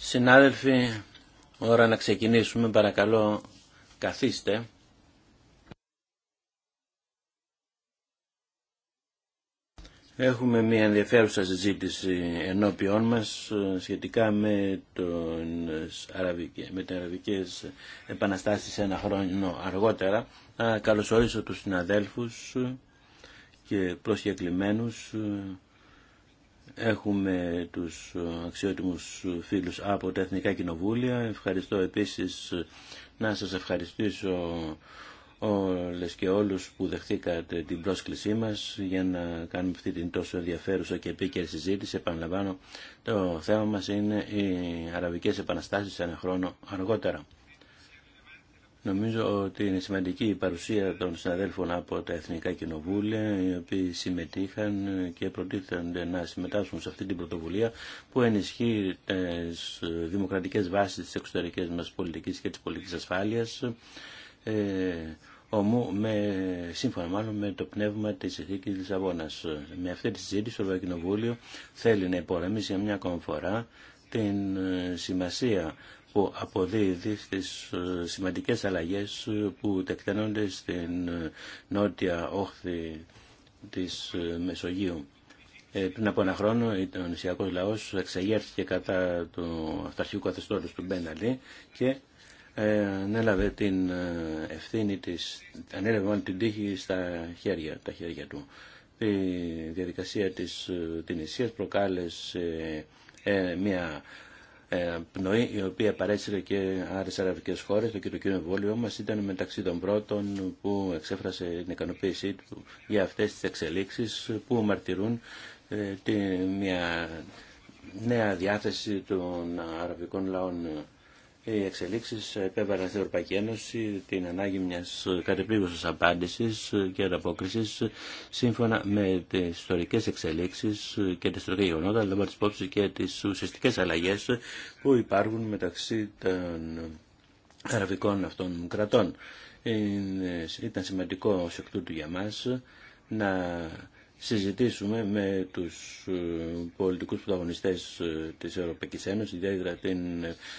Συνάδελφοι, ώρα να ξεκινήσουμε. Παρακαλώ, καθίστε. Έχουμε μια ενδιαφέρουσα συζήτηση ενώπιόν μας ε, σχετικά με, τον, ε, με τις αραβικές επαναστάσεις ένα χρόνο αργότερα. Να καλωσορίσω τους συναδέλφους ε, και προσκεκλημένους έχουμε τους αξιότιμους φίλους από τα Εθνικά Κοινοβούλια. Ευχαριστώ επίσης να σας ευχαριστήσω όλες και όλους που δεχτήκατε την πρόσκλησή μας για να κάνουμε αυτή την τόσο ενδιαφέρουσα και επίκαιρη συζήτηση. Επαναλαμβάνω, το θέμα μας είναι οι αραβικές επαναστάσεις ένα χρόνο αργότερα. Νομίζω ότι είναι σημαντική η παρουσία των συναδέλφων από τα Εθνικά Κοινοβούλια, οι οποίοι συμμετείχαν και προτίθενται να συμμετάσχουν σε αυτή την πρωτοβουλία που ενισχύει τις δημοκρατικές βάσεις της εξωτερικής μας πολιτικής και της πολιτικής ασφάλειας, ε, με, σύμφωνα μάλλον με το πνεύμα της Εθνικής Λισαβόνας. Με αυτή τη συζήτηση το Ευρωκοινοβούλιο θέλει να για μια ακόμα φορά την ε, σημασία που αποδίδει στις ε, σημαντικές αλλαγές ε, που τεκτενώνται στην ε, νότια όχθη της Μεσογείου. πριν από ένα χρόνο ο νησιακός λαός εξεγέρθηκε κατά του αυταρχικού καθεστώτος του Μπέναλη και ε, ανέλαβε την ευθύνη της, ανέλαβε την τύχη στα χέρια, τα χέρια του. Η διαδικασία της την προκάλεσε ε, μια πνοή η οποία παρέσυρε και άλλε αραβικές χώρες. Το εμβόλιο μας ήταν μεταξύ των πρώτων που εξέφρασε την ικανοποίησή του για αυτές τις εξελίξεις που μαρτυρούν ε, τη, μια νέα διάθεση των αραβικών λαών οι εξελίξει επέβαλαν στην Ευρωπαϊκή Ένωση την ανάγκη μιας κατεπλήγουσα απάντηση και ανταπόκριση σύμφωνα με τις ιστορικές εξελίξεις και τα ιστορικά γεγονότα, αλλά τις υπόψη και τις ουσιαστικέ αλλαγέ που υπάρχουν μεταξύ των αραβικών αυτών κρατών. ήταν σημαντικό ω εκ τούτου για μα. να συζητήσουμε με τους ε, πολιτικούς πρωταγωνιστές ε, της Ευρωπαϊκής Ένωσης, ιδιαίτερα την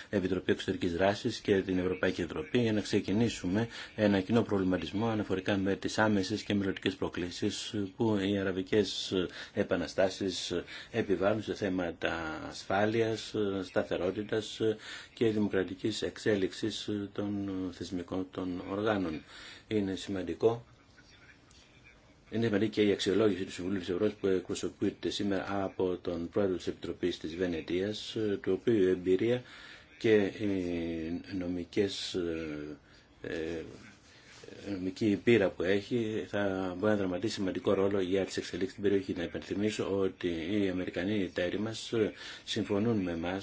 Επιτροπή Εξωτερικής Δράσης και την Ευρωπαϊκή Επιτροπή, για να ξεκινήσουμε ένα κοινό προβληματισμό αναφορικά με τις άμεσες και μελλοντικές προκλήσεις που οι αραβικές επαναστάσεις επιβάλλουν σε θέματα ασφάλειας, σταθερότητας και δημοκρατικής εξέλιξης των θεσμικών των οργάνων. Είναι σημαντικό είναι σημαντική και η αξιολόγηση του Συμβουλίου της Ευρώπης που εκπροσωπείται σήμερα από τον πρόεδρο της Επιτροπής της Βενετίας, του οποίου η εμπειρία και οι νομικές ε, ε, μική πείρα που έχει θα μπορεί να δραματίσει σημαντικό ρόλο για τις εξελίξεις στην περιοχή. Να υπενθυμίσω ότι οι Αμερικανοί εταίροι μας συμφωνούν με εμά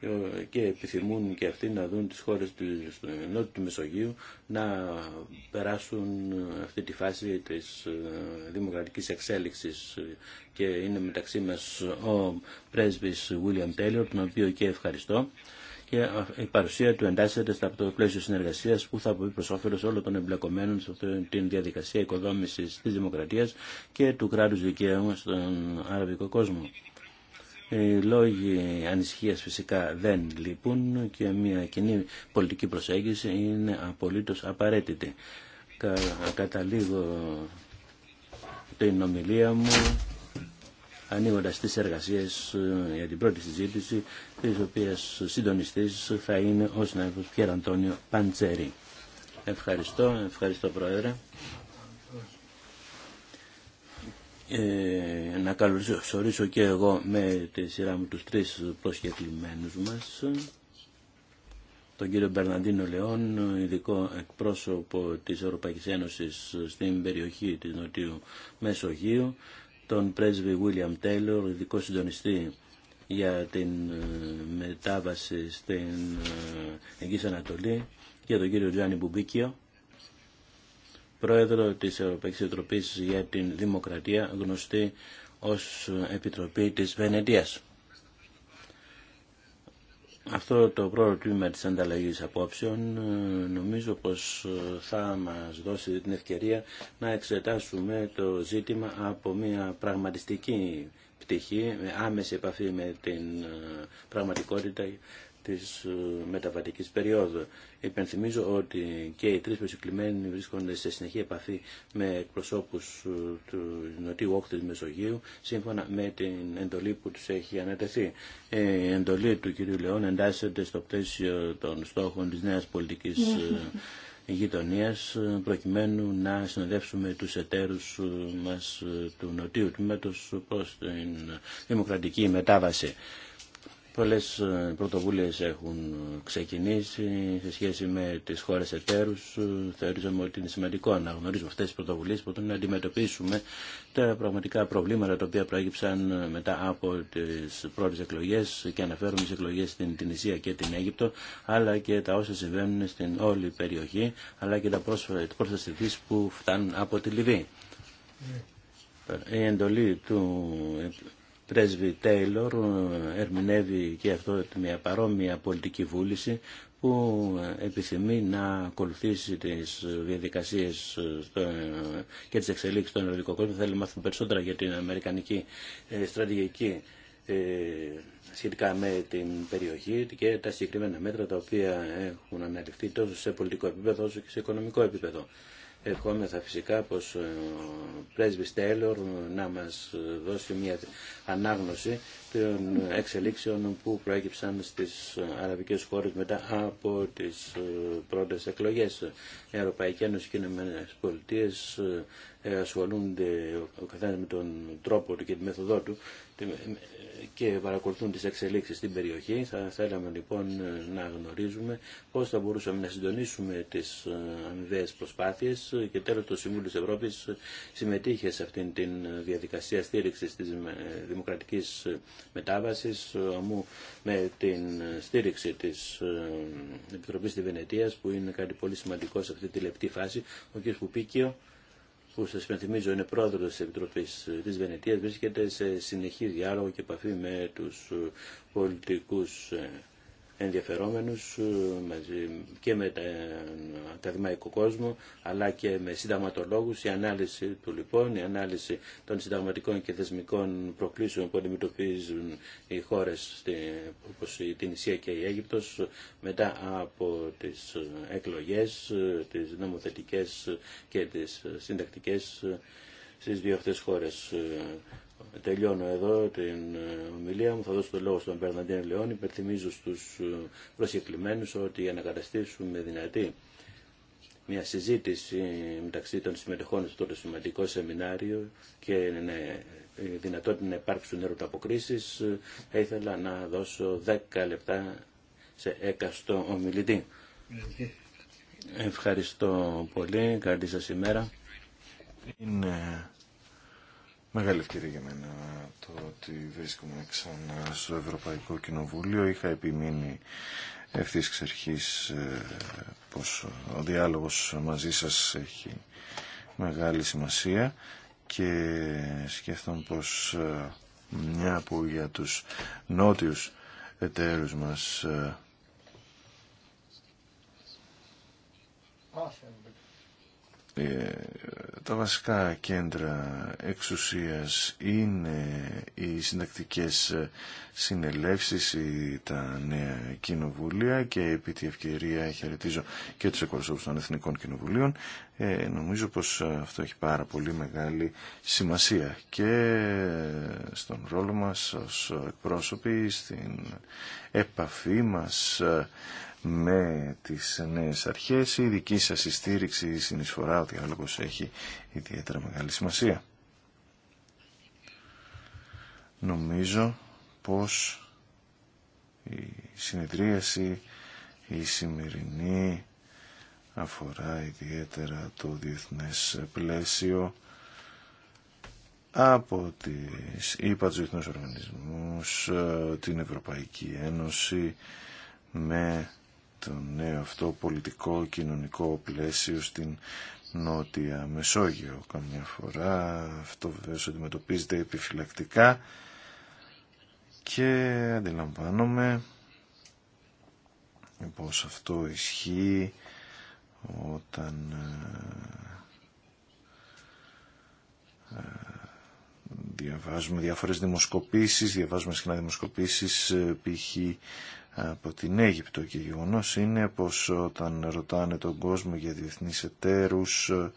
ε, και επιθυμούν και αυτοί να δουν τις χώρες του Νότου του Μεσογείου να περάσουν αυτή τη φάση της ε, δημοκρατικής εξέλιξης και είναι μεταξύ μας ο πρέσβης William Taylor, τον οποίο και ευχαριστώ και η παρουσία του εντάσσεται στα το πλαίσιο συνεργασία που θα αποβεί προ όφελο όλων των εμπλεκομένων σε αυτή τη διαδικασία οικοδόμηση τη δημοκρατία και του κράτου δικαίου στον αραβικό κόσμο. Οι λόγοι ανησυχία φυσικά δεν λείπουν και μια κοινή πολιτική προσέγγιση είναι απολύτω απαραίτητη. Κα, καταλήγω την ομιλία μου Ανοίγοντα τι εργασίε ε, για την πρώτη συζήτηση, της οποίας συντονιστή θα είναι ο συνάδελφο Πιέρα Αντώνιο Παντσέρη. Ευχαριστώ, ευχαριστώ Πρόεδρε. Ε, να καλωσορίσω και εγώ με τη σειρά μου τους τρεις προσκεκλημένους μας τον κύριο Μπερναντίνο Λεόν, ειδικό εκπρόσωπο της Ευρωπαϊκής Ένωσης στην περιοχή της Νοτιού Μεσογείου, τον πρέσβη William Τέιλορ ειδικό συντονιστή για την ε, μετάβαση στην Εγγύς Ανατολή και τον κύριο Γιάννη Μπουμπίκιο, πρόεδρο της Ευρωπαϊκής Επιτροπής για την Δημοκρατία, γνωστή ως Επιτροπή της Βενετίας. Αυτό το πρώτο τμήμα της ανταλλαγής απόψεων ε, νομίζω πως ε, θα μας δώσει την ευκαιρία να εξετάσουμε το ζήτημα από μια πραγματιστική πτυχή, με άμεση επαφή με την ε, πραγματικότητα της ε, μεταβατικής περίοδου. Υπενθυμίζω ότι και οι τρεις προσυκλημένοι βρίσκονται σε συνεχή επαφή με εκπροσώπους ε, του Νοτιού Όχθης Μεσογείου σύμφωνα με την εντολή που τους έχει ανατεθεί. Ε, η εντολή του κ. Λεών εντάσσεται στο πλαίσιο των στόχων της νέας πολιτικής γειτονία προκειμένου να συνοδεύσουμε τους εταίρους μας του Νοτιού Τμήματος προς την δημοκρατική μετάβαση. Πολλές ε, πρωτοβουλίες έχουν ξεκινήσει σε σχέση με τις χώρες εταίρους. Ε, θεωρίζομαι ότι είναι σημαντικό να γνωρίζουμε αυτές τις πρωτοβουλίες που να αντιμετωπίσουμε τα πραγματικά προβλήματα τα οποία προέγυψαν μετά από τις πρώτες εκλογές και αναφέρουμε τις εκλογές στην Τινησία και την Αίγυπτο αλλά και τα όσα συμβαίνουν στην όλη περιοχή αλλά και τα πρόσφατα που φτάνουν από τη Λιβύη. Ναι. Η εντολή του πρέσβη Τέιλορ ε, ερμηνεύει και αυτό μια παρόμοια πολιτική βούληση που επιθυμεί να ακολουθήσει τις διαδικασίες ε, ε, και τις εξελίξεις στον ελληνικό κόσμο. Θέλει να μάθουμε περισσότερα για την αμερικανική στρατηγική σχετικά με την περιοχή και τα συγκεκριμένα μέτρα τα οποία έχουν αναλυφθεί τόσο σε πολιτικό επίπεδο όσο και σε οικονομικό επίπεδο. Ευχόμεθα φυσικά πως ο πρέσβης Τέιλορ να μας δώσει μια ανάγνωση των εξελίξεων που προέκυψαν στις αραβικές χώρες μετά από τις πρώτες εκλογές. Η Ευρωπαϊκή Ένωση και οι Πολιτείες ε, ασχολούνται ο καθένας με τον τρόπο του και τη μέθοδό του και παρακολουθούν τις εξελίξεις στην περιοχή. Θα θέλαμε λοιπόν να γνωρίζουμε πώς θα μπορούσαμε να συντονίσουμε τις ε, αμοιβαίες προσπάθειες και τέλος το Συμβούλιο της Ευρώπης συμμετείχε σε αυτήν την διαδικασία στήριξης της ε, δημοκρατικής ε, μετάβασης με την στήριξη της Επιτροπής της Βενετίας που είναι κάτι πολύ σημαντικό σε αυτή τη λεπτή φάση. Ο κ. Πουπίκιο που σας πενθυμίζω είναι πρόεδρος της Επιτροπής ε, της Βενετίας, βρίσκεται σε συνεχή διάλογο και επαφή με τους ε, πολιτικούς ε, ενδιαφερόμενους ε, και με τον ε, ακαδημαϊκό κόσμο αλλά και με συνταγματολόγους. Η ανάλυση του λοιπόν, η ανάλυση των συνταγματικών και θεσμικών προκλήσεων που αντιμετωπίζουν οι χώρες όπως η Τινησία και η Αίγυπτος μετά από τις εκλογές, ε, τις νομοθετικές και τις συντακτικές στις δύο αυτές χώρες. Τελειώνω εδώ την ε, ομιλία μου. Θα δώσω το λόγο στον Περναντίνο Λεόν. Υπερθυμίζω στου ε, προσκεκλημένου ότι για να καταστήσουμε δυνατή μια συζήτηση μεταξύ των συμμετεχών στο σημαντικό σεμινάριο και είναι ε, δυνατότητα να υπάρξουν ερωταποκρίσει, θα ήθελα να δώσω 10 λεπτά σε έκαστο ομιλητή. Ευχαριστώ πολύ. Καλή σα ημέρα. Είναι Μεγάλη ευκαιρία για μένα το ότι βρίσκομαι ξανά στο Ευρωπαϊκό Κοινοβούλιο. Είχα επιμείνει ευθύ εξ αρχή ε, πως ο διάλογος μαζί σα έχει μεγάλη σημασία και σκέφτομαι πως ε, μια που για τους νότιους μα. μας ε, ε, τα βασικά κέντρα εξουσίας είναι οι συντακτικές συνελεύσεις, τα νέα κοινοβούλια και επί τη ευκαιρία χαιρετίζω και τους εκπροσώπους των Εθνικών Κοινοβουλίων. Ε, νομίζω πως αυτό έχει πάρα πολύ μεγάλη σημασία και στον ρόλο μας ως εκπρόσωποι, στην επαφή μας με τις νέες αρχές. Η δική σας συστήριξη στήριξη, η συνεισφορά, ο διάλογος έχει ιδιαίτερα μεγάλη σημασία. Νομίζω πως η συνεδρίαση, η σημερινή αφορά ιδιαίτερα το διεθνές πλαίσιο από τις ΥΠΑ, τους οργανισμούς, ε, την Ευρωπαϊκή Ένωση με το νέο αυτό πολιτικό κοινωνικό πλαίσιο στην Νότια Μεσόγειο. Καμιά φορά αυτό βεβαίως αντιμετωπίζεται επιφυλακτικά και αντιλαμβάνομαι πως αυτό ισχύει όταν ε, ε, διαβάζουμε διάφορες δημοσκοπήσεις, διαβάζουμε συχνά δημοσκοπήσεις ε, π.χ από την Αίγυπτο και γεγονό είναι πως όταν ρωτάνε τον κόσμο για διεθνείς εταίρους ε,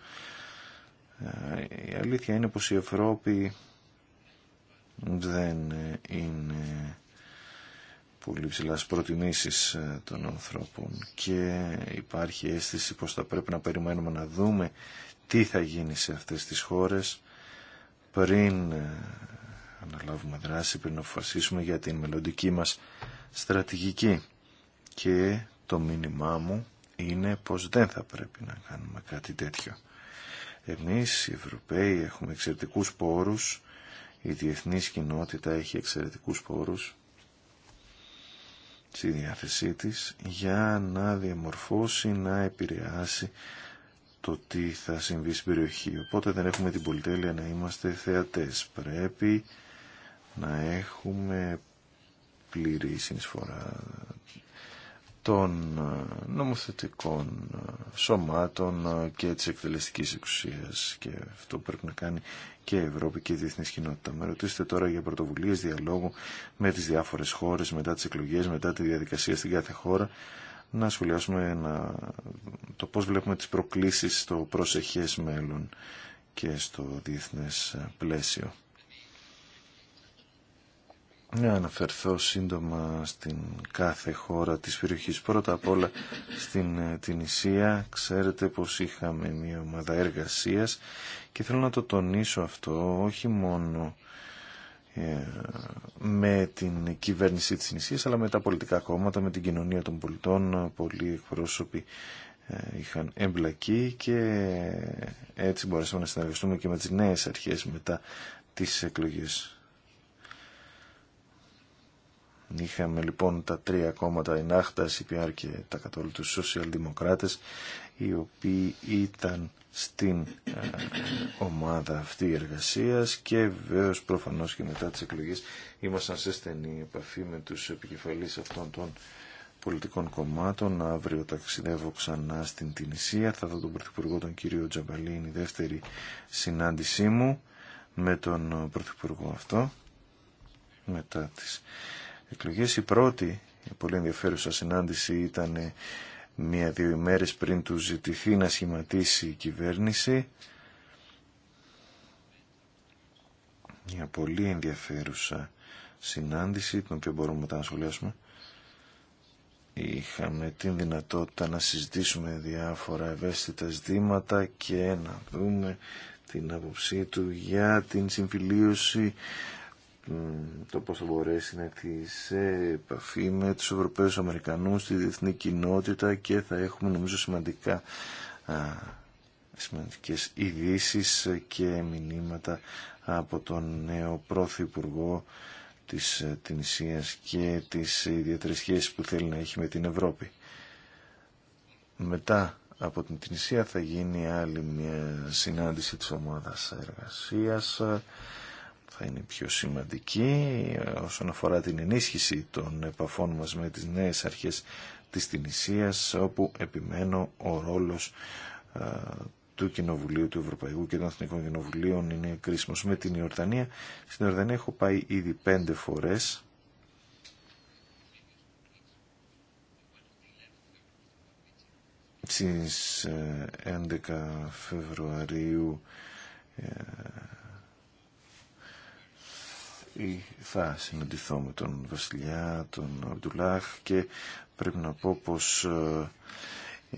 η αλήθεια είναι πως η Ευρώπη δεν είναι πολύ ψηλά στις προτιμήσεις ε, των ανθρώπων και υπάρχει αίσθηση πως θα πρέπει να περιμένουμε να δούμε τι θα γίνει σε αυτές τις χώρες πριν ε, αναλάβουμε δράση, πριν αποφασίσουμε για την μελλοντική μας στρατηγική και το μήνυμά μου είναι πως δεν θα πρέπει να κάνουμε κάτι τέτοιο. Εμείς οι Ευρωπαίοι έχουμε εξαιρετικούς πόρους, η διεθνής κοινότητα έχει εξαιρετικούς πόρους στη διάθεσή της για να διαμορφώσει, να επηρεάσει το τι θα συμβεί στην περιοχή. Οπότε δεν έχουμε την πολυτέλεια να είμαστε θεατές. Πρέπει να έχουμε πλήρη συνεισφορά των ε, νομοθετικών ε, σωμάτων ε, και της εκτελεστικής εξουσίας και αυτό που πρέπει να κάνει και η Ευρώπη και η διεθνής κοινότητα. Με ρωτήσετε τώρα για πρωτοβουλίες διαλόγου με τις διάφορες χώρες μετά τις εκλογές, μετά τη διαδικασία στην κάθε χώρα να σχολιάσουμε το πώς βλέπουμε τις προκλήσεις στο προσεχές μέλλον και στο διεθνές πλαίσιο να αναφερθώ σύντομα στην κάθε χώρα της περιοχής. Πρώτα απ' όλα στην ε, την Ισία. Ξέρετε πως είχαμε μια ομάδα εργασίας και θέλω να το τονίσω αυτό όχι μόνο ε, με την κυβέρνηση της Ισίας αλλά με τα πολιτικά κόμματα, με την κοινωνία των πολιτών. Πολλοί εκπρόσωποι ε, είχαν εμπλακεί και έτσι μπορέσαμε να συνεργαστούμε και με τις νέες αρχές μετά τις εκλογές. Είχαμε λοιπόν τα τρία κόμματα, η Νάχτα, η ΠΙΑΡ και τα του σοσιαλδημοκράτες, οι οποίοι ήταν στην ε, ομάδα αυτή εργασίας και βεβαίως προφανώς και μετά τις εκλογές ήμασταν σε στενή επαφή με τους επικεφαλείς αυτών των πολιτικών κομμάτων. Αύριο ταξιδεύω ξανά στην Τινησία. Θα δω τον Πρωθυπουργό τον κύριο Τζαμπαλή. η δεύτερη συνάντησή μου με τον Πρωθυπουργό αυτό μετά τις εκλογές. Η πρώτη η πολύ ενδιαφέρουσα συνάντηση ήταν μία-δύο ημέρες πριν του ζητηθεί να σχηματίσει η κυβέρνηση. Μια πολύ ενδιαφέρουσα συνάντηση, την οποία μπορούμε να σχολιάσουμε. Είχαμε την δυνατότητα να συζητήσουμε διάφορα ευαίσθητα ζητήματα και να δούμε την άποψή του για την συμφιλίωση το πώς θα μπορέσει να έρθει σε επαφή με τους Ευρωπαίους Αμερικανούς, τη διεθνή κοινότητα και θα έχουμε νομίζω σημαντικά σημαντικές ειδήσει και μηνύματα από τον νέο Πρωθυπουργό της ε, Τινησίας και τις ιδιαίτερες σχέσεις που θέλει να έχει με την Ευρώπη. Μετά από την Τινησία θα γίνει άλλη μια συνάντηση της ομάδας εργασίας είναι πιο σημαντική ε, όσον αφορά την ενίσχυση των επαφών μας με τις νέες αρχές της Τινησίας όπου επιμένω ο ρόλος ε, του Κοινοβουλίου του Ευρωπαϊκού και των Εθνικών Κοινοβουλίων είναι κρίσιμος Με την Ιορδανία, στην Ιορδανία έχω πάει ήδη πέντε φορές. Στις 11 ε, Φεβρουαρίου θα συναντηθώ με τον Βασιλιά, τον Αμπτουλάχ και πρέπει να πω πως ε,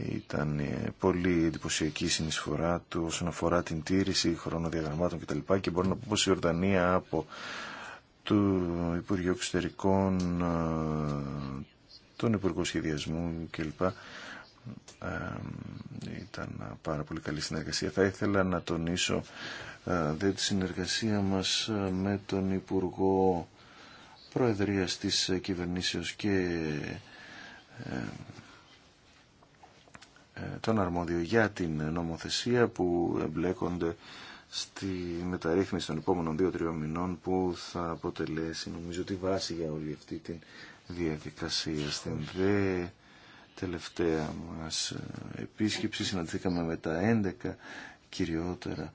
ήταν ε, πολύ εντυπωσιακή η συνεισφορά του όσον αφορά την τήρηση χρονοδιαγραμμάτων κτλ. Και μπορώ να πω πως η Ορδανία από το Υπουργείο Εξωτερικών, ε, τον Υπουργό Σχεδιασμού κλπ. Ήταν πάρα πολύ καλή συνεργασία. Θα ήθελα να τονίσω ε, δε τη συνεργασία μας ε, με τον Υπουργό Προεδρίας της ε, Κυβερνήσεως και τον αρμόδιο για την νομοθεσία που εμπλέκονται στη μεταρρύθμιση των επόμενων δύο-τριών μηνών που θα αποτελέσει νομίζω τη βάση για όλη αυτή τη διαδικασία. Στην δε τελευταία μας επίσκεψη συναντηθήκαμε με τα 11 κυριότερα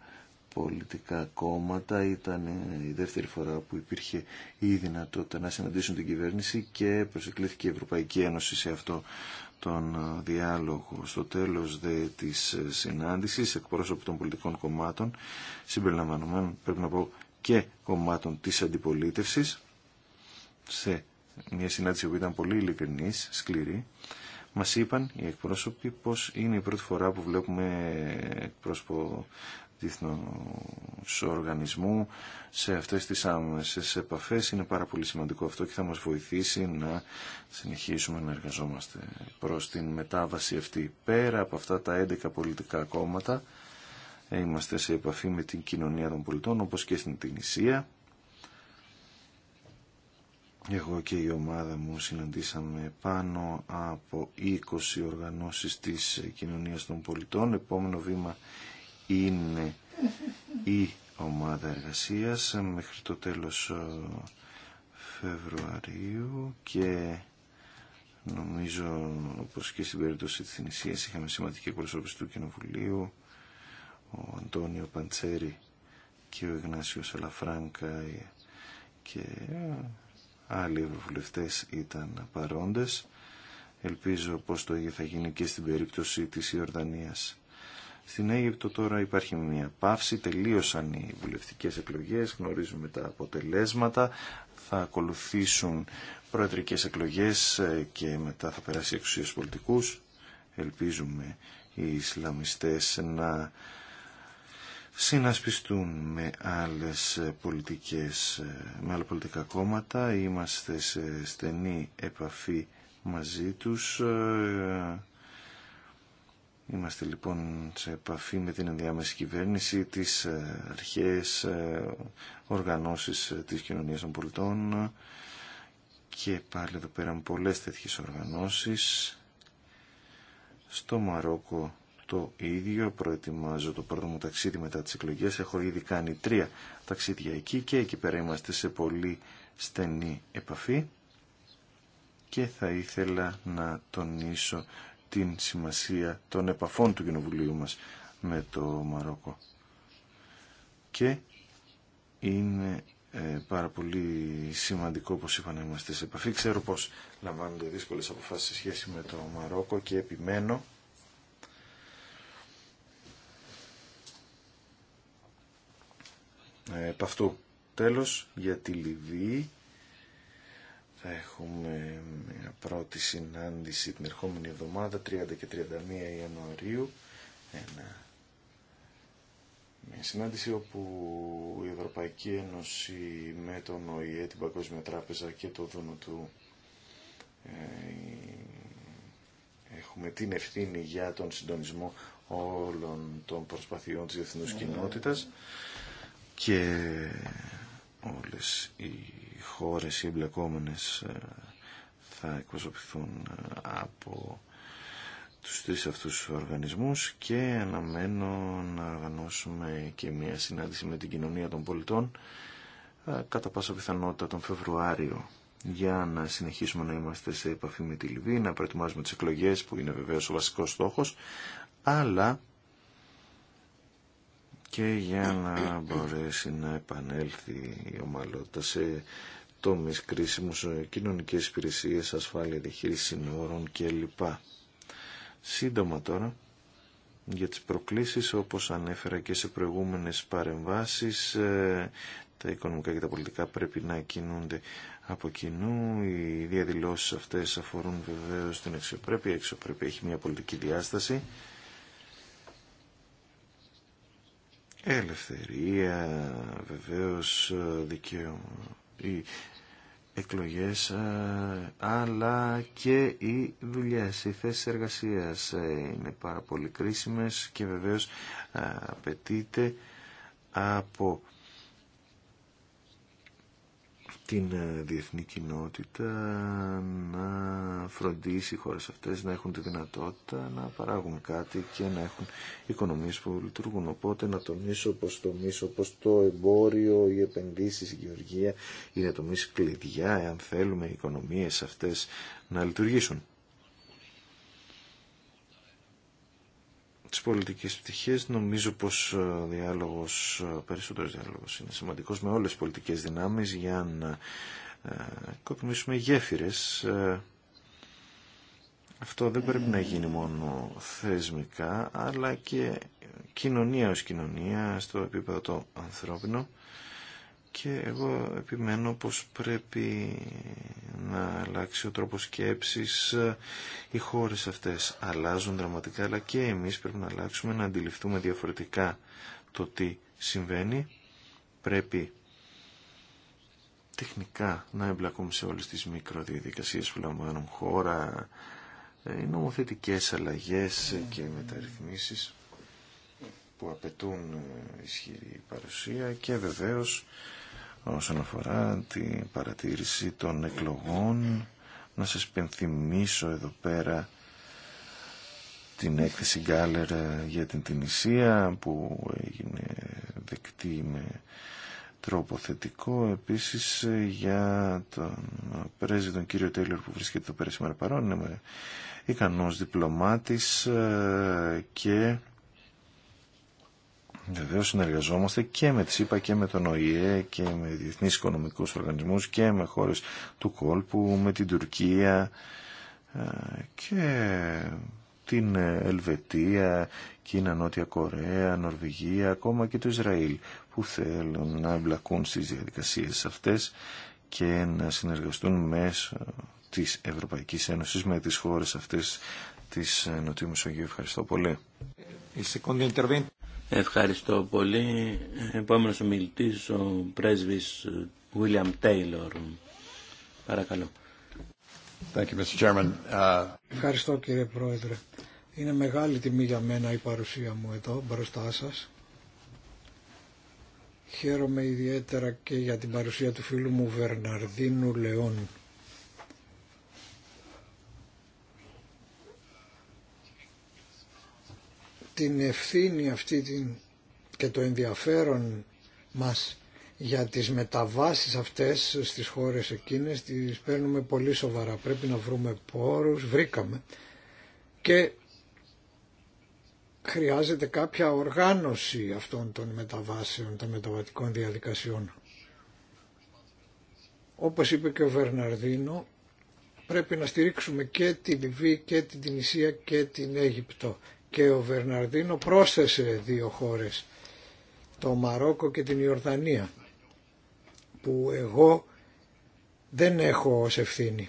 πολιτικά κόμματα. Ήταν η δεύτερη φορά που υπήρχε η δυνατότητα να συναντήσουν την κυβέρνηση και προσεκλήθηκε η Ευρωπαϊκή Ένωση σε αυτό τον ε, διάλογο. Στο τέλος δε της ε, συνάντησης εκπρόσωποι των πολιτικών κομμάτων συμπεριλαμβανομένων πρέπει να πω και κομμάτων της αντιπολίτευσης σε μια συνάντηση που ήταν πολύ ειλικρινής, σκληρή μας είπαν οι εκπρόσωποι πως είναι η πρώτη φορά που βλέπουμε εκπρόσωπο διεθνούς οργανισμού σε αυτές τις άμεσες επαφές. Είναι πάρα πολύ σημαντικό αυτό και θα μας βοηθήσει να συνεχίσουμε να εργαζόμαστε προς την μετάβαση αυτή. Πέρα από αυτά τα 11 πολιτικά κόμματα είμαστε σε επαφή με την κοινωνία των πολιτών όπως και στην Τινησία. Εγώ και η ομάδα μου συναντήσαμε πάνω από 20 οργανώσεις της κοινωνίας των πολιτών. Επόμενο βήμα είναι η ομάδα εργασίας μέχρι το τέλος ε, Φεβρουαρίου και νομίζω όπως και στην περίπτωση της Θηνησίας είχαμε σημαντική εκπροσώπηση του Κοινοβουλίου ο Αντώνιο Παντσέρη και ο Ιγνάσιος Αλαφράνκα και ε, άλλοι ευρωβουλευτές ήταν παρόντες. Ελπίζω πως το ίδιο θα γίνει και στην περίπτωση της Ιορδανίας. Στην Αίγυπτο τώρα υπάρχει μια παύση, τελείωσαν οι βουλευτικές εκλογές, γνωρίζουμε τα αποτελέσματα, θα ακολουθήσουν προεδρικές εκλογές ε, και μετά θα περάσει εξουσίες πολιτικούς. Ελπίζουμε οι Ισλαμιστές να συνασπιστούν με άλλες πολιτικές, ε, με άλλα πολιτικά κόμματα. Είμαστε σε στενή επαφή μαζί τους ε, Είμαστε λοιπόν σε επαφή με την ενδιάμεση κυβέρνηση, τις ε, αρχές, ε, οργανώσεις ε, της κοινωνίας των πολιτών και πάλι εδώ πέρα με πολλές τέτοιες οργανώσεις. Στο Μαρόκο το ίδιο, προετοιμάζω το πρώτο μου ταξίδι μετά τις εκλογές. Έχω ήδη κάνει τρία ταξίδια εκεί και εκεί πέρα είμαστε σε πολύ στενή επαφή και θα ήθελα να τονίσω την σημασία των επαφών του Κοινοβουλίου μας με το Μαρόκο. Και είναι ε, πάρα πολύ σημαντικό, όπως είπα, να είμαστε σε επαφή. Ξέρω πως λαμβάνονται δύσκολες αποφάσεις σε σχέση με το Μαρόκο και επιμένω ε, επ' αυτού. Τέλος, για τη Λιβύη θα έχουμε μια πρώτη συνάντηση την ερχόμενη εβδομάδα, 30 και 31 Ιανουαρίου. Ένα, μια συνάντηση όπου η Ευρωπαϊκή Ένωση με τον ΟΗΕ, την Παγκόσμια Τράπεζα και το Δούνο του ε, έχουμε την ευθύνη για τον συντονισμό όλων των προσπαθειών της διεθνούς ναι. κοινότητας και όλες οι χώρες οι εμπλεκόμενες ε, θα εκπροσωπηθούν ε, από τους τρεις αυτούς οργανισμούς και αναμένω να οργανώσουμε και μια συνάντηση με την κοινωνία των πολιτών ε, κατά πάσα πιθανότητα τον Φεβρουάριο για να συνεχίσουμε να είμαστε σε επαφή με τη Λιβύη, να προετοιμάζουμε τις εκλογές που είναι βεβαίως ο βασικός στόχος αλλά και για να μπορέσει να επανέλθει η ομαλότητα σε τομείς κρίσιμους, κοινωνικές υπηρεσίες, ασφάλεια διαχείριση συνόρων κλπ. Σύντομα τώρα, για τις προκλήσεις όπως ανέφερα και σε προηγούμενες παρεμβάσεις, ε, τα οικονομικά και τα πολιτικά πρέπει να κινούνται από κοινού. Οι διαδηλώσεις αυτές αφορούν βεβαίως την αξιοπρέπεια. Η αξιοπρέπεια έχει μια πολιτική διάσταση. ελευθερία, βεβαίως δικαίωμα, οι εκλογές, αλλά και οι δουλειές, οι θέσεις εργασίας ε, είναι πάρα πολύ κρίσιμες και βεβαίως απαιτείται από την ε, διεθνή κοινότητα να φροντίσει οι χώρες αυτές να έχουν τη δυνατότητα να παράγουν κάτι και να έχουν οικονομίες που λειτουργούν. Οπότε να τονίσω πως το μίσο, πως το εμπόριο, οι επενδύσεις, η γεωργία είναι μίσο κλειδιά εάν θέλουμε οι οικονομίες αυτές να λειτουργήσουν. τις πολιτικές πτυχές νομίζω πως ε, ο διάλογος, ε, περισσότερος διάλογος είναι σημαντικός με όλες τις πολιτικές δυνάμεις για να οικοδομήσουμε ε, γέφυρες. Αυτό δεν πρέπει να γίνει μόνο θεσμικά αλλά και κοινωνία ως κοινωνία στο επίπεδο το ανθρώπινο και εγώ επιμένω πως πρέπει να αλλάξει ο τρόπος σκέψης. Οι χώρες αυτές αλλάζουν δραματικά, αλλά και εμείς πρέπει να αλλάξουμε, να αντιληφθούμε διαφορετικά το τι συμβαίνει. Πρέπει τεχνικά να εμπλακούμε σε όλες τις μικροδιαδικασίες που λαμβάνουν χώρα, ε, οι νομοθετικές αλλαγές και οι μεταρρυθμίσεις που απαιτούν ε, ισχυρή παρουσία και βεβαίως όσον αφορά την παρατήρηση των εκλογών. Να σας πενθυμίσω εδώ πέρα την έκθεση Γκάλερ για την Τινησία που έγινε δεκτή με τρόπο θετικό. Επίσης για τον πρέσβη τον κύριο Τέιλορ που βρίσκεται εδώ πέρα σήμερα παρόν είναι ικανός διπλωμάτης ε, και Βεβαίω, συνεργαζόμαστε και με τη ΣΥΠΑ και με τον ΟΗΕ και με διεθνείς οικονομικούς οργανισμούς και με χώρες του κόλπου, με την Τουρκία ε, και την Ελβετία, Κίνα, Νότια Κορέα, Νορβηγία, ακόμα και το Ισραήλ που θέλουν να εμπλακούν στις διαδικασίες αυτές και να συνεργαστούν μέσω της Ευρωπαϊκής Ένωσης με τις χώρες αυτές της Νοτιού Μεσογείου. Ευχαριστώ πολύ. Ευχαριστώ πολύ. Επόμενος ομιλητής, ο πρέσβης William Taylor. Παρακαλώ. Thank you, Mr. Uh, Ευχαριστώ κύριε Πρόεδρε. Είναι μεγάλη τιμή για μένα η παρουσία μου εδώ μπροστά σας. Χαίρομαι ιδιαίτερα και για την παρουσία του φίλου μου Βερναρδίνου Λεόν. την ευθύνη αυτή την, και το ενδιαφέρον μας για τις μεταβάσεις αυτές στις χώρες εκείνες τις παίρνουμε πολύ σοβαρά. Πρέπει να βρούμε πόρους, βρήκαμε και χρειάζεται κάποια οργάνωση αυτών των μεταβάσεων, των μεταβατικών διαδικασιών. Όπως είπε και ο Βερναρδίνο, πρέπει να στηρίξουμε και τη Λιβύη και την Τινησία και την Αίγυπτο και ο Βερναρδίνο πρόσθεσε δύο χώρες, το Μαρόκο και την Ιορδανία, που εγώ δεν έχω ως ευθύνη.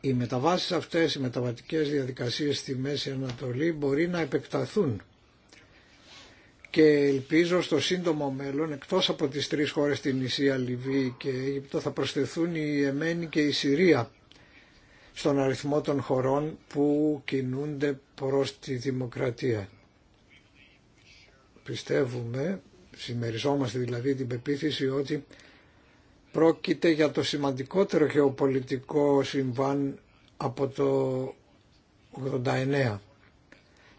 Οι μεταβάσεις αυτές, οι μεταβατικές διαδικασίες στη Μέση Ανατολή μπορεί να επεκταθούν και ελπίζω στο σύντομο μέλλον, εκτός από τις τρεις χώρες, την Ισία, Λιβύη και Αίγυπτο, θα προσθεθούν η Εμένη και η Συρία στον αριθμό των χωρών που κινούνται προς τη δημοκρατία. Πιστεύουμε, συμμεριζόμαστε δηλαδή την πεποίθηση ότι πρόκειται για το σημαντικότερο γεωπολιτικό συμβάν από το 89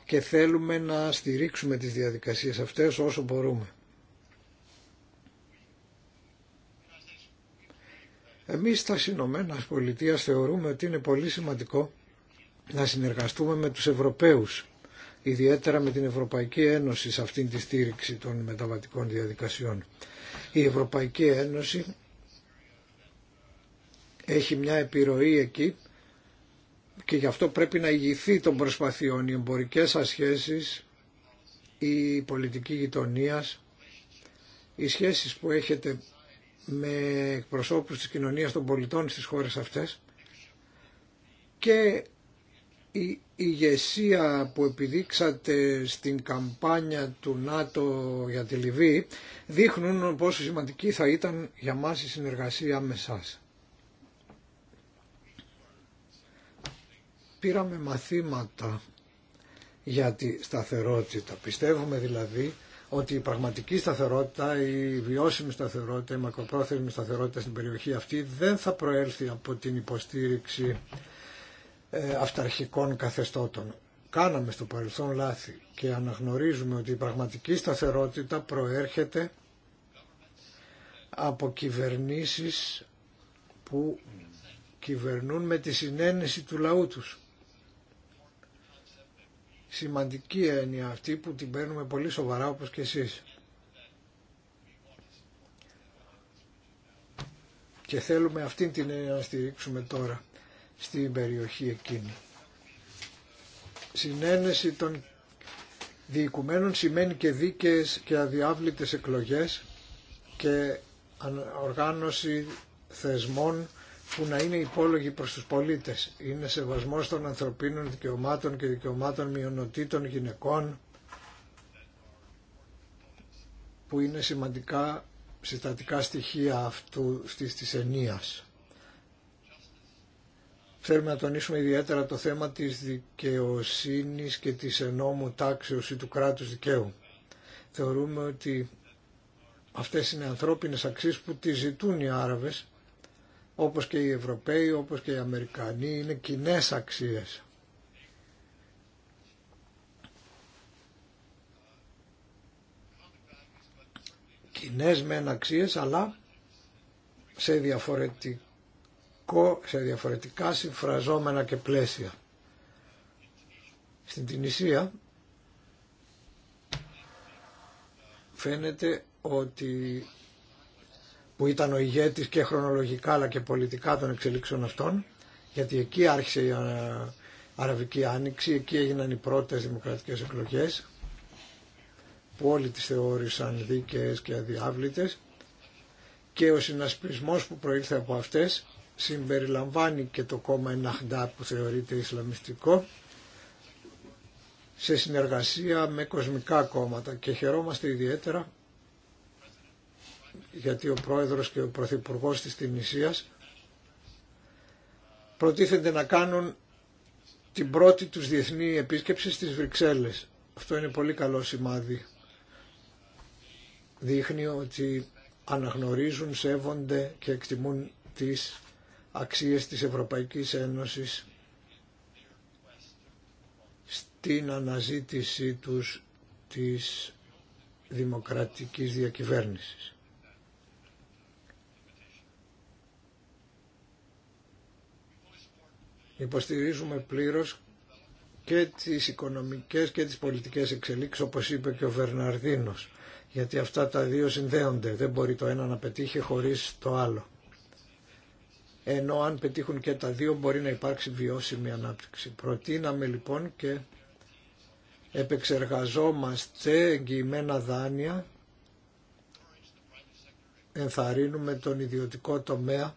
και θέλουμε να στηρίξουμε τις διαδικασίες αυτές όσο μπορούμε. Εμείς στα Συνωμένα Πολιτείας θεωρούμε ότι είναι πολύ σημαντικό να συνεργαστούμε με τους Ευρωπαίους, ιδιαίτερα με την Ευρωπαϊκή Ένωση σε αυτήν τη στήριξη των μεταβατικών διαδικασιών. Η Ευρωπαϊκή Ένωση έχει μια επιρροή εκεί και γι' αυτό πρέπει να ηγηθεί των προσπαθειών οι εμπορικές η πολιτική γειτονίας, οι σχέσεις που έχετε με εκπροσώπους της κοινωνίας των πολιτών στις χώρες αυτές και η ηγεσία που επιδείξατε στην καμπάνια του ΝΑΤΟ για τη Λιβύη δείχνουν πόσο σημαντική θα ήταν για μας η συνεργασία με σας. Πήραμε μαθήματα για τη σταθερότητα. Πιστεύουμε δηλαδή ότι η πραγματική σταθερότητα, η βιώσιμη σταθερότητα, η μακροπρόθεσμη σταθερότητα στην περιοχή αυτή δεν θα προέλθει από την υποστήριξη ε, αυταρχικών καθεστώτων. Κάναμε στο παρελθόν λάθη και αναγνωρίζουμε ότι η πραγματική σταθερότητα προέρχεται από κυβερνήσεις που κυβερνούν με τη συνένεση του λαού τους σημαντική έννοια αυτή που την παίρνουμε πολύ σοβαρά όπως και εσείς. Και θέλουμε αυτήν την έννοια να στηρίξουμε τώρα στην περιοχή εκείνη. Συνένεση των διοικουμένων σημαίνει και δίκαιες και αδιάβλητες εκλογές και οργάνωση θεσμών που να είναι υπόλογοι προς τους πολίτες. Είναι σεβασμός των ανθρωπίνων δικαιωμάτων και δικαιωμάτων μειονοτήτων γυναικών που είναι σημαντικά συστατικά στοιχεία αυτού της, της ενίας. Θέλουμε να τονίσουμε ιδιαίτερα το θέμα της δικαιοσύνης και της ενόμου τάξεως ή του κράτους δικαίου. Θεωρούμε ότι αυτές είναι ανθρώπινες αξίες που τις ζητούν οι Άραβες όπως και οι Ευρωπαίοι, όπως και οι Αμερικανοί, είναι κοινέ αξίες. Κοινέ μεν αξίες, αλλά σε, διαφορετικό, σε διαφορετικά συμφραζόμενα και πλαίσια. Στην Τινησία φαίνεται ότι που ήταν ο ηγέτης και χρονολογικά αλλά και πολιτικά των εξελίξεων αυτών, γιατί εκεί άρχισε η ε, Αραβική Άνοιξη, εκεί έγιναν οι πρώτες δημοκρατικές εκλογές, που όλοι τις θεώρησαν δίκαιες και αδιάβλητες, και ο συνασπισμός που προήλθε από αυτές συμπεριλαμβάνει και το κόμμα Εναχντά που θεωρείται Ισλαμιστικό, σε συνεργασία με κοσμικά κόμματα και χαιρόμαστε ιδιαίτερα γιατί ο πρόεδρος και ο πρωθυπουργός της Τινησίας προτίθενται να κάνουν την πρώτη τους διεθνή επίσκεψη στις Βρυξέλλες. Αυτό είναι πολύ καλό σημάδι. Δείχνει ότι αναγνωρίζουν, σέβονται και εκτιμούν τις αξίες της Ευρωπαϊκής Ένωσης στην αναζήτησή τους της δημοκρατικής διακυβέρνησης. Υποστηρίζουμε πλήρως και τις οικονομικές και τις πολιτικές εξελίξεις όπως είπε και ο Βερναρδίνος γιατί αυτά τα δύο συνδέονται δεν μπορεί το ένα να πετύχει χωρίς το άλλο ενώ αν πετύχουν και τα δύο μπορεί να υπάρξει βιώσιμη ανάπτυξη. Προτείναμε λοιπόν και επεξεργαζόμαστε εγγυημένα δάνεια ενθαρρύνουμε τον ιδιωτικό τομέα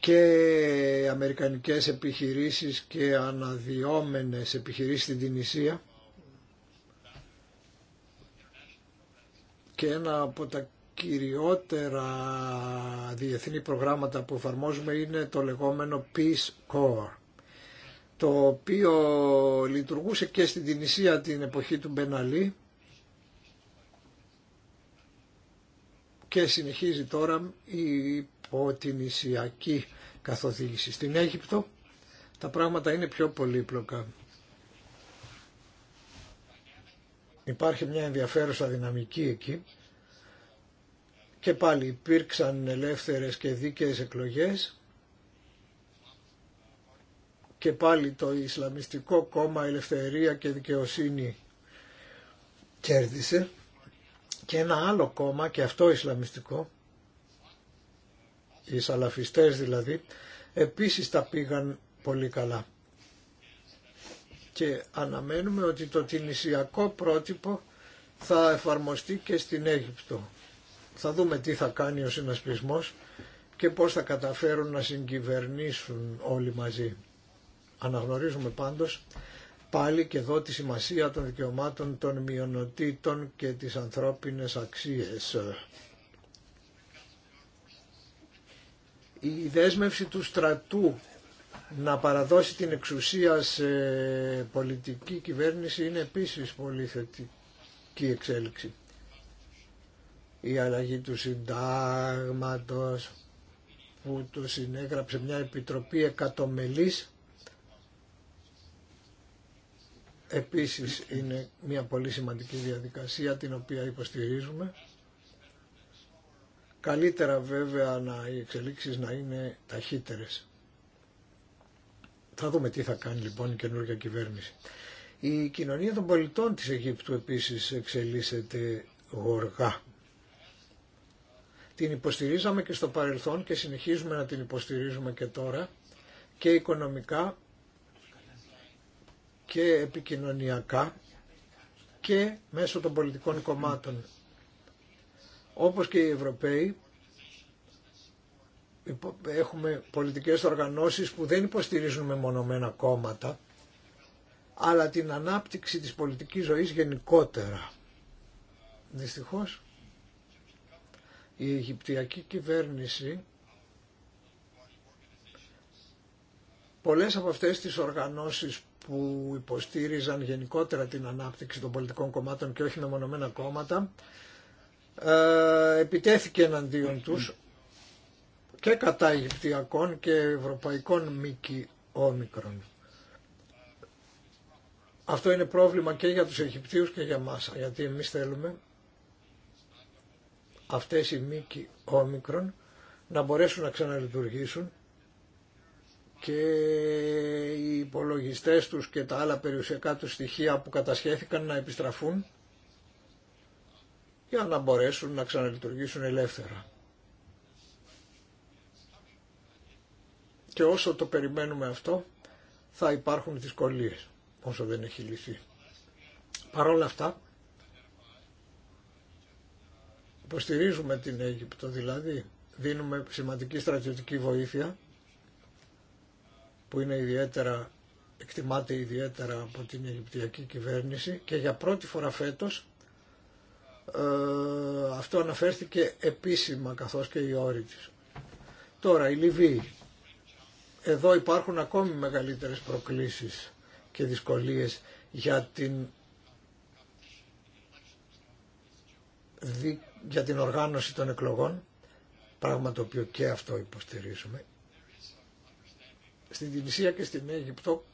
και αμερικανικές επιχειρήσεις και αναδυόμενες επιχειρήσεις στην Τινησία και ένα από τα κυριότερα διεθνή προγράμματα που εφαρμόζουμε είναι το λεγόμενο Peace Corps το οποίο λειτουργούσε και στην Τινησία την εποχή του Μπεναλή και συνεχίζει τώρα η από την Ισιακή καθοδήγηση. Στην Αίγυπτο τα πράγματα είναι πιο πολύπλοκα. Υπάρχει μια ενδιαφέρουσα δυναμική εκεί και πάλι υπήρξαν ελεύθερες και δίκαιες εκλογές και πάλι το Ισλαμιστικό κόμμα Ελευθερία και Δικαιοσύνη κέρδισε και ένα άλλο κόμμα και αυτό Ισλαμιστικό οι σαλαφιστές δηλαδή, επίσης τα πήγαν πολύ καλά. Και αναμένουμε ότι το τινησιακό πρότυπο θα εφαρμοστεί και στην Αίγυπτο. Θα δούμε τι θα κάνει ο συνασπισμός και πώς θα καταφέρουν να συγκυβερνήσουν όλοι μαζί. Αναγνωρίζουμε πάντως πάλι και εδώ τη σημασία των δικαιωμάτων των μειονοτήτων και τις ανθρώπινες αξίες. η δέσμευση του στρατού να παραδώσει την εξουσία σε πολιτική κυβέρνηση είναι επίσης πολύ θετική εξέλιξη. Η αλλαγή του συντάγματος που το συνέγραψε μια επιτροπή εκατομελής επίσης είναι μια πολύ σημαντική διαδικασία την οποία υποστηρίζουμε Καλύτερα βέβαια να οι εξελίξεις να είναι ταχύτερες. Θα δούμε τι θα κάνει λοιπόν η καινούργια κυβέρνηση. Η κοινωνία των πολιτών της Αιγύπτου επίσης εξελίσσεται γοργά. Την υποστηρίζαμε και στο παρελθόν και συνεχίζουμε να την υποστηρίζουμε και τώρα και οικονομικά και επικοινωνιακά και μέσω των πολιτικών κομμάτων. Όπως και οι Ευρωπαίοι, έχουμε πολιτικές οργανώσεις που δεν υποστηρίζουν μεμονωμένα κόμματα, αλλά την ανάπτυξη της πολιτικής ζωής γενικότερα. Δυστυχώς, η Αιγυπτιακή κυβέρνηση πολλές από αυτές τις οργανώσεις που υποστήριζαν γενικότερα την ανάπτυξη των πολιτικών κομμάτων και όχι μεμονωμένα κόμματα, ε, επιτέθηκε εναντίον τους και κατά Αιγυπτιακών και Ευρωπαϊκών μήκη όμικρων. Αυτό είναι πρόβλημα και για τους Αιγυπτίους και για μας, γιατί εμείς θέλουμε αυτές οι μήκη όμικρον να μπορέσουν να ξαναλειτουργήσουν και οι υπολογιστές τους και τα άλλα περιουσιακά τους στοιχεία που κατασχέθηκαν να επιστραφούν για να μπορέσουν να ξαναλειτουργήσουν ελεύθερα. Και όσο το περιμένουμε αυτό θα υπάρχουν δυσκολίες όσο δεν έχει λυθεί. Παρ' όλα αυτά υποστηρίζουμε την Αίγυπτο δηλαδή δίνουμε σημαντική στρατιωτική βοήθεια που είναι ιδιαίτερα εκτιμάται ιδιαίτερα από την Αιγυπτιακή κυβέρνηση και για πρώτη φορά φέτος ε, αυτό αναφέρθηκε επίσημα καθώς και η όροι της. Τώρα η Λιβύη. Εδώ υπάρχουν ακόμη μεγαλύτερες προκλήσεις και δυσκολίες για την, για την οργάνωση των εκλογών, πράγμα το οποίο και αυτό υποστηρίζουμε. Στην Τινησία και στην Αίγυπτο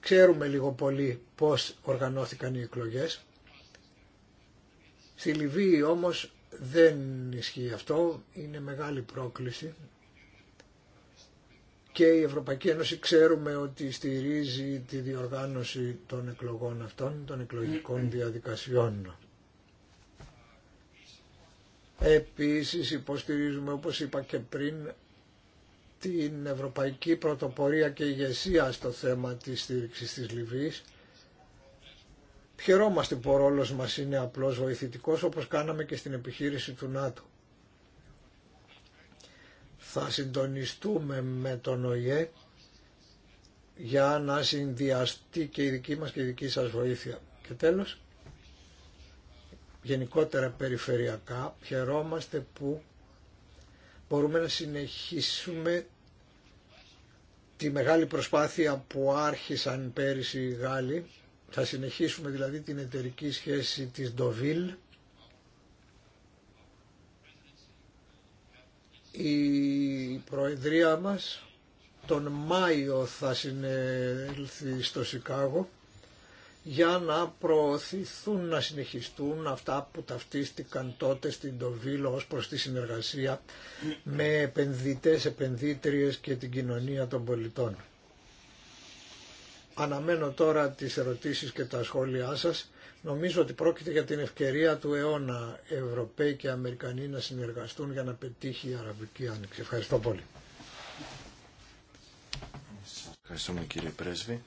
ξέρουμε λίγο πολύ πώς οργανώθηκαν οι εκλογές Στη Λιβύη όμως δεν ισχύει αυτό, είναι μεγάλη πρόκληση και η Ευρωπαϊκή Ένωση ξέρουμε ότι στηρίζει τη διοργάνωση των εκλογών αυτών, των εκλογικών διαδικασιών. Επίσης υποστηρίζουμε όπως είπα και πριν την Ευρωπαϊκή Πρωτοπορία και ηγεσία στο θέμα της στήριξης της Λιβύης Χαιρόμαστε που ο ρόλος μας είναι απλώς βοηθητικός όπως κάναμε και στην επιχείρηση του ΝΑΤΟ. Θα συντονιστούμε με τον ΟΙΕ για να συνδυαστεί και η δική μας και η δική σας βοήθεια. Και τέλος, γενικότερα περιφερειακά, χαιρόμαστε που μπορούμε να συνεχίσουμε τη μεγάλη προσπάθεια που άρχισαν πέρυσι οι Γάλλοι θα συνεχίσουμε δηλαδή την εταιρική σχέση της Ντοβίλ. Η Προεδρία μας τον Μάιο θα συνέλθει στο Σικάγο για να προωθηθούν να συνεχιστούν αυτά που ταυτίστηκαν τότε στην Ντοβίλ ως προς τη συνεργασία με επενδυτές, επενδύτριες και την κοινωνία των πολιτών. Αναμένω τώρα τις ερωτήσεις και τα σχόλιά σας. Νομίζω ότι πρόκειται για την ευκαιρία του αιώνα Ευρωπαίοι και Αμερικανοί να συνεργαστούν για να πετύχει η Αραβική Άνοιξη. Ευχαριστώ πολύ. Ευχαριστούμε κύριε Πρέσβη.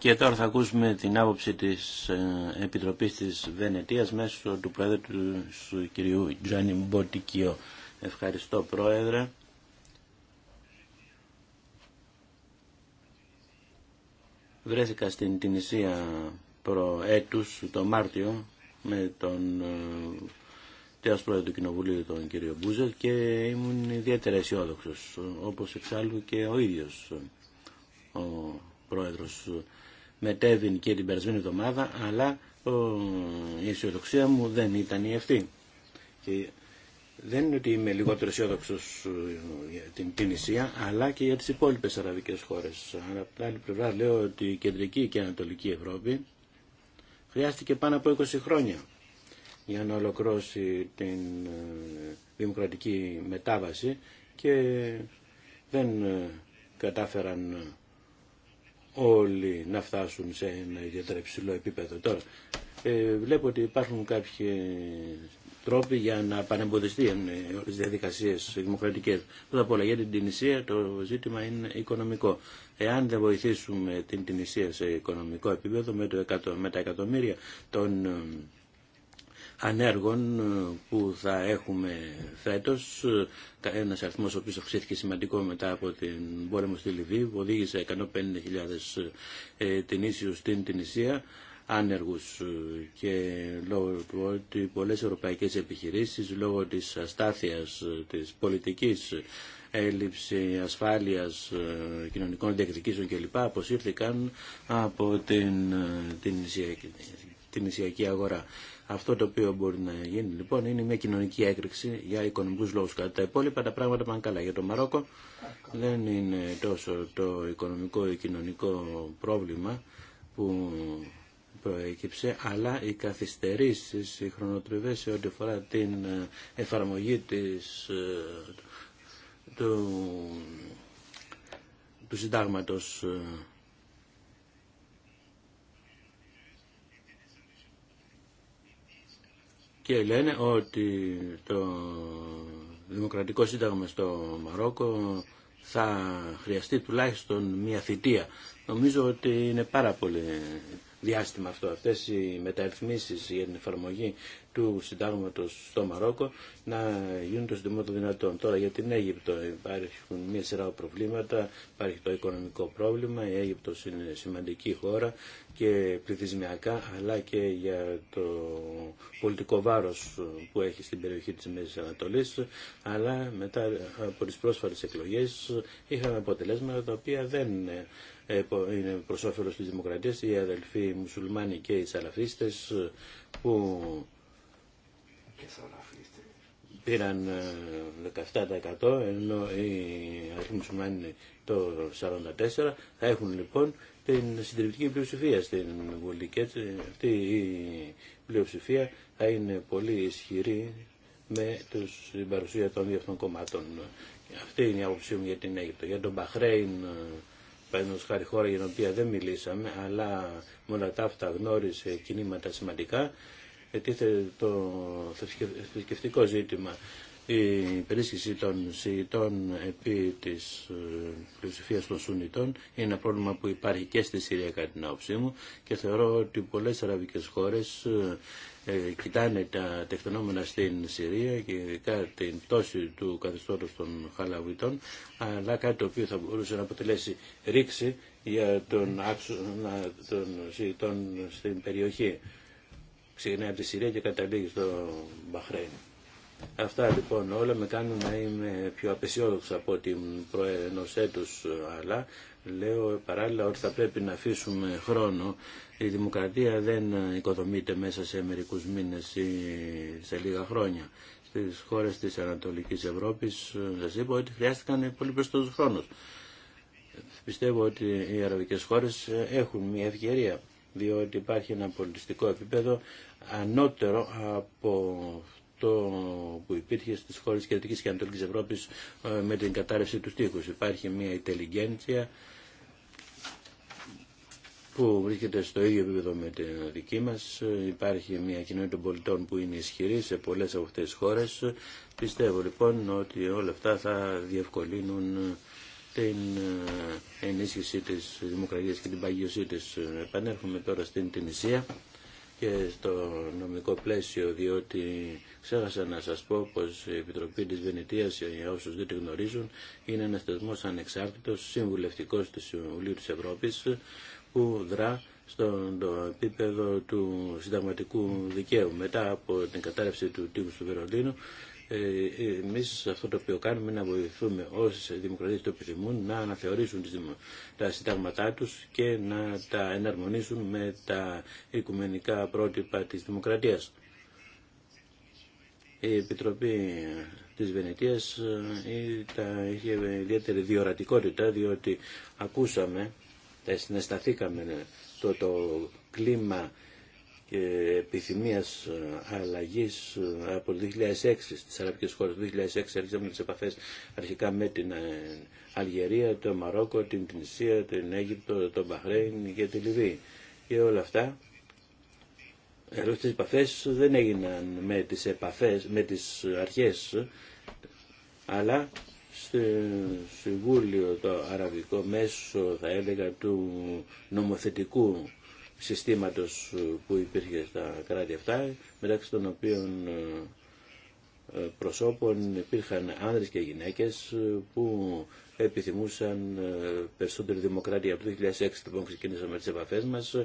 Και τώρα θα ακούσουμε την άποψη της ε, Επιτροπής της Βενετίας μέσω του Πρόεδρου του κυρίου Τζάνι Μποτικιο. Ευχαριστώ Πρόεδρε. Βρέθηκα στην Τινησία προέτους, το Μάρτιο, με τον ε, τέος πρόεδρο του Κοινοβουλίου, τον κύριο και ήμουν ιδιαίτερα αισιόδοξο, όπως εξάλλου και ο ίδιος ο πρόεδρος μετέβην και την περασμένη εβδομάδα, αλλά η αισιοδοξία μου δεν ήταν η αυτή δεν είναι ότι είμαι λιγότερο αισιόδοξο ε, για την Τινησία, αλλά και για τι υπόλοιπε Αραβικέ χώρες. Αλλά από την άλλη πλευρά λέω ότι η Κεντρική και Ανατολική Ευρώπη χρειάστηκε πάνω από 20 χρόνια για να ολοκληρώσει την ε, δημοκρατική μετάβαση και δεν ε, κατάφεραν όλοι να φτάσουν σε ένα ιδιαίτερα υψηλό επίπεδο. Τώρα, ε, βλέπω ότι υπάρχουν κάποιοι τρόποι για να πανεμποδιστεί ε, όλε τι διαδικασίε δημοκρατικέ. Πρώτα απ' όλα για την Τινησία το ζήτημα είναι οικονομικό. Εάν δεν βοηθήσουμε την Τινησία σε οικονομικό επίπεδο με, το εκατο, με τα εκατομμύρια των ε, ανέργων ε, που θα έχουμε φέτος, ένας αριθμός ο οποίο αυξήθηκε σημαντικό μετά από την πόλεμο στη Λιβύη, που οδήγησε 150.000 ε, στην Τινησία, άνεργους ε, και λόγω του ότι πολλές ευρωπαϊκές επιχειρήσεις λόγω της αστάθειας ε, της πολιτικής ε, έλλειψη ασφάλειας κοινωνικών διεκδικήσεων κλπ. αποσύρθηκαν από την, την, την αγορά. Αυτό το οποίο μπορεί να γίνει λοιπόν είναι μια κοινωνική έκρηξη για οικονομικούς λόγους. Κατά τα υπόλοιπα τα πράγματα πάνε καλά. Για το Μαρόκο δεν είναι τόσο το οικονομικό ή κοινωνικό πρόβλημα που προέκυψε, αλλά οι καθυστερήσεις, οι χρονοτριβές σε ό,τι αφορά την ε, εφαρμογή της, ε, του, του συντάγματος ε, και λένε ότι το Δημοκρατικό Σύνταγμα στο Μαρόκο θα χρειαστεί τουλάχιστον μία θητεία. Νομίζω ότι είναι πάρα πολύ διάστημα αυτό. Αυτές οι μεταρρυθμίσεις για την εφαρμογή του συντάγματος στο Μαρόκο να γίνουν το των δυνατών. Τώρα για την Αίγυπτο υπάρχουν μια σειρά προβλήματα, υπάρχει το οικονομικό πρόβλημα, η Αίγυπτος είναι σημαντική χώρα και πληθυσμιακά αλλά και για το πολιτικό βάρος που έχει στην περιοχή της Μέσης Ανατολής αλλά μετά από τις πρόσφατες εκλογές είχαμε αποτελέσματα τα οποία δεν είναι προς όφελος της δημοκρατίας, οι αδελφοί μουσουλμάνοι και οι σαλαφίστες που πήραν 17% ε, ενώ οι αδελφοί μουσουλμάνοι το 44% θα έχουν λοιπόν την συντριπτική πλειοψηφία στην Βουλή και αυτή η πλειοψηφία θα είναι πολύ ισχυρή με τους, την παρουσία των δύο αυτών κομμάτων. Αυτή είναι η άποψή μου για την Αίγυπτο. Για τον Μπαχρέιν ε, παραδείγματο χάρη χώρα για την οποία δεν μιλήσαμε, αλλά μόνο τα αυτά γνώρισε κινήματα σημαντικά, ετίθεται το θρησκευτικό ζήτημα. Η περίσχυση των Σιητών επί της ε, πλειοψηφία των Σουνιτών είναι ένα πρόβλημα που υπάρχει και στη Συρία κατά την άποψή μου και θεωρώ ότι πολλές αραβικές χώρες ε, ε, κοιτάνε τα τεκτονόμενα στην Συρία και ειδικά την πτώση του καθεστώτος των Χαλαβητών, αλλά κάτι το οποίο θα μπορούσε να αποτελέσει ρήξη για τον άξονα των συζητών στην περιοχή. Ξεκινάει από τη Συρία και καταλήγει στο Μπαχρέιν. Αυτά λοιπόν όλα με κάνουν να είμαι πιο απεσιόδοξο από την προενός έτους, αλλά λέω παράλληλα ότι θα πρέπει να αφήσουμε χρόνο. Η δημοκρατία δεν οικοδομείται μέσα σε μερικούς μήνες ή σε λίγα χρόνια. Στις χώρες της Ανατολικής Ευρώπης σας είπα ότι χρειάστηκαν πολύ περισσότερους χρόνο. Πιστεύω ότι οι αραβικές χώρες έχουν μια ευκαιρία διότι υπάρχει ένα πολιτιστικό επίπεδο ανώτερο από το που υπήρχε στις χώρες Κεντρικής και Ανατολικής Ευρώπης ε, με την κατάρρευση του στίχους. Υπάρχει μια ιτελιγέντσια που βρίσκεται στο ίδιο επίπεδο με την δική μας. Υπάρχει μια κοινότητα των πολιτών που είναι ισχυρή σε πολλές από αυτές τις χώρες. Πιστεύω λοιπόν ότι όλα αυτά θα διευκολύνουν την ε, ενίσχυση της δημοκρατίας και την παγιωσή της. Επανέρχομαι τώρα στην Τινησία και στο νομικό πλαίσιο, διότι ξέχασα να σας πω πως η Επιτροπή της Βενετίας, για όσους δεν τη γνωρίζουν, είναι ένας θεσμός ανεξάρτητος, συμβουλευτικός του Συμβουλίου της Ευρώπης, που δρά στον επίπεδο του συνταγματικού δικαίου. Μετά από την κατάρρευση του τύπου του Βερολίνου, ε, εμείς αυτό το οποίο κάνουμε είναι να βοηθούμε όσες δημοκρατίες το επιθυμούν να αναθεωρήσουν τις δημο... τα συντάγματά τους και να τα εναρμονίσουν με τα οικουμενικά πρότυπα της δημοκρατίας. Η Επιτροπή της Βενετίας ε, τα είχε ιδιαίτερη διορατικότητα διότι ακούσαμε, ε, συναισθηθήκαμε το, το κλίμα και επιθυμίας ε, αλλαγής ε, από το 2006 στις αραβικές χώρες. Το 2006 αρχίσαμε τις επαφές αρχικά με την ε, Αλγερία, το Μαρόκο, την Τινησία, την Αίγυπτο, το Μπαχρέιν και τη Λιβύη. Και όλα αυτά ενώ τις επαφές δεν έγιναν με τις, επαφές, με τις αρχές, αλλά στο Συμβούλιο το Αραβικό μέσο, θα έλεγα, του νομοθετικού συστήματος ε, που υπήρχε στα κράτη αυτά, μεταξύ των οποίων ε, ε, προσώπων υπήρχαν άνδρες και γυναίκες που επιθυμούσαν περισσότερη δημοκρατία. Από το 2006 λοιπόν ξεκίνησαμε τις επαφές μας.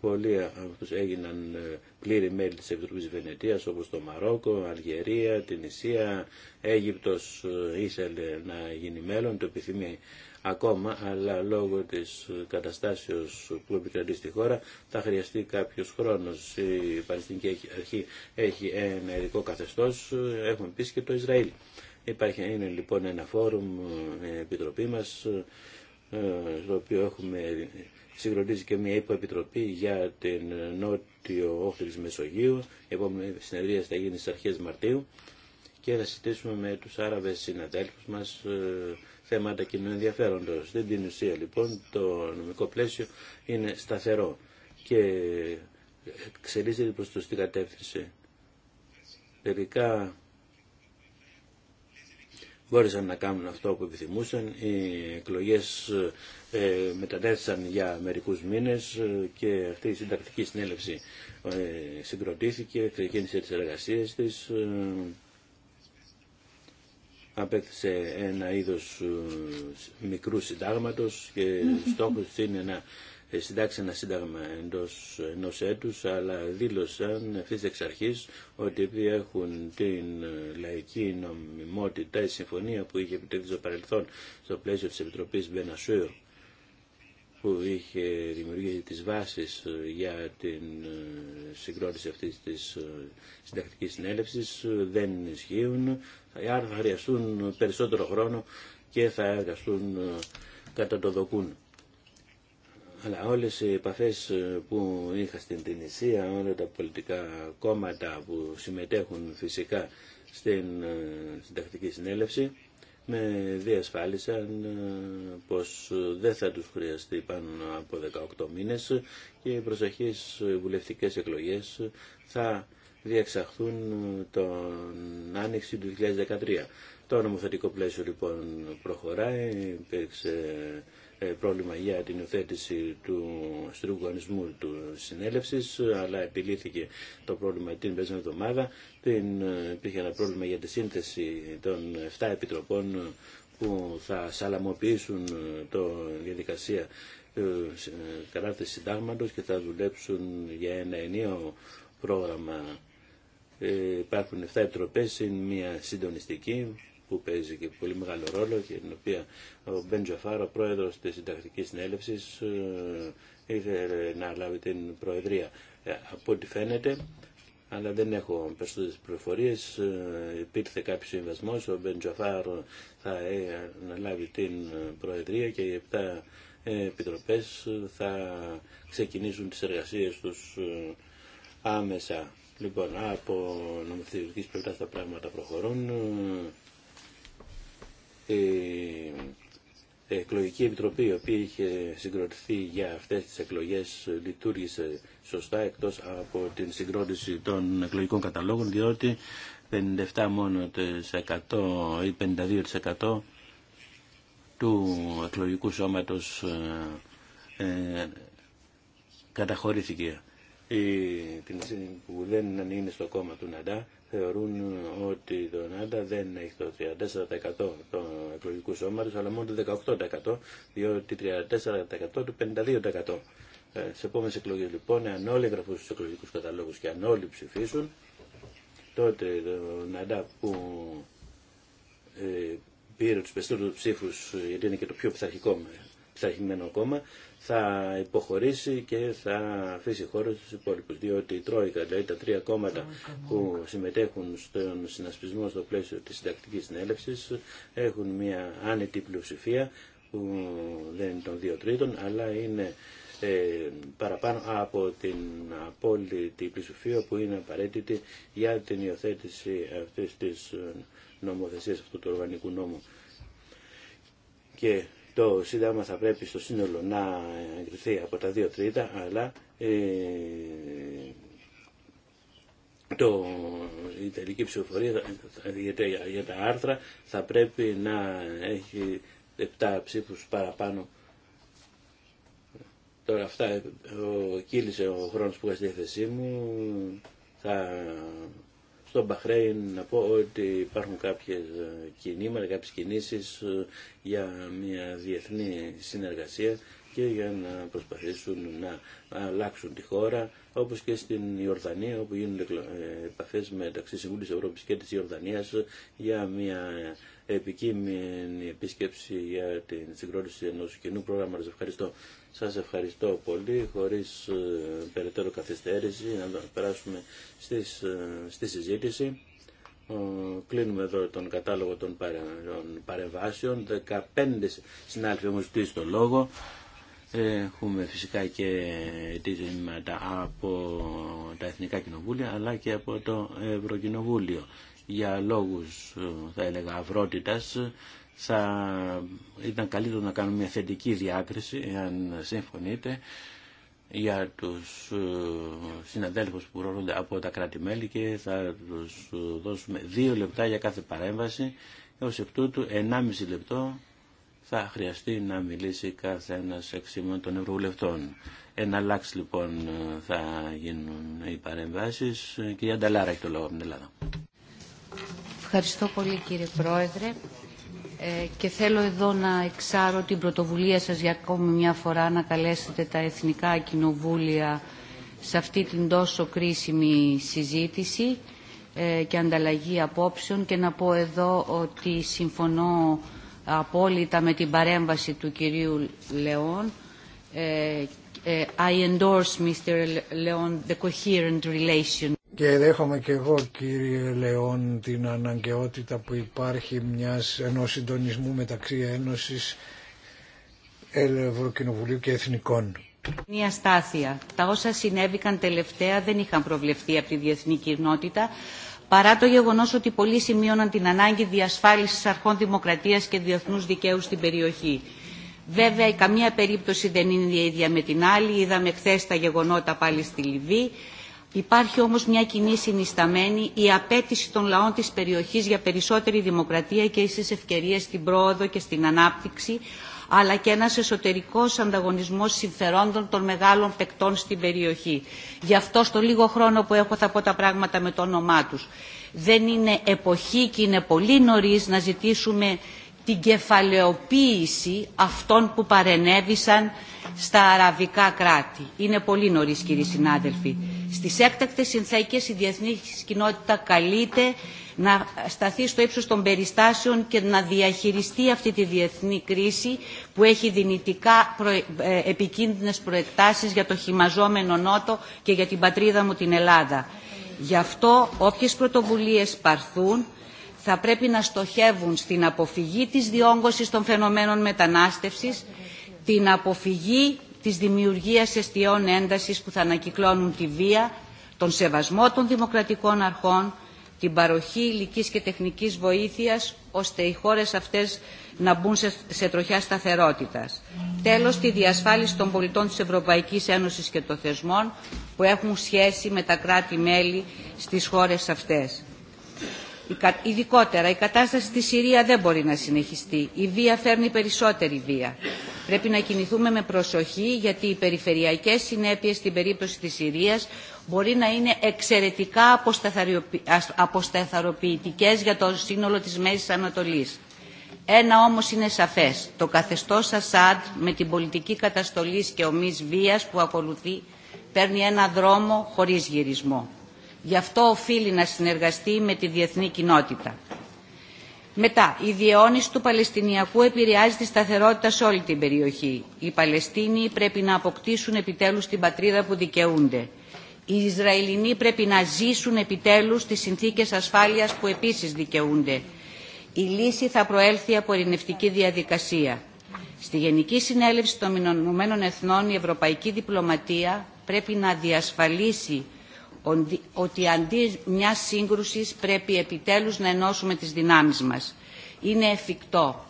Πολλοί από τους έγιναν πλήρη μέλη της Επιτροπής Βενετίας όπως το Μαρόκο, Αλγερία, την Ισία, Αίγυπτος ήθελε να γίνει μέλλον, το επιθυμεί ακόμα, αλλά λόγω της καταστάσεως που επικρατεί στη χώρα θα χρειαστεί κάποιο χρόνος. Η Παλαιστινική Αρχή έχει ένα ειδικό καθεστώς, έχουμε πει και το Ισραήλ. Υπάρχει, είναι λοιπόν ένα φόρουμ, επιτροπή μας, ε, στο οποίο έχουμε συγκροτήσει και μια υποεπιτροπή για την νότιο όχθη της Μεσογείου. Η επόμενη συνεδρία θα γίνει στι αρχές Μαρτίου και θα συζητήσουμε με τους Άραβες συναδέλφους μας ε, θέματα κοινού ενδιαφέροντος. Δεν την ουσία λοιπόν το νομικό πλαίσιο είναι σταθερό και εξελίσσεται προς το στην κατεύθυνση. Τελικά μπόρεσαν να κάνουν αυτό που επιθυμούσαν. Οι εκλογές ε, μετατέθησαν για μερικούς μήνες και αυτή η συντακτική συνέλευση ε, συγκροτήθηκε, ξεκίνησε τι εργασίε της. Ε, απέκτησε ένα είδος ε, μικρού συντάγματος και στόχος είναι να ε, συντάξει ένα σύνταγμα εντός ενός έτους, αλλά δήλωσαν ευθύς εξ αρχής ότι επειδή έχουν την ε, λαϊκή νομιμότητα, η συμφωνία που είχε επιτευχθεί στο παρελθόν στο πλαίσιο της Επιτροπής Σούερ που είχε δημιουργήσει τις βάσεις για την συγκρότηση αυτής της συντακτικής συνέλευσης δεν ισχύουν άρα θα χρειαστούν περισσότερο χρόνο και θα εργαστούν ε, κατά το δοκούν. Αλλά όλες οι επαφές ε, που είχα στην Τινησία, όλα τα πολιτικά κόμματα που συμμετέχουν φυσικά στην ε, συντακτική συνέλευση, με διασφάλισαν πως δεν θα τους χρειαστεί πάνω από 18 μήνες και οι προσεχείς βουλευτικές εκλογές θα διεξαχθούν τον Άνοιξη του 2013. Το νομοθετικό πλαίσιο λοιπόν προχωράει, υπήρξε ε, πρόβλημα για την υιοθέτηση του στρούγγανισμού του συνέλευσης, αλλά επιλύθηκε το πρόβλημα την πέσμενη εβδομάδα. Την, ε, υπήρχε ένα πρόβλημα για τη σύνθεση των 7 επιτροπών που θα σαλαμοποιήσουν ε, το διαδικασία κατάρτιση συντάγματος και θα δουλέψουν για ένα ενίο πρόγραμμα ε, υπάρχουν 7 επιτροπές, είναι μια συντονιστική που παίζει και πολύ μεγάλο ρόλο και την οποία ο Μπεν ο πρόεδρος της συντακτικής συνέλευσης, ήθελε να λάβει την προεδρία. Ε, από ό,τι φαίνεται, αλλά δεν έχω περισσότερε πληροφορίε. Ε, υπήρθε κάποιο συμβασμό. Ο Μπεν Τζαφάρ θα λάβει την Προεδρία και οι 7 επιτροπέ θα ξεκινήσουν τις εργασίες τους άμεσα. Λοιπόν, από νομοθετικής πλευρά τα πράγματα προχωρούν. Η εκλογική επιτροπή, η οποία είχε συγκροτηθεί για αυτές τις εκλογές, λειτουργήσε σωστά, εκτός από την συγκρότηση των εκλογικών καταλόγων, διότι 57 μόνο ή 52% του εκλογικού σώματος ε, καταχωρήθηκε που δεν είναι στο κόμμα του Ναντά θεωρούν ότι το Νάντα δεν έχει το 34% των εκλογικού σώματο, αλλά μόνο το 18% διότι 34% του 52%. Ε, σε επόμενε εκλογέ λοιπόν, αν όλοι εγγραφούν στου εκλογικού καταλόγου και αν όλοι ψηφίσουν, τότε το Ναντά που ε, πήρε του περισσότερου ψήφου, γιατί είναι και το πιο πειθαρχικό ψαχημένο κόμμα θα υποχωρήσει και θα αφήσει χώρο στους υπόλοιπους. Διότι η Τρόικα, δηλαδή τα τρία κόμματα που συμμετέχουν στον συνασπισμό στο πλαίσιο της συντακτικής συνέλευσης έχουν μια άνετη πλειοψηφία που δεν είναι των δύο τρίτων αλλά είναι ε, παραπάνω από την απόλυτη πλειοψηφία που είναι απαραίτητη για την υιοθέτηση αυτής της νομοθεσίας αυτού του οργανικού νόμου. Και το Σύνταγμα θα πρέπει στο σύνολο να εγκριθεί από τα δύο τρίτα, αλλά ε, το, η τελική ψηφοφορία για, για τα άρθρα θα πρέπει να έχει 7 ψήφους παραπάνω. Τώρα αυτά ε, ο, κύλησε ο χρόνος που είχα στη διάθεσή μου. Θα στο Μπαχρέιν να πω ότι υπάρχουν κάποιες ε, κινήματα, κάποιες κινήσεις ε, για μια διεθνή συνεργασία και για να προσπαθήσουν να αλλάξουν τη χώρα, όπως και στην Ιορδανία, όπου γίνονται ε, επαφές μεταξύ Συμβούλου της Ευρώπης και της Ιορδανίας για μια επικείμενη επίσκεψη για την συγκρότηση ενός κοινού πρόγραμματος. Ευχαριστώ. Σας ευχαριστώ πολύ, χωρίς ε, περαιτέρω καθυστέρηση, να περάσουμε στις, ε, στη συζήτηση. Κλείνουμε εδώ τον κατάλογο των παρεμβάσεων. 15 συνάλφοι μου ζητήσει το λόγο. Έχουμε φυσικά και ζητήματα από τα Εθνικά Κοινοβούλια αλλά και από το Ευρωκοινοβούλιο. Για λόγους, ε, θα έλεγα, αυρότητας θα ήταν καλύτερο να κάνουμε μια θετική διάκριση, αν συμφωνείτε, για τους ε, συναδέλφους που ρώνονται από τα κράτη-μέλη και θα τους ε, δώσουμε δύο λεπτά για κάθε παρέμβαση. έως εκ τούτου, 1,5 λεπτό θα χρειαστεί να μιλήσει κάθε ένας εξήμων των Ευρωβουλευτών. Εν αλλάξει λοιπόν ε, θα γίνουν οι παρεμβάσεις. Κυρία Ανταλάρα έχει το λόγο από την Ελλάδα. Ευχαριστώ πολύ κύριε Πρόεδρε. Ε, και θέλω εδώ να εξάρω την πρωτοβουλία σας για ακόμη μια φορά να καλέσετε τα εθνικά κοινοβούλια σε αυτή την τόσο κρίσιμη συζήτηση ε, και ανταλλαγή απόψεων και να πω εδώ ότι συμφωνώ απόλυτα με την παρέμβαση του κυρίου Λεόν. Ε, I endorse, Mr. Leon, the coherent relation και δέχομαι και εγώ κύριε Λεόν την αναγκαιότητα που υπάρχει μιας, ενός συντονισμού μεταξύ Ένωσης Ευρωκοινοβουλίου και Εθνικών. Μια στάθεια. Τα όσα συνέβηκαν τελευταία δεν είχαν προβλεφθεί από τη διεθνή κοινότητα παρά το γεγονός ότι πολλοί σημείωναν την ανάγκη διασφάλισης αρχών δημοκρατίας και διεθνούς δικαίου στην περιοχή. Βέβαια, καμία περίπτωση δεν είναι η ίδια με την άλλη. Είδαμε χθε τα γεγονότα πάλι στη Λιβύη Υπάρχει όμως μια κοινή συνισταμένη η απέτηση των λαών της περιοχής για περισσότερη δημοκρατία και ίσες ευκαιρίες στην πρόοδο και στην ανάπτυξη, αλλά και ένας εσωτερικός ανταγωνισμός συμφερόντων των μεγάλων παικτών στην περιοχή. Γι' αυτό στο λίγο χρόνο που έχω θα πω τα πράγματα με το όνομά τους. Δεν είναι εποχή και είναι πολύ νωρίς να ζητήσουμε την κεφαλαιοποίηση αυτών που παρενέβησαν στα αραβικά κράτη. Είναι πολύ νωρίς κύριοι συνάδελφοι. Στις έκτακτες συνθήκες η διεθνή κοινότητα καλείται να σταθεί στο ύψος των περιστάσεων και να διαχειριστεί αυτή τη διεθνή κρίση που έχει δυνητικά ε, επικίνδυνες προεκτάσεις για το χυμαζόμενο Νότο και για την πατρίδα μου την Ελλάδα. Γι' αυτό όποιες πρωτοβουλίες παρθούν θα πρέπει να στοχεύουν στην αποφυγή της διόγκωσης των φαινομένων μετανάστευσης, την αποφυγή της δημιουργίας αιστιών έντασης που θα ανακυκλώνουν τη βία, τον σεβασμό των δημοκρατικών αρχών, την παροχή υλική και τεχνικής βοήθειας, ώστε οι χώρες αυτές να μπουν σε, τροχιά σταθερότητας. Τέλος, τη διασφάλιση των πολιτών της Ευρωπαϊκής Ένωσης και των θεσμών που έχουν σχέση με τα κράτη-μέλη στις χώρες αυτές. Ειδικότερα, η κατάσταση στη Συρία δεν μπορεί να συνεχιστεί. Η βία φέρνει περισσότερη βία. Πρέπει να κινηθούμε με προσοχή γιατί οι περιφερειακές συνέπειες στην περίπτωση της Συρίας μπορεί να είναι εξαιρετικά αποσταθεροποιητικές για το σύνολο της Μέσης Ανατολής. Ένα όμως είναι σαφές. Το καθεστώς Ασάντ με την πολιτική καταστολής και ομής βίας που ακολουθεί παίρνει ένα δρόμο χωρίς γυρισμό. Γι' αυτό οφείλει να συνεργαστεί με τη διεθνή κοινότητα. Μετά, η διαιώνιση του Παλαιστινιακού επηρεάζει τη σταθερότητα σε όλη την περιοχή. Οι Παλαιστίνοι πρέπει να αποκτήσουν επιτέλους την πατρίδα που δικαιούνται. Οι Ισραηλινοί πρέπει να ζήσουν επιτέλους τις συνθήκες ασφάλειας που επίσης δικαιούνται. Η λύση θα προέλθει από ειρηνευτική διαδικασία. Στη Γενική Συνέλευση των Ηνωμένων Εθνών η Ευρωπαϊκή Διπλωματία πρέπει να διασφαλίσει ότι αντί μια σύγκρουση πρέπει επιτέλους να ενώσουμε τις δυνάμεις μας. Είναι εφικτό.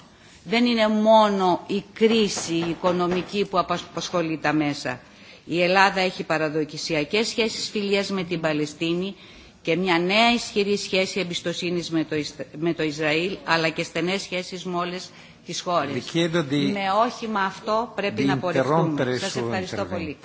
Δεν είναι μόνο η κρίση η οικονομική που απασχολεί τα μέσα. Η Ελλάδα έχει παραδοκισιακές σχέσεις φιλίας με την Παλαιστίνη και μια νέα ισχυρή σχέση εμπιστοσύνης με το, Ισραήλ, αλλά και στενές σχέσεις με όλες τις χώρες. Με όχημα αυτό πρέπει να πορευτούμε. Σας ευχαριστώ πολύ.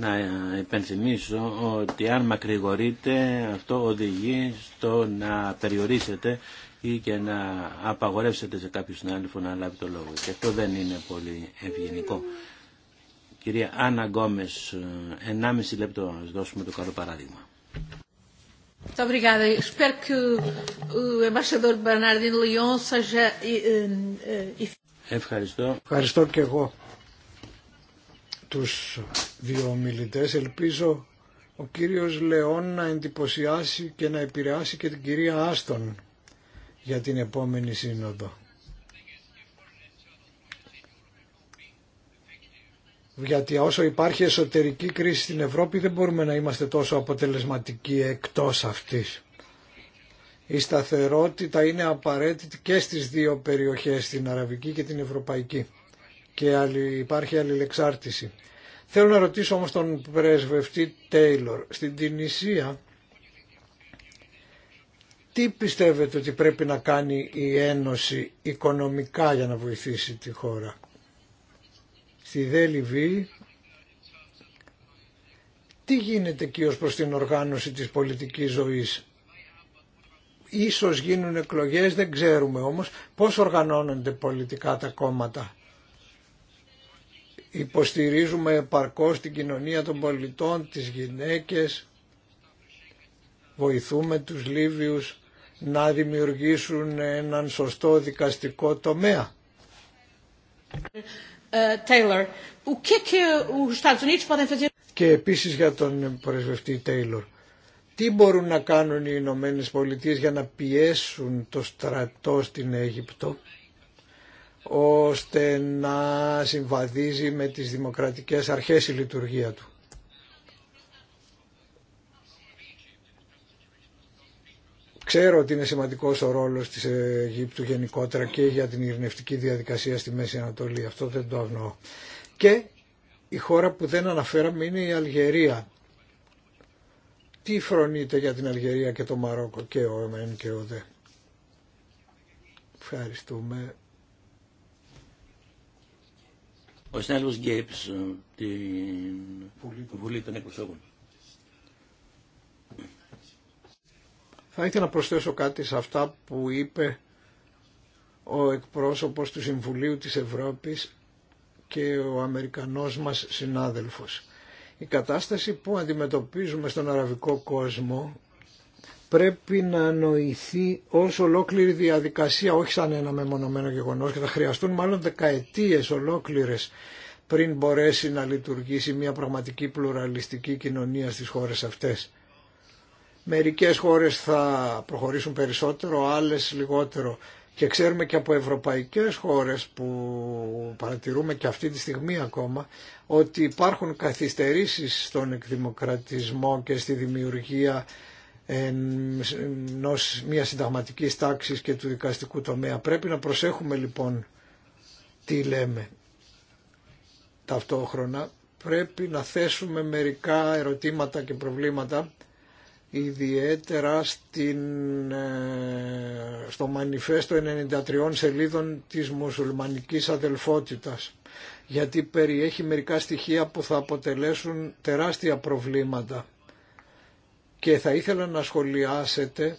Να υπενθυμίσω ότι αν μακρηγορείτε αυτό οδηγεί στο να περιορίσετε ή και να απαγορεύσετε σε κάποιους συνάδελφο να λάβει το λόγο. Και αυτό δεν είναι πολύ ευγενικό. Κυρία Άννα Γκόμες, 1,5 λεπτό να δώσουμε το καλό παράδειγμα. Eh, eh, e Ευχαριστώ. Ευχαριστώ και εγώ τους δύο ομιλητές. Ελπίζω ο κύριος Λεόν να εντυπωσιάσει και να επηρεάσει και την κυρία Άστον για την επόμενη σύνοδο. Γιατί όσο υπάρχει εσωτερική κρίση στην Ευρώπη δεν μπορούμε να είμαστε τόσο αποτελεσματικοί εκτός αυτής. Η σταθερότητα είναι απαραίτητη και στις δύο περιοχές, την Αραβική και την Ευρωπαϊκή και άλλη, υπάρχει αλληλεξάρτηση. Θέλω να ρωτήσω όμως τον πρεσβευτή Τέιλορ. Στην Τινησία τι πιστεύετε ότι πρέπει να κάνει η Ένωση οικονομικά για να βοηθήσει τη χώρα. Στη ΔΕ τι γίνεται εκεί ως προς την οργάνωση της πολιτικής ζωής. Ίσως γίνουν εκλογές, δεν ξέρουμε όμως πώς οργανώνονται πολιτικά τα κόμματα. Υποστηρίζουμε επαρκώς την κοινωνία των πολιτών, τις γυναίκες, βοηθούμε τους Λίβιους να δημιουργήσουν έναν σωστό δικαστικό τομέα. Ε, Και επίσης για τον πρεσβευτή Τέιλορ. Τι μπορούν να κάνουν οι Ηνωμένε Πολιτείε για να πιέσουν το στρατό στην Αίγυπτο ώστε να συμβαδίζει με τις δημοκρατικές αρχές η λειτουργία του. Ξέρω ότι είναι σημαντικός ο ρόλος της Αιγύπτου γενικότερα και για την ειρνευτική διαδικασία στη Μέση Ανατολή. Αυτό δεν το αγνοώ. Και η χώρα που δεν αναφέραμε είναι η Αλγερία. Τι φρονείτε για την Αλγερία και το Μαρόκο και ο ΕΜΕΝ και ο ΔΕ. Ευχαριστούμε. Ο συνάδελφο Γκέιπ, ε, Βουλή των Εκπροσώπων. Θα ήθελα να προσθέσω κάτι σε αυτά που είπε ο εκπρόσωπος του Συμβουλίου της Ευρώπης και ο Αμερικανός μας συνάδελφος. Η κατάσταση που αντιμετωπίζουμε στον αραβικό κόσμο πρέπει να νοηθεί ως ολόκληρη διαδικασία, όχι σαν ένα μεμονωμένο γεγονός και θα χρειαστούν μάλλον δεκαετίες ολόκληρες πριν μπορέσει να λειτουργήσει μια πραγματική πλουραλιστική κοινωνία στις χώρες αυτές. Μερικές χώρες θα προχωρήσουν περισσότερο, άλλες λιγότερο. Και ξέρουμε και από ευρωπαϊκές χώρες που παρατηρούμε και αυτή τη στιγμή ακόμα ότι υπάρχουν καθυστερήσεις στον εκδημοκρατισμό και στη δημιουργία ενός μια συνταγματικής τάξης και του δικαστικού τομέα. Πρέπει να προσέχουμε λοιπόν τι λέμε. Ταυτόχρονα πρέπει να θέσουμε μερικά ερωτήματα και προβλήματα ιδιαίτερα στην, ε, στο μανιφέστο 93 σελίδων της μουσουλμανικής αδελφότητας γιατί περιέχει μερικά στοιχεία που θα αποτελέσουν τεράστια προβλήματα και θα ήθελα να σχολιάσετε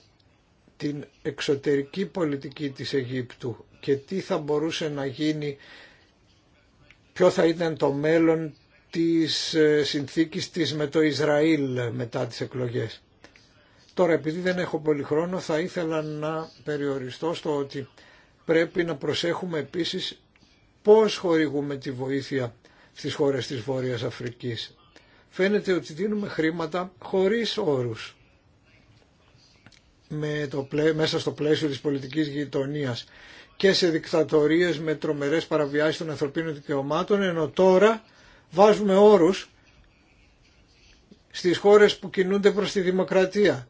την εξωτερική πολιτική της Αιγύπτου και τι θα μπορούσε να γίνει, ποιο θα ήταν το μέλλον της ε, συνθήκης της με το Ισραήλ μετά τις εκλογές. Τώρα επειδή δεν έχω πολύ χρόνο θα ήθελα να περιοριστώ στο ότι πρέπει να προσέχουμε επίσης πώς χορηγούμε τη βοήθεια στις χώρες της Βόρειας Αφρικής φαίνεται ότι δίνουμε χρήματα χωρίς όρους με μέσα στο πλαίσιο της πολιτικής γειτονίας και σε δικτατορίες με τρομερές παραβιάσεις των ανθρωπίνων δικαιωμάτων ενώ τώρα βάζουμε όρους στις χώρες που κινούνται προς τη δημοκρατία.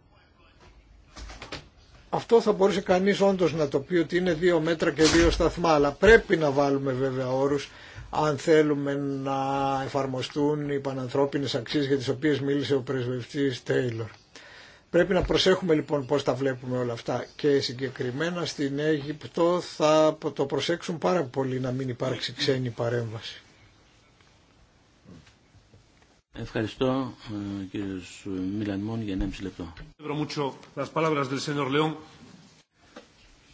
Αυτό θα μπορούσε κανείς όντως να το πει ότι είναι δύο μέτρα και δύο σταθμά αλλά πρέπει να βάλουμε βέβαια όρους αν θέλουμε να εφαρμοστούν οι πανανθρώπινες αξίες για τις οποίες μίλησε ο πρεσβευτής Τέιλορ. Πρέπει να προσέχουμε λοιπόν πώς τα βλέπουμε όλα αυτά και συγκεκριμένα στην Αίγυπτο θα το προσέξουν πάρα πολύ να μην υπάρξει ξένη παρέμβαση. Ευχαριστώ ε, κύριο Μιλανμόν για 1,5 λεπτό.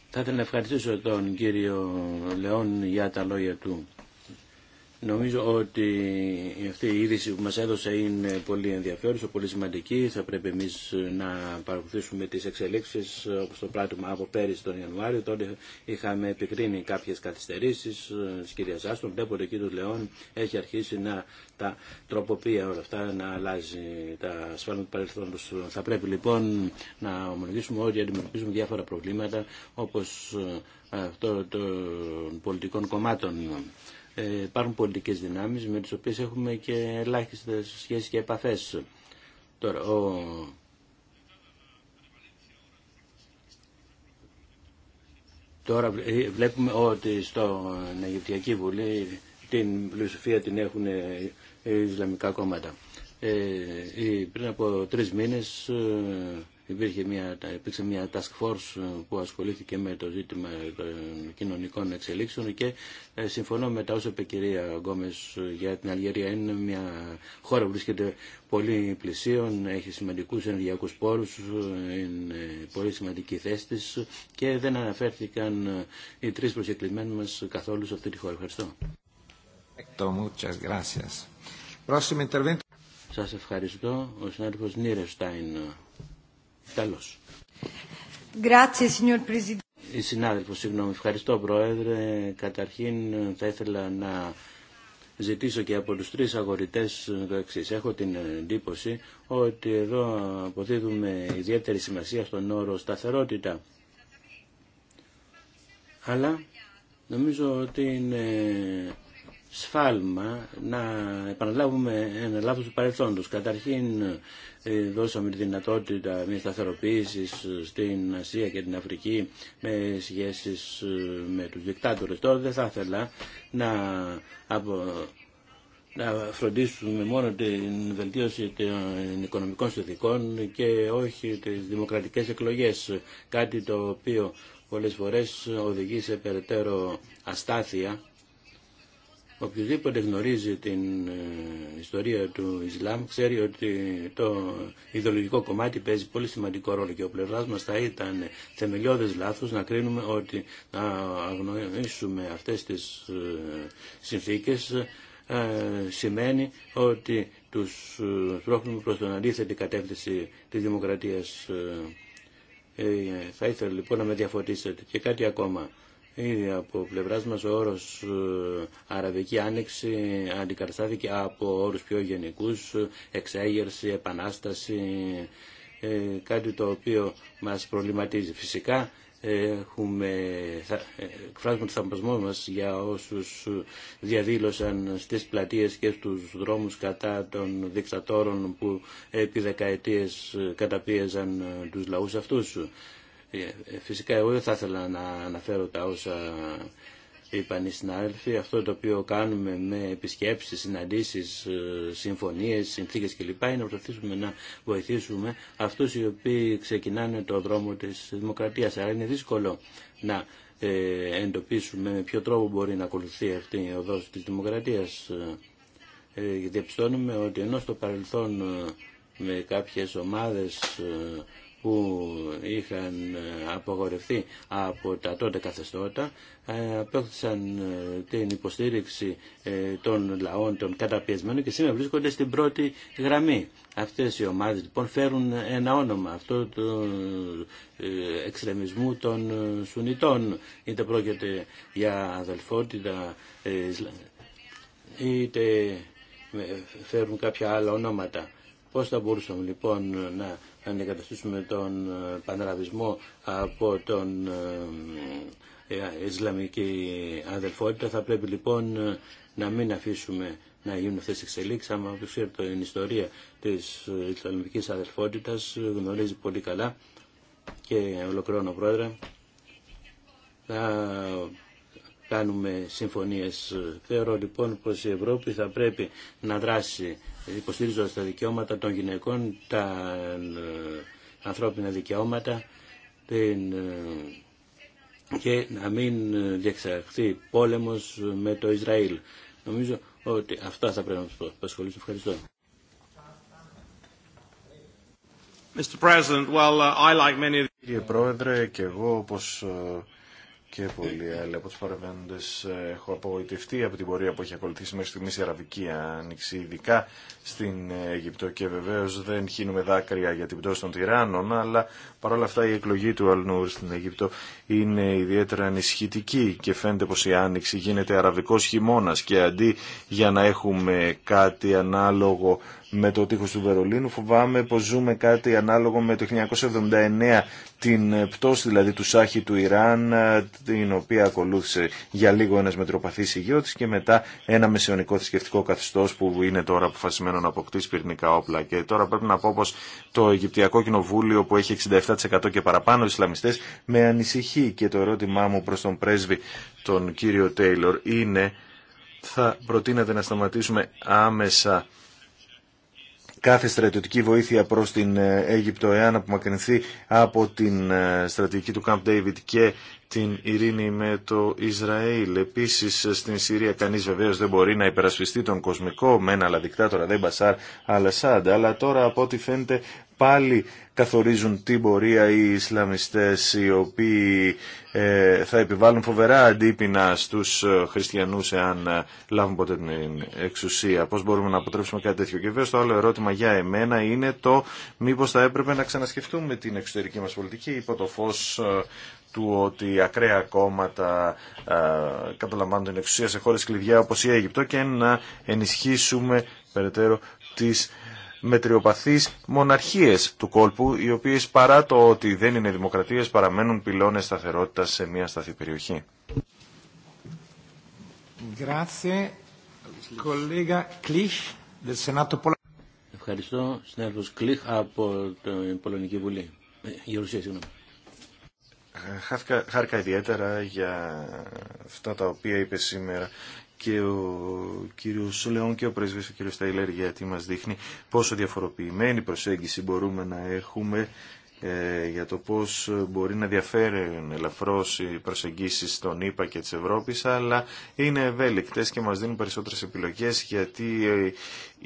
Θα ήθελα να ευχαριστήσω τον κύριο Λεόν για τα λόγια του. Νομίζω ότι αυτή η είδηση που μας έδωσε είναι πολύ ενδιαφέρουσα, πολύ σημαντική. Θα πρέπει εμείς να παρακολουθήσουμε τις εξελίξεις όπως το πράττουμε από πέρυσι τον Ιανουάριο. Τότε είχαμε επικρίνει κάποιες καθυστερήσεις ε, της κυρίας Άστον. Βλέπω ότι ο κύριος Λεόν έχει αρχίσει να τα τροποποιεί όλα αυτά, να αλλάζει τα ασφάλματα του παρελθόντος. Θα πρέπει λοιπόν να ομολογήσουμε ότι αντιμετωπίζουμε διάφορα προβλήματα όπως ε, αυτό των πολιτικών κομμάτων ε, υπάρχουν πολιτικές δυνάμεις με τις οποίες έχουμε και ελάχιστες σχέσεις και επαφές. Τώρα, Τώρα ε, βλέπουμε ότι στο Αιγυπτιακή Βουλή την πλειοσοφία την έχουν οι ε, Ισλαμικά κόμματα. Ε, πριν από τρεις μήνες υπήρχε μια, υπήρξε μια task force ε, που ασχολήθηκε με το ζήτημα των ε, κοινωνικών εξελίξεων και ε, συμφωνώ με τα όσα είπε η κυρία Γκόμες για την Αλγερία. Είναι μια χώρα που βρίσκεται πολύ πλησίων, έχει σημαντικούς ενεργειακούς πόρους, είναι πολύ σημαντική θέση της και δεν αναφέρθηκαν οι τρεις προσκεκλημένοι μας καθόλου σε αυτή τη χώρα. Ευχαριστώ. Σας ευχαριστώ. Ο συνάδελφος Νίρεστάιν. Τέλος. Η Συνάδελφο, συγγνώμη. Ευχαριστώ, Πρόεδρε. Καταρχήν θα ήθελα να ζητήσω και από τους τρεις αγορητές το εξή. Έχω την εντύπωση ότι εδώ αποδίδουμε ιδιαίτερη σημασία στον όρο σταθερότητα. Αλλά νομίζω ότι είναι σφάλμα να επαναλάβουμε ένα λάθος του παρελθόντος. Καταρχήν ε, δώσαμε τη δυνατότητα μια σταθεροποίηση στην Ασία και την Αφρική με σχέσεις ε, με τους δικτάτορες. Τώρα δεν θα ήθελα να, απο... να φροντίσουμε μόνο την βελτίωση των οικονομικών συνθηκών και όχι τις δημοκρατικές εκλογές. Κάτι το οποίο πολλές φορές οδηγεί σε περαιτέρω αστάθεια Οποιοδήποτε γνωρίζει την ε, ιστορία του Ισλάμ ξέρει ότι το ιδεολογικό κομμάτι παίζει πολύ σημαντικό ρόλο και ο πλευρά μα θα ήταν θεμελιώδε λάθο να κρίνουμε ότι να αγνοήσουμε αυτέ τι ε, συνθήκε ε, σημαίνει ότι τους πρόκειται προς την αντίθετη κατεύθυνση της δημοκρατίας. θα ήθελα λοιπόν να με διαφωτίσετε και κάτι ακόμα. Ήδη από πλευρά μα ο όρο ε, Αραβική Άνοιξη αντικαταστάθηκε από όρου πιο γενικού, ε, εξέγερση, επανάσταση, ε, κάτι το οποίο μα προβληματίζει. Φυσικά έχουμε, θα, εκφράζουμε το θαυμασμό μας για όσους διαδήλωσαν στις πλατείες και στους δρόμους κατά των δικτατόρων που επί δεκαετίες καταπίεζαν τους λαούς αυτούς. Ε, ε, φυσικά εγώ δεν θα ήθελα να αναφέρω τα όσα είπαν οι συνάδελφοι. Αυτό το οποίο κάνουμε με επισκέψεις, συναντήσεις, ε, συμφωνίες, συνθήκες κλπ. είναι να προσπαθήσουμε να βοηθήσουμε αυτούς οι οποίοι ξεκινάνε το δρόμο της δημοκρατίας. Άρα είναι δύσκολο να εντοπίσουμε με ποιο τρόπο μπορεί να ακολουθεί αυτή η οδός της δημοκρατίας. διαπιστώνουμε ότι ενώ στο παρελθόν με κάποιες ομάδες που είχαν ε, απογορευτεί από τα τότε καθεστώτα ε, απέκτησαν ε, την υποστήριξη των λαών των καταπιεσμένων και σήμερα βρίσκονται στην πρώτη γραμμή. Αυτές οι ομάδες λοιπόν φέρουν ένα όνομα αυτό του εξτρεμισμού των Σουνιτών είτε πρόκειται για αδελφότητα είτε φέρουν κάποια άλλα ονόματα. Πώς θα μπορούσαμε λοιπόν να αντικαταστήσουμε τον ε, πανεραβισμό από τον ε, ε, Ισλαμική αδελφότητα. Θα πρέπει λοιπόν να μην αφήσουμε να γίνουν αυτές τις εξελίξεις. Αν ξέρετε την ιστορία της Ισλαμικής αδελφότητας γνωρίζει πολύ καλά και ολοκληρώνω πρόεδρε. Θα κάνουμε συμφωνίες. Θεωρώ λοιπόν πως η Ευρώπη θα πρέπει να δράσει υποστήριζοντα τα δικαιώματα των γυναικών, τα ε, ανθρώπινα δικαιώματα ε, και να μην διεξαχθεί πόλεμος με το Ισραήλ. Νομίζω ότι αυτά θα πρέπει να σας πω. Πασχολήσω. Ευχαριστώ. Uh, Κύριε Πρόεδρε, και εγώ όπως ε, και πολλοί άλλοι από του παρεμβαίνοντε ε, έχω απογοητευτεί από την πορεία που έχει ακολουθήσει μέχρι στιγμή η Αραβική Άνοιξη, ειδικά στην ε, Αίγυπτο και βεβαίω δεν χύνουμε δάκρυα για την πτώση των τυράννων, αλλά παρόλα αυτά η εκλογή του Αλνούρ στην Αίγυπτο είναι ιδιαίτερα ανισχυτική και φαίνεται πω η Άνοιξη γίνεται αραβικό χειμώνα και αντί για να έχουμε κάτι ανάλογο με το τείχος του Βερολίνου. Φοβάμαι πως ζούμε κάτι ανάλογο με το 1979, την πτώση δηλαδή του Σάχη του Ιράν, την οποία ακολούθησε για λίγο ένας μετροπαθής ηγιώτης και μετά ένα μεσαιωνικό θρησκευτικό καθεστώς που είναι τώρα αποφασισμένο να αποκτήσει πυρνικά όπλα. Και τώρα πρέπει να πω πως το Αιγυπτιακό Κοινοβούλιο που έχει 67% και παραπάνω Ισλαμιστές με ανησυχεί και το ερώτημά μου προς τον πρέσβη τον κύριο Τέιλορ είναι θα προτείνατε να σταματήσουμε άμεσα κάθε στρατιωτική βοήθεια προς την ε, Αίγυπτο εάν απομακρυνθεί από την ε, στρατηγική του Camp David και την ειρήνη με το Ισραήλ. Επίση στην Συρία κανεί βεβαίω δεν μπορεί να υπερασπιστεί τον κοσμικό με ένα αλλά δικτάτορα δεν Μπασάρ Αλασάντ. Αλλά τώρα από ό,τι φαίνεται πάλι καθορίζουν την πορεία οι Ισλαμιστές οι οποίοι ε, θα επιβάλλουν φοβερά αντίπεινα στους ε, χριστιανούς εάν ε, λάβουν ποτέ την εξουσία. Πώς μπορούμε να αποτρέψουμε κάτι τέτοιο. Και βέβαια το άλλο ερώτημα για εμένα είναι το μήπως θα έπρεπε να ξανασκεφτούμε την εξωτερική μας πολιτική υπό το φω. Ε, του ότι ακραία κόμματα καταλαμβάνουν την εξουσία σε χώρες κλειδιά όπως η Αίγυπτο και να ενισχύσουμε περαιτέρω τις μετριοπαθείς μοναρχίες του κόλπου, οι οποίες παρά το ότι δεν είναι δημοκρατίες παραμένουν πυλώνες σταθερότητας σε μια σταθή περιοχή. Ευχαριστώ, συνάδελφος Κλίχ από την Πολωνική Βουλή. Ε, χάθηκα, χάρηκα ιδιαίτερα για αυτά τα οποία είπε σήμερα και ο κύριο Σουλεόν και ο πρέσβης ο κύριος Στάιλερ γιατί μας δείχνει πόσο διαφοροποιημένη προσέγγιση μπορούμε να έχουμε ε, για το πώς μπορεί να διαφέρουν ελαφρώς οι προσεγγίσεις των ΙΠΑ και της Ευρώπης, αλλά είναι ευέλικτες και μας δίνουν περισσότερες επιλογές γιατί ε,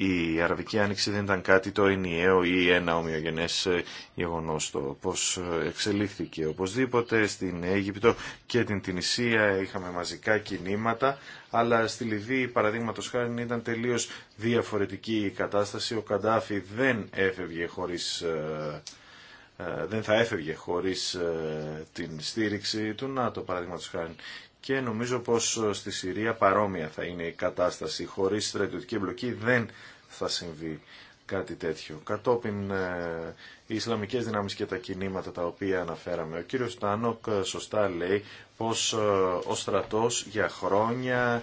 η Αραβική Άνοιξη δεν ήταν κάτι το ενιαίο ή ένα ομοιογενές ε, γεγονός το πώς εξελίχθηκε. Οπωσδήποτε στην Αίγυπτο και την Τινησία είχαμε μαζικά κινήματα, αλλά στη Λιβύη παραδείγματο χάρη ήταν τελείως διαφορετική η κατάσταση. Ο Καντάφη δεν έφευγε χωρίς ε, δεν θα έφευγε χωρίς ε, την στήριξη του ΝΑΤΟ παραδείγματο χάρη. Και νομίζω πως ε, στη Συρία παρόμοια θα είναι η κατάσταση. Χωρίς στρατιωτική εμπλοκή δεν θα συμβεί κάτι τέτοιο. Κατόπιν οι Ισλαμικές δυνάμεις και τα κινήματα τα οποία αναφέραμε. Ο κύριος Τάνοκ σωστά λέει πως ο στρατός για χρόνια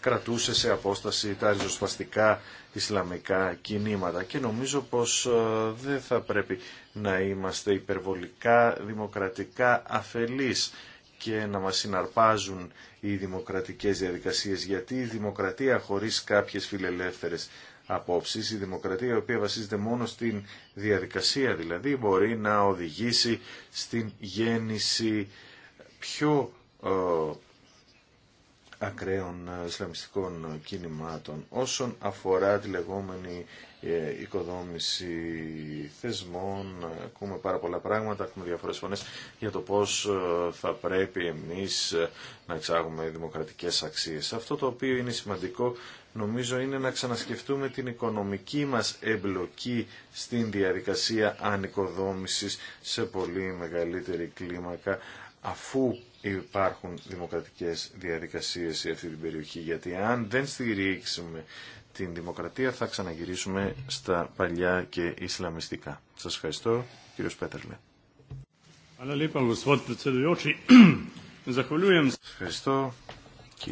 κρατούσε σε απόσταση τα ριζοσπαστικά Ισλαμικά κινήματα και νομίζω πως ε, δεν θα πρέπει να είμαστε υπερβολικά δημοκρατικά αφελείς και να μας συναρπάζουν οι δημοκρατικές διαδικασίες γιατί η δημοκρατία χωρίς κάποιες φιλελεύθερες απόψεις, η δημοκρατία η οποία βασίζεται μόνο στην διαδικασία δηλαδή μπορεί να οδηγήσει στην γέννηση πιο ε, ακραίων ε, ισλαμιστικών κινημάτων. Όσον αφορά τη λεγόμενη ε, οικοδόμηση θεσμών, ε, ακούμε πάρα πολλά πράγματα, ακούμε διαφορές για το πώς θα πρέπει εμείς να εξάγουμε δημοκρατικές αξίες. Αυτό το οποίο είναι σημαντικό νομίζω είναι να ξανασκεφτούμε την οικονομική μας εμπλοκή στην διαδικασία ανοικοδόμησης σε πολύ μεγαλύτερη κλίμακα αφού υπάρχουν δημοκρατικές διαδικασίες σε αυτή την περιοχή, γιατί αν δεν στηρίξουμε την δημοκρατία θα ξαναγυρίσουμε στα παλιά και ισλαμιστικά. Σας ευχαριστώ, κύριος Πέτερλε. Ευχαριστώ.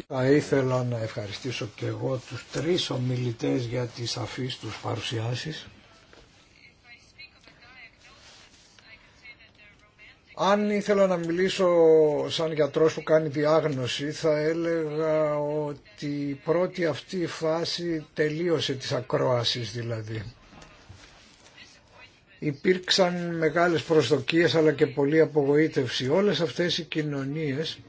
Θα ήθελα να ευχαριστήσω και εγώ τους τρεις ομιλητές για τις αφίστους τους παρουσιάσεις. Αν ήθελα να μιλήσω σαν γιατρός που κάνει διάγνωση θα έλεγα ότι η πρώτη αυτή φάση τελείωσε της ακρόασης δηλαδή. Υπήρξαν μεγάλες προσδοκίες αλλά και πολλή απογοήτευση. Όλες αυτές οι κοινωνίες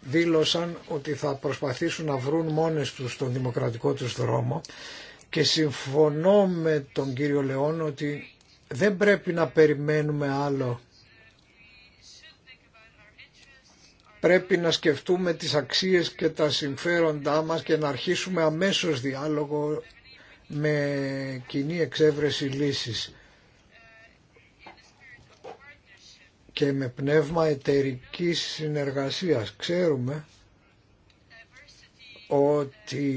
δήλωσαν ότι θα προσπαθήσουν να βρουν μόνες τους τον δημοκρατικό τους δρόμο και συμφωνώ με τον κύριο Λεόν ότι δεν πρέπει να περιμένουμε άλλο πρέπει να σκεφτούμε τις αξίες και τα συμφέροντά μας και να αρχίσουμε αμέσως διάλογο με κοινή εξέβρεση λύσης και με πνεύμα εταιρικής συνεργασίας. Ξέρουμε ότι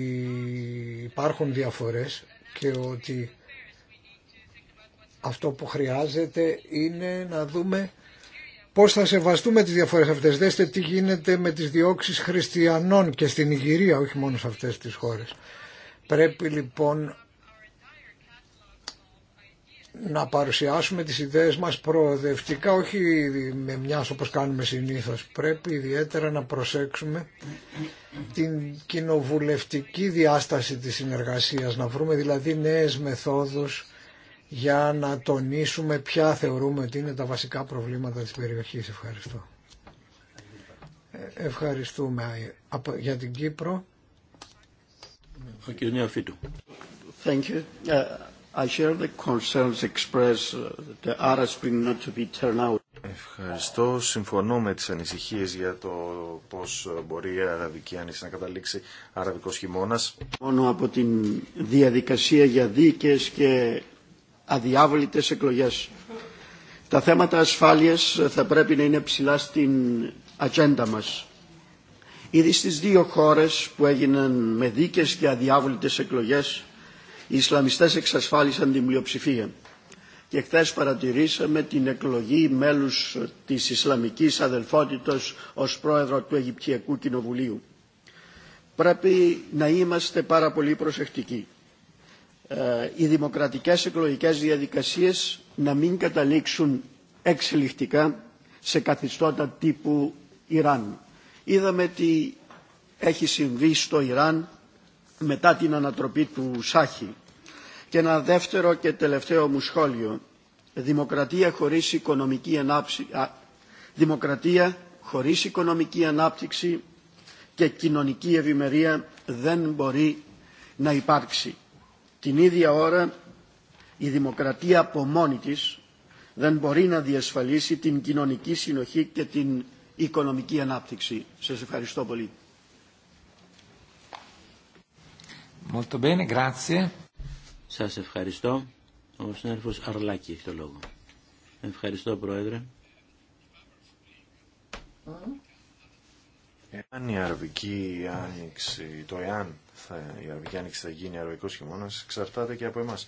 υπάρχουν διαφορές και ότι αυτό που χρειάζεται είναι να δούμε πώς θα σεβαστούμε τις διαφορές αυτές. Δέστε τι γίνεται με τις διώξεις χριστιανών και στην Ιγυρία, όχι μόνο σε αυτές τις χώρες. Πρέπει λοιπόν να παρουσιάσουμε τις ιδέες μας προοδευτικά, όχι με μιας όπως κάνουμε συνήθως. Πρέπει ιδιαίτερα να προσέξουμε την κοινοβουλευτική διάσταση της συνεργασίας, να βρούμε δηλαδή νέες μεθόδους για να τονίσουμε ποια θεωρούμε ότι είναι τα βασικά προβλήματα της περιοχής. Ευχαριστώ. Ε, ευχαριστούμε για την Κύπρο. Thank you. Uh, I share the concerns expressed uh, the Arabs not to be turned out. Ευχαριστώ. Συμφωνώ με τις ανησυχίες για το πώς uh, μπορεί η Αραβική Άνοιξη να καταλήξει Αραβικός χειμώνας. Μόνο από την διαδικασία για δίκες και αδιάβολητες εκλογές. Τα θέματα ασφάλειας θα πρέπει να είναι ψηλά στην ατζέντα μας. Ήδη στις δύο χώρες που έγιναν με δίκες και αδιάβολητες εκλογές, οι Ισλαμιστές εξασφάλισαν την πλειοψηφία. Και χθε παρατηρήσαμε την εκλογή μέλους της Ισλαμικής Αδελφότητος ως πρόεδρο του Αιγυπτιακού Κοινοβουλίου. Πρέπει να είμαστε πάρα πολύ προσεκτικοί ε, οι δημοκρατικές εκλογικές διαδικασίες να μην καταλήξουν εξελιχτικά σε καθιστώτα τύπου Ιράν. Είδαμε τι έχει συμβεί στο Ιράν μετά την ανατροπή του Σάχη. Και ένα δεύτερο και τελευταίο μου σχόλιο. Δημοκρατία χωρίς οικονομική, δημοκρατία χωρίς οικονομική ανάπτυξη και κοινωνική ευημερία δεν μπορεί να υπάρξει. Την ίδια ώρα η δημοκρατία από μόνη της δεν μπορεί να διασφαλίσει την κοινωνική συνοχή και την οικονομική ανάπτυξη. Σας ευχαριστώ πολύ. Molto bene, grazie. Σας ευχαριστώ. Ο συνέρφος Αρλάκη έχει το λόγο. Ευχαριστώ, Πρόεδρε. Εάν η Αραβική Άνοιξη, το εάν θα, η Άνοιξη θα γίνει αεροϊκός χειμώνας εξαρτάται και από εμάς.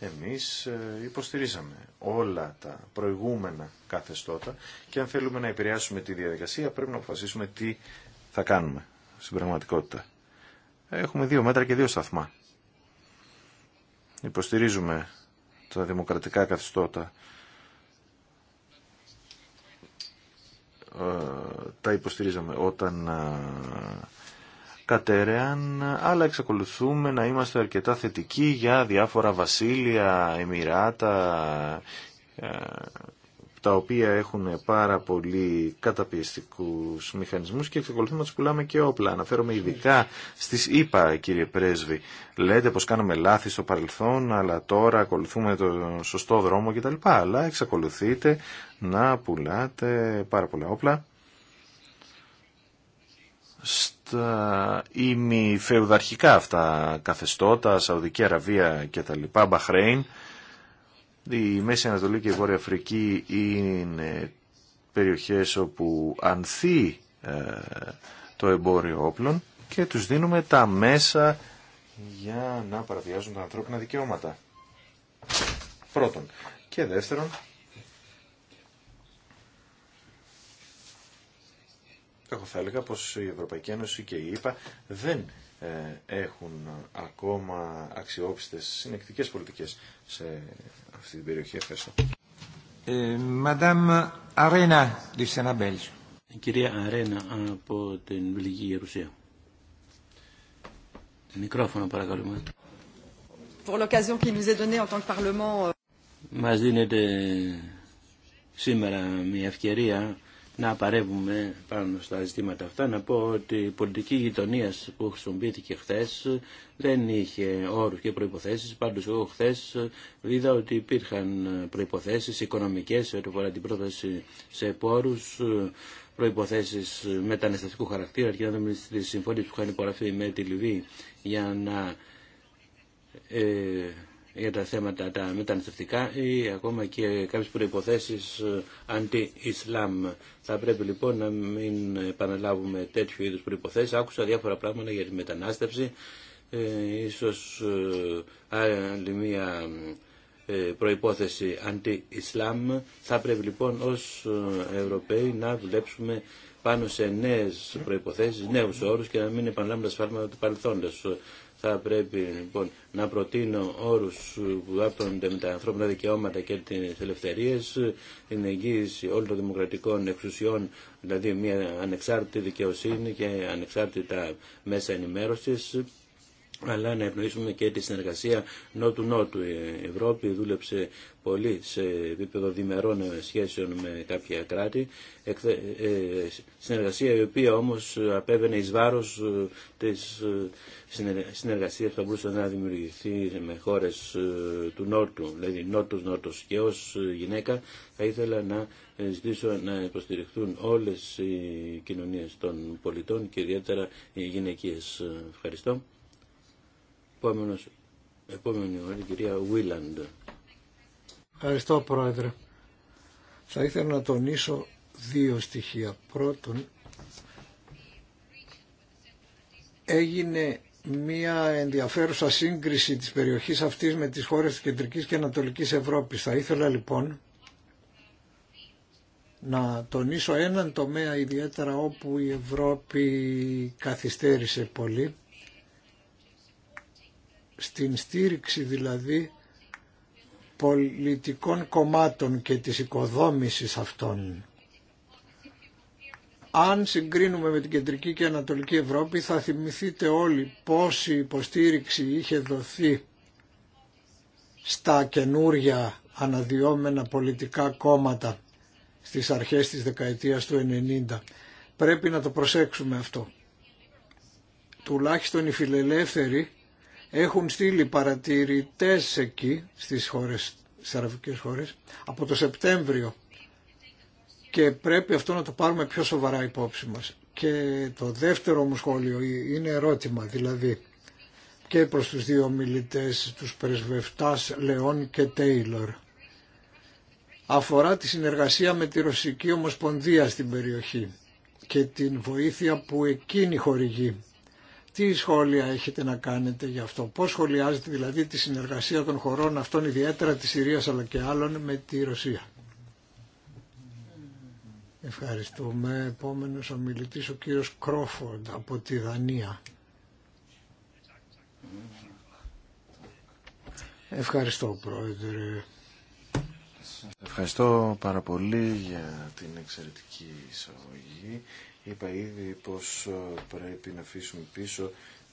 Εμείς ε, υποστηρίζαμε όλα τα προηγούμενα καθεστώτα και αν θέλουμε να επηρεάσουμε τη διαδικασία πρέπει να αποφασίσουμε τι θα κάνουμε στην πραγματικότητα. Έχουμε δύο μέτρα και δύο σταθμά. Υποστηρίζουμε τα δημοκρατικά καθεστώτα ε, τα υποστηρίζαμε όταν ε, κατερεάν, αλλά εξακολουθούμε να είμαστε αρκετά θετικοί για διάφορα βασίλεια, εμμυράτα, ε, τα οποία έχουν πάρα πολύ καταπιεστικούς μηχανισμούς και εξακολουθούμε να τους πουλάμε και όπλα. Αναφέρομαι ειδικά στις ΙΠΑ, κύριε Πρέσβη. Λέτε πως κάνουμε λάθη στο παρελθόν, αλλά τώρα ακολουθούμε το σωστό δρόμο κτλ. Αλλά εξακολουθείτε να πουλάτε πάρα πολλά όπλα στα φεουδαρχικά αυτά καθεστώτα, Σαουδική Αραβία και τα λοιπά, Μπαχρέιν. Η Μέση Ανατολή και η Βόρεια Αφρική είναι περιοχές όπου ανθεί ε, το εμπόριο όπλων και τους δίνουμε τα μέσα για να παραβιάζουν τα ανθρώπινα δικαιώματα. Πρώτον. Και δεύτερον, Εγώ θα έλεγα πως η Ευρωπαϊκή Ένωση και η ΕΠΑ δεν ε, έχουν ακόμα αξιόπιστες συνεκτικές πολιτικές σε αυτή την περιοχή. Ευχαριστώ. Ε, Madame Arena, κυρία Αρένα από την Βελγική Γερουσία. Μικρόφωνο παρακαλούμε. Pour l'occasion qui nous euh, Μας δίνεται σήμερα μια ευκαιρία να παρεύουμε πάνω στα ζητήματα αυτά. Να πω ότι η πολιτική γειτονία που χρησιμοποιήθηκε χθε δεν είχε όρου και προποθέσει. Πάντω, εγώ χθε είδα ότι υπήρχαν προποθέσει οικονομικέ σε ό,τι την πρόταση σε πόρου, προποθέσει μεταναστευτικού χαρακτήρα, και να δούμε τι συμφωνίε που είχαν υπογραφεί με τη Λιβύη για να. Ε, για τα θέματα τα μεταναστευτικά ή ακόμα και κάποιες προϋποθέσεις ε, αντι-Ισλάμ. Θα πρέπει λοιπόν να μην επαναλάβουμε τέτοιου είδους προϋποθέσεις. Άκουσα διάφορα πράγματα για τη μετανάστευση, ε, ίσως ε, άλλη μία ε, προϋπόθεση αντι-Ισλάμ. Θα πρέπει λοιπόν ως Ευρωπαίοι να δουλέψουμε πάνω σε νέες προϋποθέσεις, νέους όρους και να μην επαναλάβουμε τα σφάλματα του παρελθόντος. Θα πρέπει λοιπόν, να προτείνω όρους που άπτονται με τα ανθρώπινα δικαιώματα και τις ελευθερίες, την εγγύηση όλων των δημοκρατικών εξουσιών, δηλαδή μια ανεξάρτητη δικαιοσύνη και ανεξάρτητα μέσα ενημέρωσης αλλά να ευνοήσουμε και τη συνεργασία νότου-νότου. Η Ευρώπη δούλεψε πολύ σε επίπεδο διμερών σχέσεων με κάποια κράτη, ε, συνεργασία η οποία όμως απέβαινε εις βάρος ε, της ε, συνεργασίας που θα μπορούσε να δημιουργηθεί με χώρες του Νότου, δηλαδή Νότους-Νότους. Και ως γυναίκα θα ήθελα να ζητήσω να υποστηριχθούν όλες οι κοινωνίες των πολιτών και ιδιαίτερα οι γυναικείες. Ευχαριστώ. Επόμενος, επόμενη ώρα, η κυρία Βίλαντ. Ευχαριστώ Πρόεδρε. Θα ήθελα να τονίσω δύο στοιχεία. Πρώτον, έγινε μία ενδιαφέρουσα σύγκριση της περιοχής αυτής με τις χώρες της Κεντρικής και Ανατολικής Ευρώπης. Θα ήθελα λοιπόν να τονίσω έναν τομέα ιδιαίτερα όπου η Ευρώπη καθυστέρησε πολύ στην στήριξη δηλαδή πολιτικών κομμάτων και της οικοδόμησης αυτών. Αν συγκρίνουμε με την Κεντρική και Ανατολική Ευρώπη θα θυμηθείτε όλοι πόση υποστήριξη είχε δοθεί στα καινούρια αναδυόμενα πολιτικά κόμματα στις αρχές της δεκαετίας του 90. Πρέπει να το προσέξουμε αυτό. Τουλάχιστον οι φιλελεύθεροι έχουν στείλει παρατηρητές εκεί στις χώρες, στις αραβικές χώρες από το Σεπτέμβριο και πρέπει αυτό να το πάρουμε πιο σοβαρά υπόψη μας. Και το δεύτερο μου σχόλιο είναι ερώτημα δηλαδή και προς τους δύο μιλητές, τους πρεσβευτάς Λεόν και Τέιλορ. Αφορά τη συνεργασία με τη Ρωσική Ομοσπονδία στην περιοχή και την βοήθεια που εκείνη χορηγεί τι σχόλια έχετε να κάνετε γι' αυτό. Πώς σχολιάζετε δηλαδή τη συνεργασία των χωρών αυτών ιδιαίτερα της Συρίας αλλά και άλλων με τη Ρωσία. Ευχαριστούμε. Επόμενος ομιλητής ο κύριος Κρόφοντ από τη Δανία. Ευχαριστώ πρόεδρε. Ευχαριστώ πάρα πολύ για την εξαιρετική εισαγωγή. Είπα ήδη πως ε, πρέπει να αφήσουμε πίσω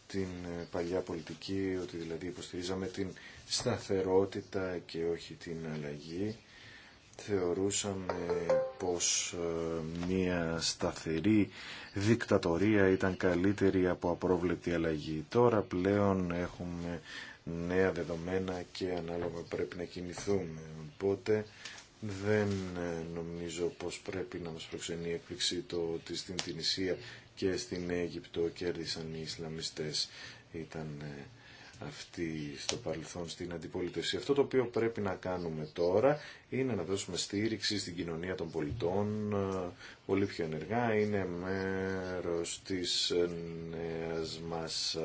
την ε, παλιά πολιτική, ότι δηλαδή υποστηρίζαμε την σταθερότητα και όχι την αλλαγή. Θεωρούσαμε πως ε, μια σταθερή δικτατορία ήταν καλύτερη από απρόβλεπτη αλλαγή. Τώρα πλέον έχουμε νέα δεδομένα και ανάλογα πρέπει να κινηθούμε. Οπότε δεν ε, νομίζω πως πρέπει να μας προξενεί έκπληξη το ότι στην Τινησία και στην Αίγυπτο κέρδισαν οι Ισλαμιστές. Ήταν ε, αυτοί στο παρελθόν στην αντιπολίτευση. Αυτό το οποίο πρέπει να κάνουμε τώρα είναι να δώσουμε στήριξη στην κοινωνία των πολιτών ε, πολύ πιο ενεργά. Είναι μέρος της νέας μας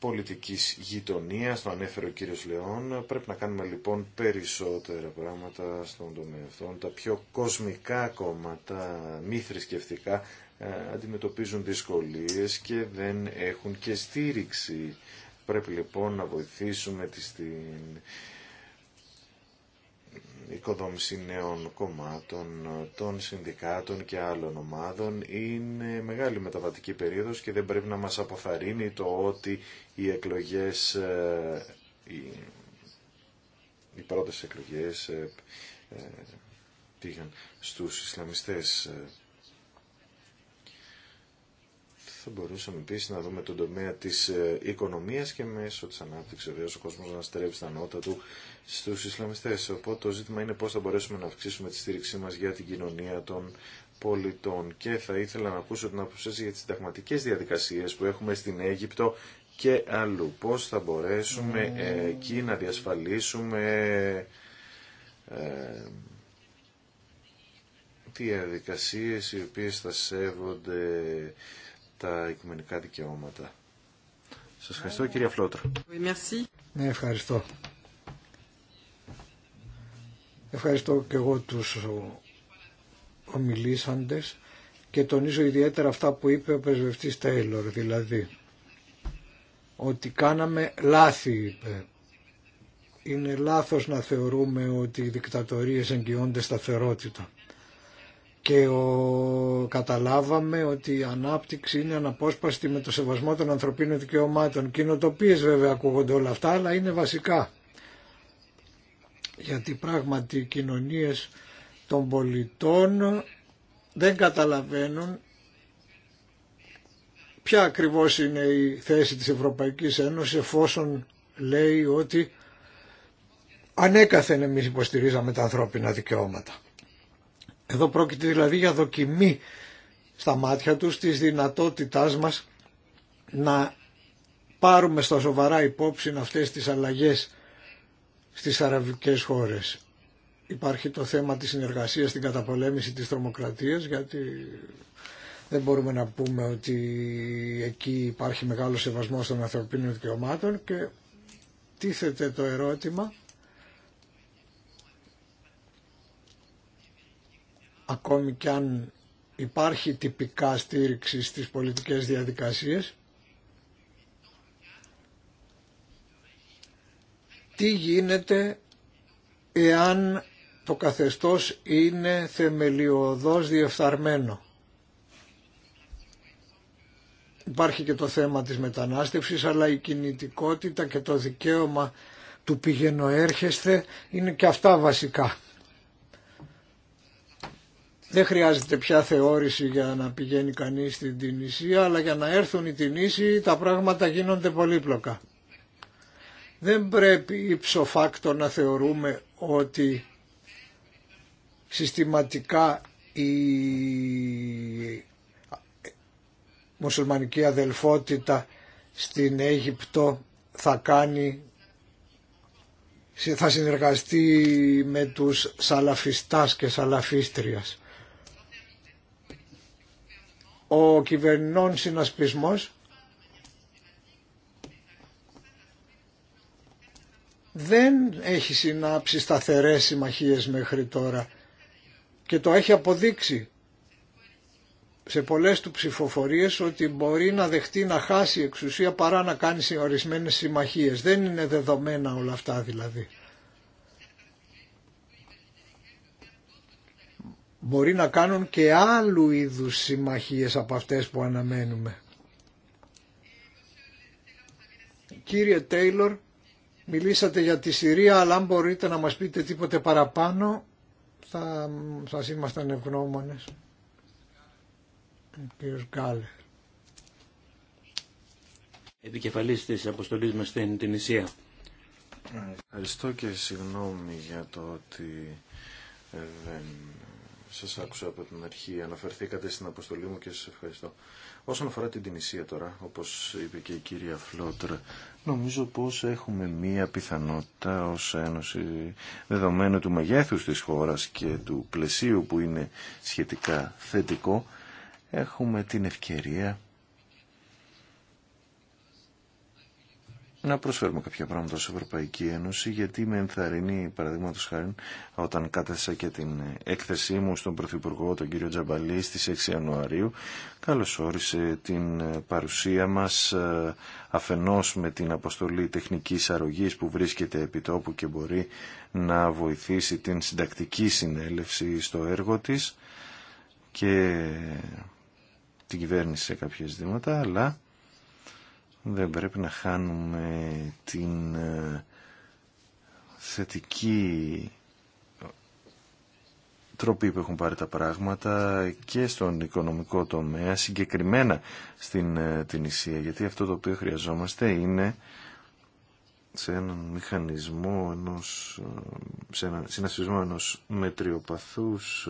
πολιτικής γειτονίας, το ανέφερε ο κύριος Λεόν. Πρέπει να κάνουμε λοιπόν περισσότερα πράγματα στον τομέα αυτών. Τα πιο κοσμικά κόμματα, μη θρησκευτικά, ε, αντιμετωπίζουν δυσκολίες και δεν έχουν και στήριξη. Πρέπει λοιπόν να βοηθήσουμε τη, την οικοδόμηση νέων κομμάτων, των συνδικάτων και άλλων ομάδων. Είναι μεγάλη μεταβατική περίοδος και δεν πρέπει να μας αποθαρρύνει το ότι οι εκλογές, ε, οι, οι πρώτες εκλογές ε, ε, πήγαν στους Ισλαμιστές. θα μπορούσαμε επίση να δούμε τον τομέα τη ε, οικονομία και μέσω τη ανάπτυξη ο κόσμο να στρέψει τα νότα του στου Ισλαμιστές. Οπότε το ζήτημα είναι πώ θα μπορέσουμε να αυξήσουμε τη στήριξή μα για την κοινωνία των πολιτών και θα ήθελα να ακούσω την άποψή για τι συνταγματικέ διαδικασίε που έχουμε στην Αίγυπτο και αλλού. πώ θα μπορέσουμε mm. εκεί να διασφαλίσουμε ε, διαδικασίες οι οποίες θα σέβονται τα οικουμενικά δικαιώματα. Σας ευχαριστώ κυρία Φλότρα. Ε, ναι, ευχαριστώ. Ευχαριστώ και εγώ τους ομιλήσαντες και τονίζω ιδιαίτερα αυτά που είπε ο πρεσβευτής Τέιλορ, δηλαδή ότι κάναμε λάθη, είπε. Είναι λάθος να θεωρούμε ότι οι δικτατορίες εγγυώνται σταθερότητα και ο... καταλάβαμε ότι η ανάπτυξη είναι αναπόσπαστη με το σεβασμό των ανθρωπίνων δικαιωμάτων. Κοινοτοπίες βέβαια ακούγονται όλα αυτά, αλλά είναι βασικά. Γιατί πράγματι οι κοινωνίες των πολιτών δεν καταλαβαίνουν ποια ακριβώς είναι η θέση της Ευρωπαϊκής Ένωσης εφόσον λέει ότι ανέκαθεν εμείς υποστηρίζαμε τα ανθρώπινα δικαιώματα. Εδώ πρόκειται δηλαδή για δοκιμή στα μάτια τους της δυνατότητάς μας να πάρουμε στα σοβαρά υπόψη αυτές τις αλλαγές στις αραβικές χώρες. Υπάρχει το θέμα της συνεργασίας στην καταπολέμηση της τρομοκρατίας γιατί δεν μπορούμε να πούμε ότι εκεί υπάρχει μεγάλο σεβασμό των ανθρωπίνων δικαιωμάτων και τίθεται το ερώτημα ακόμη κι αν υπάρχει τυπικά στήριξη στις πολιτικές διαδικασίες, τι γίνεται εάν το καθεστώς είναι θεμελιωδώς διεφθαρμένο. Υπάρχει και το θέμα της μετανάστευσης, αλλά η κινητικότητα και το δικαίωμα του πηγαινοέρχεσθε είναι και αυτά βασικά. Δεν χρειάζεται πια θεώρηση για να πηγαίνει κανείς στην Τινησία, αλλά για να έρθουν οι Τινήσοι τα πράγματα γίνονται πολύπλοκα. Δεν πρέπει υψοφάκτο να θεωρούμε ότι συστηματικά η μουσουλμανική αδελφότητα στην Αίγυπτο θα κάνει θα συνεργαστεί με τους σαλαφιστάς και σαλαφίστριας ο κυβερνών συνασπισμός δεν έχει συνάψει σταθερές συμμαχίες μέχρι τώρα και το έχει αποδείξει σε πολλές του ψηφοφορίες ότι μπορεί να δεχτεί να χάσει εξουσία παρά να κάνει ορισμένες συμμαχίες. Δεν είναι δεδομένα όλα αυτά δηλαδή. μπορεί να κάνουν και άλλου είδους συμμαχίες από αυτές που αναμένουμε. Κύριε Τέιλορ, μιλήσατε για τη Συρία, αλλά αν μπορείτε να μας πείτε τίποτε παραπάνω, θα σας ήμασταν ευγνώμονες. Κύριος Γκάλε. Επικεφαλής της αποστολής μας στην Ισία. Ευχαριστώ και συγγνώμη για το ότι δεν Σα άκουσα από την αρχή. Αναφερθήκατε στην αποστολή μου και σα ευχαριστώ. Όσον αφορά την Τινησία τώρα, όπως είπε και η κυρία Φλότρ, νομίζω πως έχουμε μία πιθανότητα ω Ένωση δεδομένου του μεγέθου τη χώρα και του πλαισίου που είναι σχετικά θετικό, έχουμε την ευκαιρία να προσφέρουμε κάποια πράγματα στην Ευρωπαϊκή Ένωση, γιατί με ενθαρρύνει, παραδείγματο χάρη, όταν κάθεσα και την έκθεσή μου στον Πρωθυπουργό, τον κύριο Τζαμπαλή, στις 6 Ιανουαρίου, καλώς όρισε την παρουσία μας ε, αφενός με την αποστολή τεχνικής αρρωγής που βρίσκεται επί τόπου και μπορεί να βοηθήσει την συντακτική συνέλευση στο έργο της και την κυβέρνηση σε κάποια ζητήματα, αλλά δεν πρέπει να χάνουμε την ε, θετική τροπή που έχουν πάρει τα πράγματα και στον οικονομικό τομέα, συγκεκριμένα στην ε, την Ισία. Γιατί αυτό το οποίο χρειαζόμαστε είναι σε έναν μηχανισμό, ενός, ε, σε ένα συνασπισμό ενός μετριοπαθούς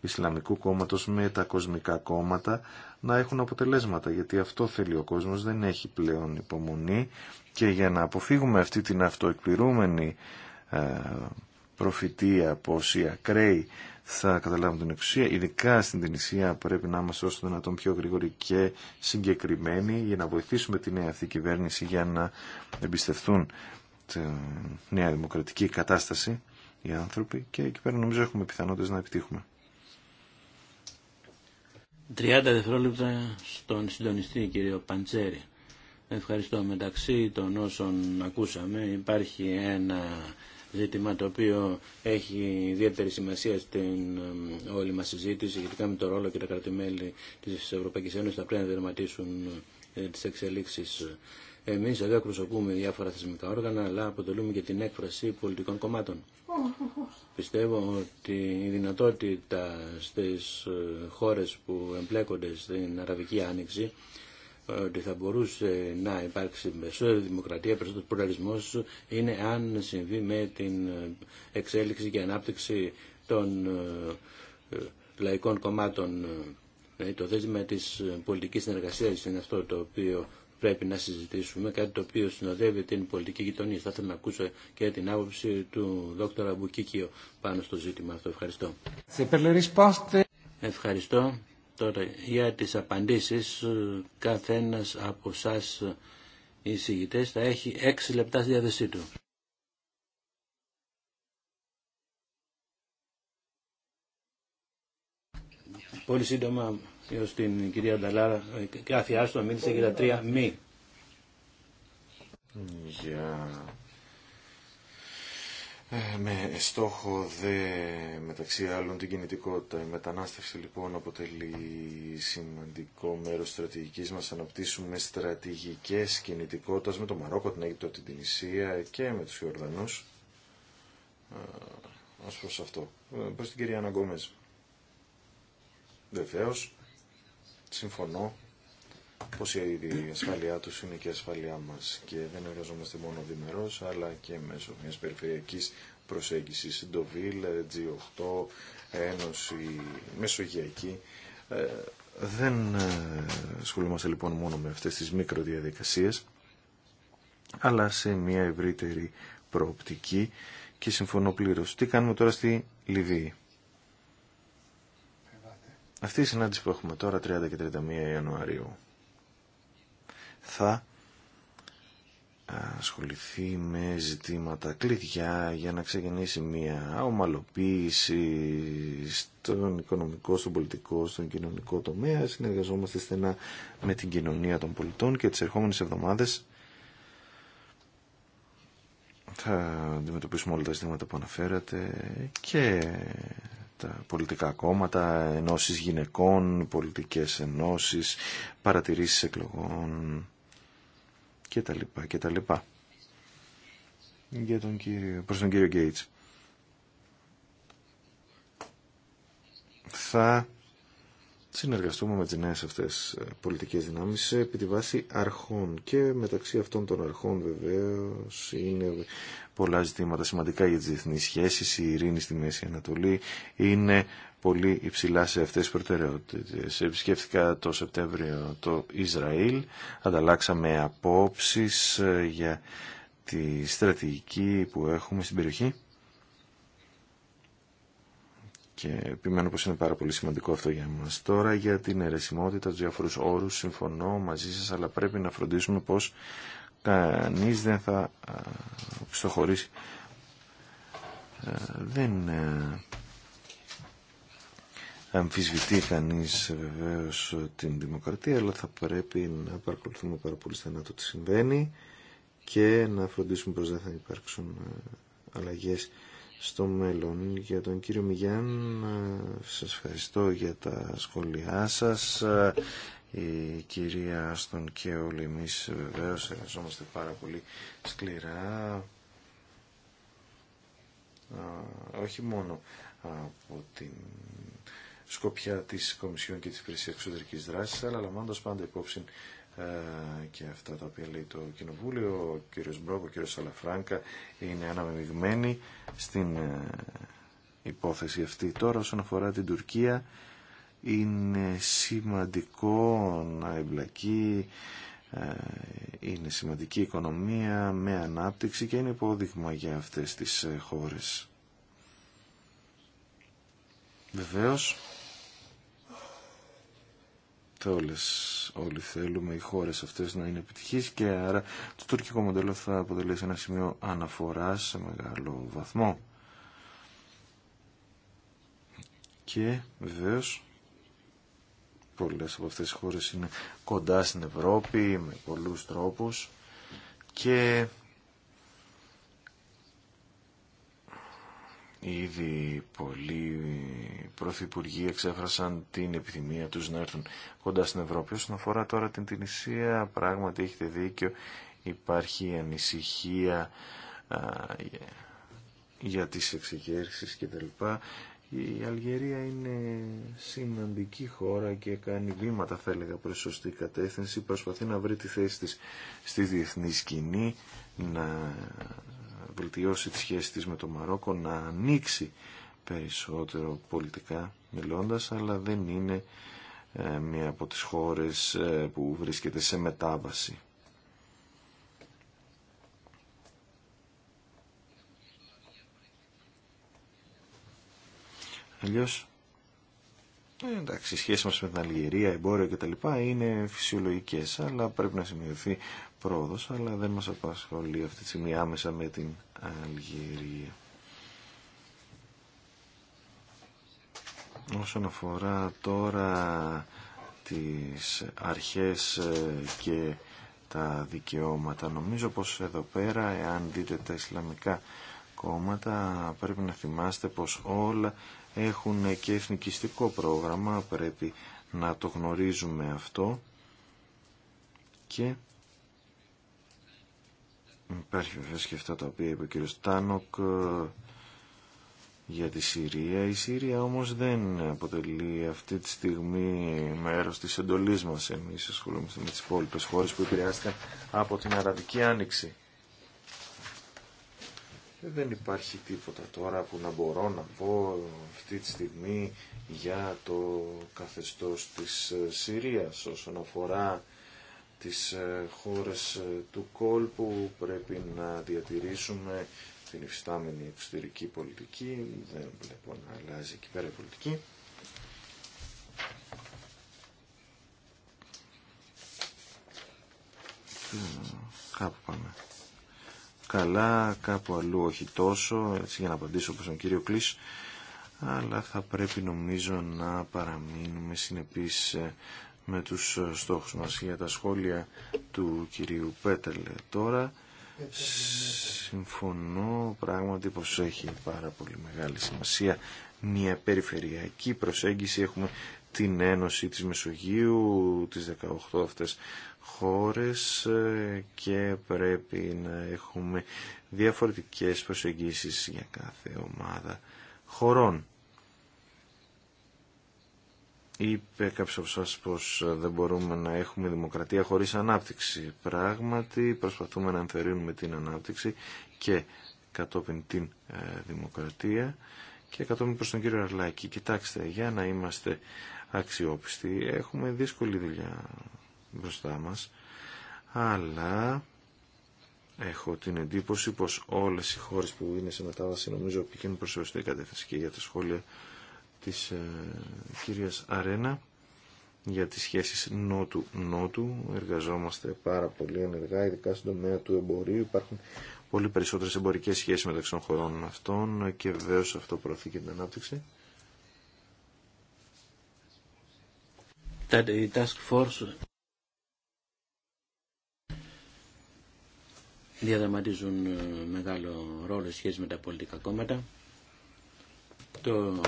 Ισλαμικού κόμματος με τα κοσμικά κόμματα να έχουν αποτελέσματα γιατί αυτό θέλει ο κόσμος δεν έχει πλέον υπομονή και για να αποφύγουμε αυτή την αυτοεκπληρούμενη ε, προφητεία από οι ακραίοι θα καταλάβουν την εξουσία, ειδικά στην Τινησία πρέπει να είμαστε όσο δυνατόν πιο γρήγοροι και συγκεκριμένοι για να βοηθήσουμε τη νέα αυτή κυβέρνηση για να εμπιστευτούν τη νέα δημοκρατική κατάσταση οι άνθρωποι και εκεί πέρα νομίζω έχουμε πιθανότητες να επιτύχουμε. 30 δευτερόλεπτα στον συντονιστή κύριο Παντσέρη. Ευχαριστώ. Μεταξύ των όσων ακούσαμε υπάρχει ένα ζήτημα το οποίο έχει ιδιαίτερη σημασία στην όλη μας συζήτηση σχετικά με το ρόλο και τα κρατημέλη της Ευρωπαϊκής Ένωσης θα πρέπει να δερματίσουν ε, τις εξελίξεις Εμεί εδώ εκπροσωπούμε διάφορα θεσμικά όργανα, αλλά αποτελούμε και την έκφραση πολιτικών κομμάτων. Πιστεύω ότι η δυνατότητα στις ε, χώρες που εμπλέκονται στην Αραβική Άνοιξη ε, ότι θα μπορούσε να υπάρξει περισσότερη δημοκρατία, περισσότερο πλουραλισμό είναι αν συμβεί με την ε, εξέλιξη και ανάπτυξη των λαϊκών κομμάτων. το θέσμα της πολιτικής συνεργασίας είναι αυτό το οποίο πρέπει να συζητήσουμε, κάτι το οποίο συνοδεύει την πολιτική γειτονία. Θα ήθελα να ακούσω και την άποψη του Δ. Μπουκίκιο πάνω στο ζήτημα αυτό. Ευχαριστώ. Ευχαριστώ. Τώρα για τις απαντήσεις, καθένας από εσά οι θα έχει 6 λεπτά στη διάθεσή του. Πολύ σύντομα στην κυρία Νταλάρα, κάθε άστο μίλησε για τα τρία μη. Για... Ε, με στόχο δε μεταξύ άλλων την κινητικότητα. Η μετανάστευση λοιπόν αποτελεί σημαντικό μέρος στρατηγικής μας. Αναπτύσσουμε στρατηγικές κινητικότητας με το Μαρόκο, την Αίγυπτο, την Τινησία και με τους Ιορδανούς. Ε, αυτό. Ε, προς την κυρία Αναγκόμες. Βεβαίω συμφωνώ πως η ασφαλειά τους είναι και η ασφαλειά μας και δεν εργαζόμαστε μόνο διμερώς αλλά και μέσω μιας περιφερειακής προσέγγισης Ντοβίλ, G8, Ένωση, Μεσογειακή. Ε, δεν ε, ασχολούμαστε λοιπόν μόνο με αυτές τις μικροδιαδικασίες αλλά σε μια ευρύτερη προοπτική και συμφωνώ πλήρως. Τι κάνουμε τώρα στη Λιβύη. Αυτή η συνάντηση που έχουμε τώρα, 30 και 31 Ιανουαρίου, θα ασχοληθεί με ζητήματα κλειδιά για να ξεκινήσει μια ομαλοποίηση στον οικονομικό, στον πολιτικό, στον κοινωνικό τομέα. Συνεργαζόμαστε στενά με την κοινωνία των πολιτών και τις ερχόμενες εβδομάδες θα αντιμετωπίσουμε όλα τα ζητήματα που αναφέρατε και τα πολιτικά κόμματα, ενώσεις γυναικών, πολιτικές ενώσεις, παρατηρήσεις εκλογών και τα λοιπά και τα λοιπά. Για τον κύριο, προς τον κύριο Γκέιτς. Θα συνεργαστούμε με τις νέες αυτές ε, πολιτικές δυνάμεις επί τη βάση αρχών και μεταξύ αυτών των αρχών βεβαίως είναι πολλά ζητήματα σημαντικά για τις διεθνείς σχέσεις, η ειρήνη στη Μέση Ανατολή είναι πολύ υψηλά σε αυτές τις προτεραιότητες. Επισκέφθηκα το Σεπτέμβριο το Ισραήλ, ανταλλάξαμε απόψεις ε, για τη στρατηγική που έχουμε στην περιοχή και επιμένω πως είναι πάρα πολύ σημαντικό αυτό για μας. Τώρα για την αιρεσιμότητα, του διαφορούς όρους, συμφωνώ μαζί σας, αλλά πρέπει να φροντίσουμε πως κανείς δεν θα πιστοχωρήσει. Ε, δεν ε, αμφισβητεί κανείς ε, βεβαίως την δημοκρατία, αλλά θα πρέπει να παρακολουθούμε πάρα πολύ στενά το τι συμβαίνει και να φροντίσουμε πως δεν θα υπάρξουν αλλαγές στο μέλλον. Για τον κύριο Μιγιάν, ε, σας ευχαριστώ για τα σχόλιά σας. Ε, η κυρία Άστον και όλοι εμείς ε, βεβαίως εργαζόμαστε πάρα πολύ σκληρά. Όχι μόνο από την σκοπιά της Κομισιόν και της Υπηρεσίας Εξωτερικής Δράσης, αλλά λαμβάνοντας πάντα υπόψη ε, και αυτά τα οποία λέει το Κοινοβούλιο, ο κύριος Μπρόκο, ο κύριος Σαλαφράγκα είναι αναμειγμένοι στην ε, υπόθεση αυτή. Τώρα όσον αφορά την Τουρκία είναι σημαντικό να εμπλακεί ε, είναι σημαντική οικονομία με ανάπτυξη και είναι υπόδειγμα για αυτές τις χώρες. Βεβαίως, όλες, όλοι θέλουμε οι χώρες αυτές να είναι επιτυχείς και άρα το τουρκικό μοντέλο θα αποτελέσει ένα σημείο αναφοράς σε μεγάλο βαθμό. Και βεβαίω πολλές από αυτές οι χώρες είναι κοντά στην Ευρώπη με πολλούς τρόπους και Ήδη πολλοί πρωθυπουργοί εξέφρασαν την επιθυμία τους να έρθουν κοντά στην Ευρώπη. Όσον αφορά τώρα την Τινησία, πράγματι έχετε δίκιο, υπάρχει ανησυχία για, τις εξεγέρσεις κτλ. Η Αλγερία είναι σημαντική χώρα και κάνει βήματα, θα έλεγα, προς σωστή κατεύθυνση. Προσπαθεί να βρει τη θέση της στη διεθνή σκηνή, να βελτιώσει τη σχέσεις της με το Μαρόκο, να ανοίξει περισσότερο πολιτικά μιλώντας, αλλά δεν είναι ε, μία από τις χώρες ε, που βρίσκεται σε μετάβαση. Αλλιώς, ε, εντάξει, οι σχέσεις μας με την Αλγερία, εμπόριο κτλ. είναι φυσιολογικές, αλλά πρέπει να σημειωθεί πρόοδος, αλλά δεν μας απασχολεί αυτή τη στιγμή άμεσα με την Αλγερία. Όσον αφορά τώρα τις αρχές ε, και τα δικαιώματα, νομίζω πως εδώ πέρα, εάν δείτε τα Ισλαμικά κόμματα, πρέπει να θυμάστε πως όλα έχουν και εθνικιστικό πρόγραμμα, πρέπει να το γνωρίζουμε αυτό και Υπάρχει βέβαια και αυτά τα οποία είπε ο κ. Τάνοκ ε, για τη Συρία. Η Συρία όμως δεν αποτελεί αυτή τη στιγμή μέρος της εντολής μας. Εμείς ασχολούμαστε με τις υπόλοιπες χώρες που επηρεάστηκαν από την Αραβική Άνοιξη. Ε, δεν υπάρχει τίποτα τώρα που να μπορώ να πω αυτή τη στιγμή για το καθεστώς της ε, Συρίας όσον αφορά τις ε, χώρες ε, του κόλπου. Πρέπει να διατηρήσουμε την υφιστάμενη εξωτερική πολιτική. Δεν βλέπω λοιπόν, να αλλάζει εκεί πέρα η πολιτική. Ε, κάπου πάμε. Καλά, κάπου αλλού όχι τόσο, έτσι για να απαντήσω όπως τον κύριο Κλής, αλλά θα πρέπει νομίζω να παραμείνουμε συνεπείς με τους ε, στόχους μας για τα σχόλια του κυρίου Πέτελε. Τώρα συμφωνώ πράγματι πως έχει πάρα πολύ μεγάλη σημασία μια περιφερειακή προσέγγιση. Έχουμε την Ένωση της Μεσογείου, τις 18 αυτές χώρες ε, και πρέπει να έχουμε διαφορετικές προσεγγίσεις για κάθε ομάδα χωρών είπε κάποιος από εσάς πως ε, δεν μπορούμε να έχουμε δημοκρατία χωρίς ανάπτυξη. Πράγματι προσπαθούμε να ενθερύνουμε την ανάπτυξη και κατόπιν την ε, δημοκρατία και κατόπιν προς τον κύριο Αρλάκη. Κοιτάξτε, για να είμαστε αξιόπιστοι έχουμε δύσκολη δουλειά μπροστά μας, αλλά έχω την εντύπωση πως όλες οι χώρες που είναι σε μετάβαση νομίζω πηγαίνουν προς σωστή κατεύθυνση και για τα σχόλια της ε, κυρίας Αρένα για τις σχέσεις νότου-νότου. Εργαζόμαστε πάρα πολύ ενεργά, ειδικά στον τομέα του εμπορίου. Υπάρχουν πολύ περισσότερες εμπορικές σχέσεις μεταξύ των χωρών αυτών και βεβαίω αυτό προωθεί και την ανάπτυξη. Η Task Force διαδραματίζουν ε, μεγάλο ρόλο σχέση με τα πολιτικά κόμματα. Το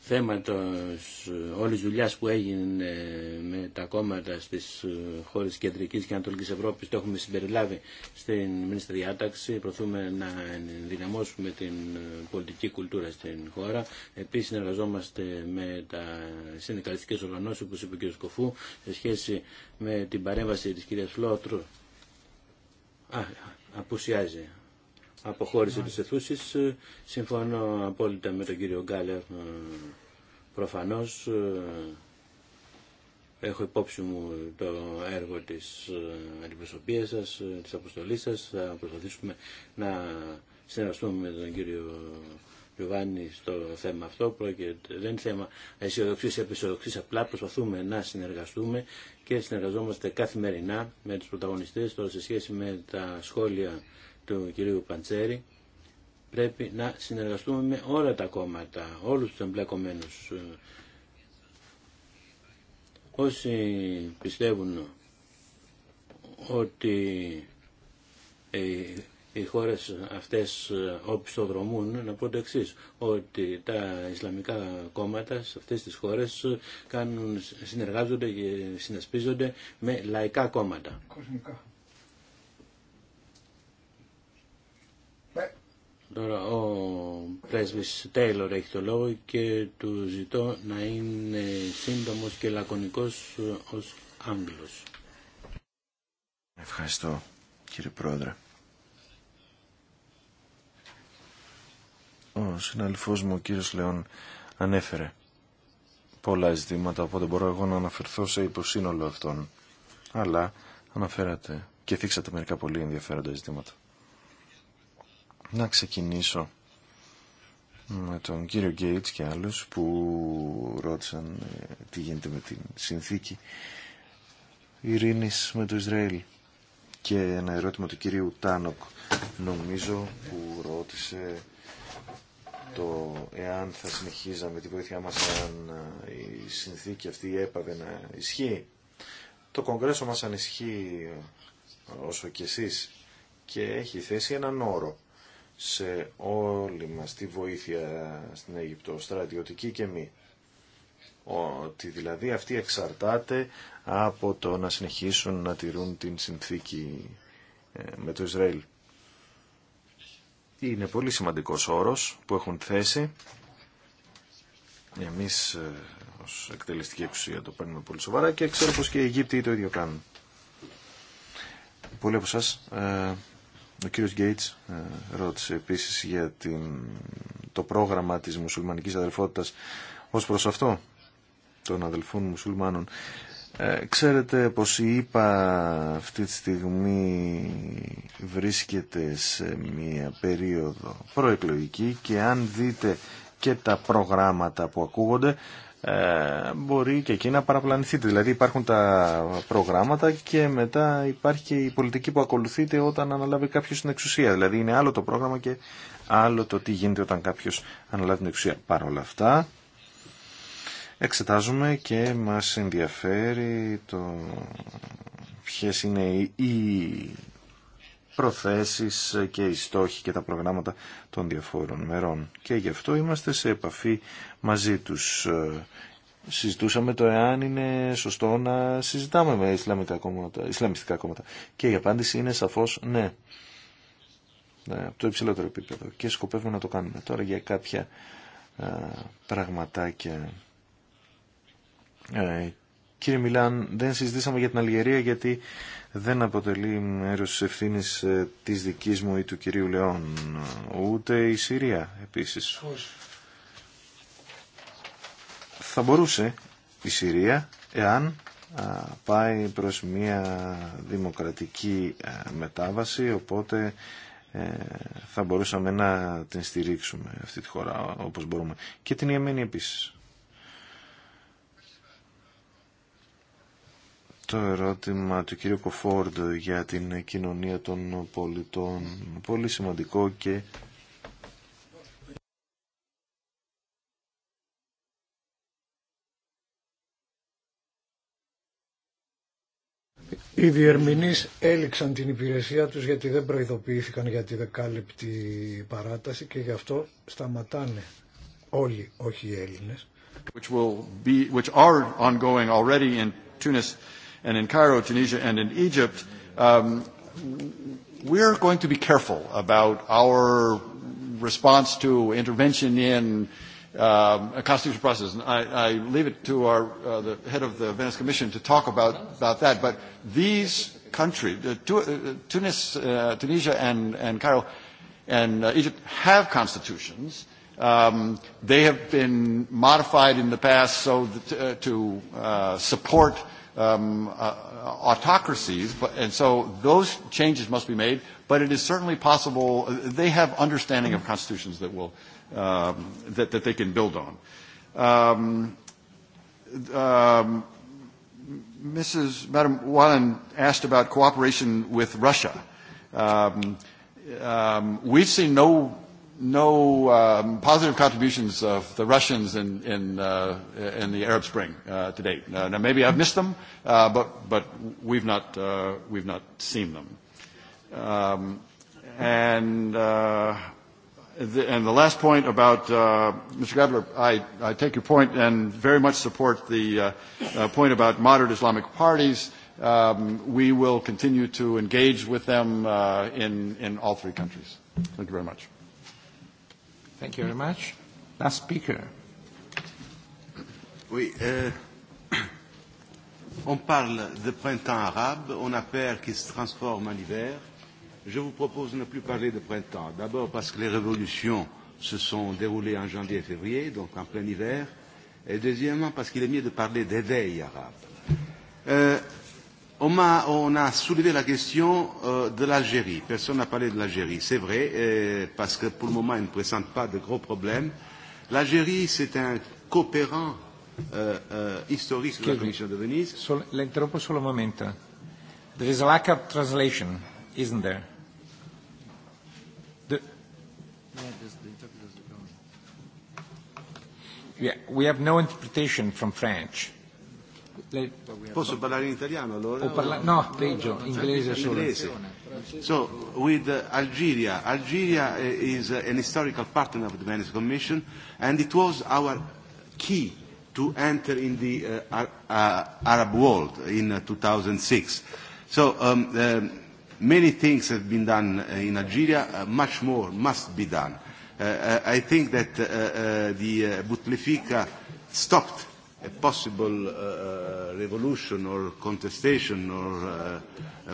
θέματος ε, όλης δουλειάς που έγινε με τα κόμματα στις ε, χώρες κεντρικής και ανατολικής Ευρώπης το έχουμε συμπεριλάβει στην Μίνιστρα Διάταξη. Προθούμε να ενδυναμώσουμε την ε, πολιτική κουλτούρα στην χώρα. Επίσης συνεργαζόμαστε με τα συνδικαλιστικές οργανώσεις που είπε ο κ. Σκοφού σε σχέση με την παρέμβαση της κυρίας Φλότρου. απουσιάζει αποχώρηση της αιθούσης. Ε, συμφωνώ απόλυτα με τον κύριο Γκάλερ. Ε, προφανώς ε, έχω υπόψη μου το έργο της αντιπροσωπείας σας, της αποστολής σας. Θα προσπαθήσουμε να συνεργαστούμε με τον κύριο Γιωβάνη στο θέμα αυτό. Πρόκειται, δεν είναι θέμα αισιοδοξής ή απεσιοδοξής, απλά προσπαθούμε να συνεργαστούμε και συνεργαζόμαστε καθημερινά με τους πρωταγωνιστές τώρα σε σχέση με τα σχόλια του κυρίου Παντσέρη πρέπει να συνεργαστούμε με όλα τα κόμματα, όλους τους εμπλεκομένους. Όσοι πιστεύουν ότι οι χώρες αυτές οπισθοδρομούν, να πω το εξή, ότι τα Ισλαμικά κόμματα σε αυτές τις χώρες κάνουν, συνεργάζονται και συνασπίζονται με λαϊκά κόμματα. Κοσμικά. Τώρα ο πρέσβης Τέιλορ έχει το λόγο και του ζητώ να είναι σύντομος και λακωνικός ως Άγγλος. Ευχαριστώ κύριε Πρόεδρε. Ο συναλφός μου ο κύριος Λεόν ανέφερε πολλά ζητήματα οπότε μπορώ εγώ να αναφερθώ σε υποσύνολο αυτών. Αλλά αναφέρατε και θίξατε μερικά πολύ ενδιαφέροντα ζητήματα να ξεκινήσω με τον κύριο Γκέιτς και άλλους που ρώτησαν ε, τι γίνεται με την συνθήκη ειρήνης με το Ισραήλ και ένα ερώτημα του κυρίου Τάνοκ νομίζω που ρώτησε το εάν θα συνεχίζαμε τη βοήθειά μας αν ε, η συνθήκη αυτή έπαβε να ισχύει το Κογκρέσο μας ανισχύει ε, όσο και εσείς και έχει θέσει έναν όρο σε όλη μας τη βοήθεια στην Αίγυπτο, στρατιωτική και μη. Ότι δηλαδή αυτή εξαρτάται από το να συνεχίσουν να τηρούν την συνθήκη ε, με το Ισραήλ. Είναι πολύ σημαντικός όρος που έχουν θέσει. Εμείς ε, ως εκτελεστική εξουσία το παίρνουμε πολύ σοβαρά και ξέρω πως και οι Αιγύπτιοι το ίδιο κάνουν. Πολλοί από ε, ο κύριος Γκέιτς ε, ρώτησε επίσης για την, το πρόγραμμα της μουσουλμανικής αδελφότητας ως προς αυτό των αδελφών μουσουλμάνων. Ε, ξέρετε πως η ΕΠΑ αυτή τη στιγμή βρίσκεται σε μία περίοδο προεκλογική και αν δείτε και τα προγράμματα που ακούγονται ε, μπορεί και εκεί να παραπλανηθείτε. Δηλαδή υπάρχουν τα προγράμματα και μετά υπάρχει και η πολιτική που ακολουθείται όταν αναλάβει κάποιο την εξουσία. Δηλαδή είναι άλλο το πρόγραμμα και άλλο το τι γίνεται όταν κάποιο αναλάβει την εξουσία. Παρ' όλα αυτά εξετάζουμε και μας ενδιαφέρει το ποιες είναι οι προθέσεις και οι στόχοι και τα προγράμματα των διαφόρων μερών. Και γι' αυτό είμαστε σε επαφή μαζί τους. Ε, συζητούσαμε το εάν είναι σωστό να συζητάμε με Ισλαμικά κόμματα, Ισλαμιστικά κόμματα. Και η απάντηση είναι σαφώς ναι. ναι. Από το υψηλότερο επίπεδο. Και σκοπεύουμε να το κάνουμε τώρα για κάποια α, ε, πραγματάκια ε, Κύριε Μιλάν, δεν συζητήσαμε για την Αλγερία γιατί δεν αποτελεί μέρος τη ευθύνης ε, της δικής μου ή του κυρίου Λεόν. Ούτε η Συρία επίσης. Θα μπορούσε η Συρία εάν πάει προς μια δημοκρατική μετάβαση οπότε ε, θα μπορούσαμε να την στηρίξουμε αυτή τη χώρα όπως μπορούμε. Και την Ιεμένη επίσης. Το ερώτημα του κύριου Κοφόρντ για την κοινωνία των πολιτών. Πολύ σημαντικό και Οι διερμηνείς έληξαν την υπηρεσία τους γιατί δεν προειδοποιήθηκαν για τη δεκάλεπτη παράταση και γι' αυτό σταματάνε όλοι, όχι οι Έλληνες. Which will be, which are and in Cairo, Tunisia, and in Egypt, we're going to be careful about our response to intervention in a constitutional process. I leave it to our the head of the Venice Commission to talk about that. But these countries, Tunis, Tunisia, and Cairo, and Egypt have constitutions. They have been modified in the past so to support autocracies. And so those changes must be made. But it is certainly possible. They have understanding of constitutions that will that they can build on. Mrs. Madam Wallen asked about cooperation with Russia. We've seen no no positive contributions of the Russians in in the Arab Spring to date. Now maybe I've missed them, but but we've not we've not seen them. And and the last point about Mr. Gabler, I I take your point and very much support the point about moderate Islamic parties. We will continue to engage with them in in all three countries. Thank you very much. Thank you very much. Last speaker. Oui, on parle de printemps arabe, on a peur qu'il se transforme en hiver. Je vous propose de ne plus parler de printemps. D'abord parce que les révolutions se sont déroulées en janvier et février, donc en plein hiver. Et deuxièmement parce qu'il est mieux de parler d'éveil arabe. On a, on a soulevé la question de l'Algérie. Personne n'a parlé de l'Algérie. C'est vrai, parce que pour le moment, elle ne présente pas de gros problèmes. L'Algérie, c'est un coopérant historique de la Commission de Venise. L'interrompo sur le moment. There is a lack of translation, isn't there? The... We have no interpretation from French. Posso parlare in italiano allora? parla... No, peggio, inglese solo. So, with Algeria, Algeria is an historical partner of the Venice Commission and it was our key to enter in the Arab world in 2006. So, many things have been done in Algeria, much more must be done. I think that the Bouteflika stopped a possible revolution or contestation or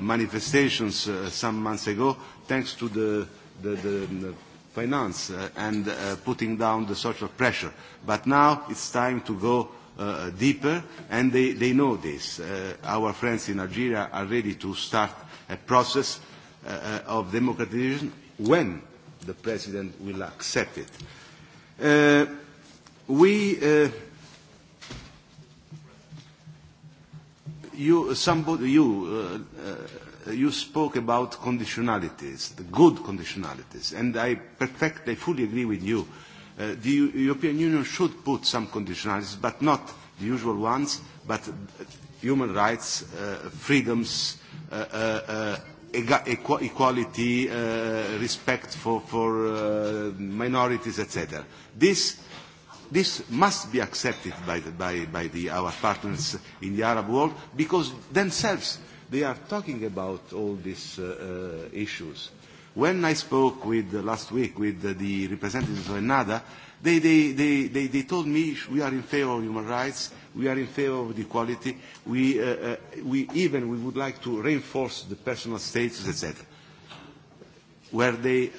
manifestations some months ago, thanks to the finance and putting down the social pressure. But now it's time to go deeper, and they they know this. Our friends in Algeria are ready to start a process of democratization when the president will accept it. We you, somebody, you, you spoke about conditionalities, the good conditionalities, and I perfectly, fully agree with you. the European Union should put some conditionalities, but not the usual ones, but human rights, freedoms, equality, respect for, for minorities, etc. This This must be accepted by our partners in the Arab world because themselves they are talking about all these issues. When I spoke with last week with the representatives of NADA, they they told me we are in favor of human rights, we are in favor of equality, we we even we would like to reinforce the personal status, etc. Were they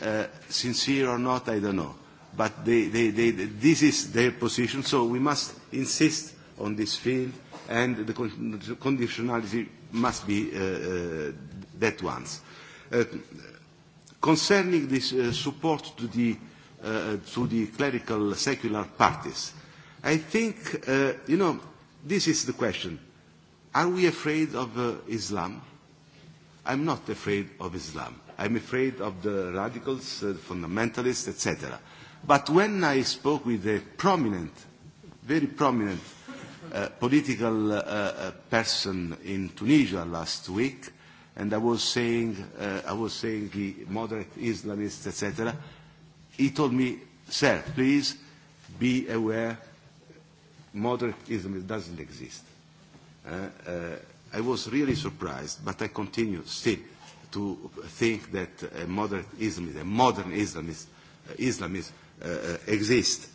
sincere or not, I don't know but this is their position, so we must insist on this field, and the conditionality must be that ones. Concerning this support to the to the clerical secular parties, I think, you know, this is the question. Are we afraid of Islam? I'm not afraid of Islam. I'm afraid of the radicals, fundamentalists, etc. But when I spoke with a prominent, very prominent political person in Tunisia last week, and I was saying, I was saying the moderate Islamists, etc., he told me, sir, please be aware, moderate Islamism doesn't exist. I was really surprised, but I continue still to think that a moderate Islamist, a modern Islamist, Islamist exist.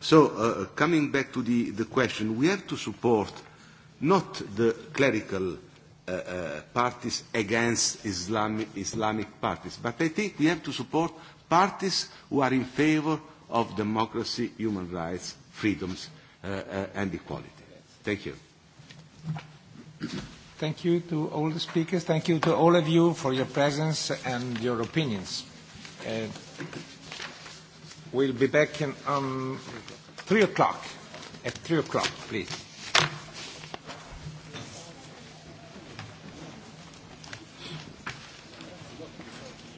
So, coming back to the the question, we have to support not the clerical parties against Islamic parties, but I think we have to support parties who are in favor of democracy, human rights, freedoms and equality. Thank you. Thank you to all the speakers. Thank you to all of you for your presence and your opinions. We'll be back in, um, 3 o'clock. At 3 o'clock, please.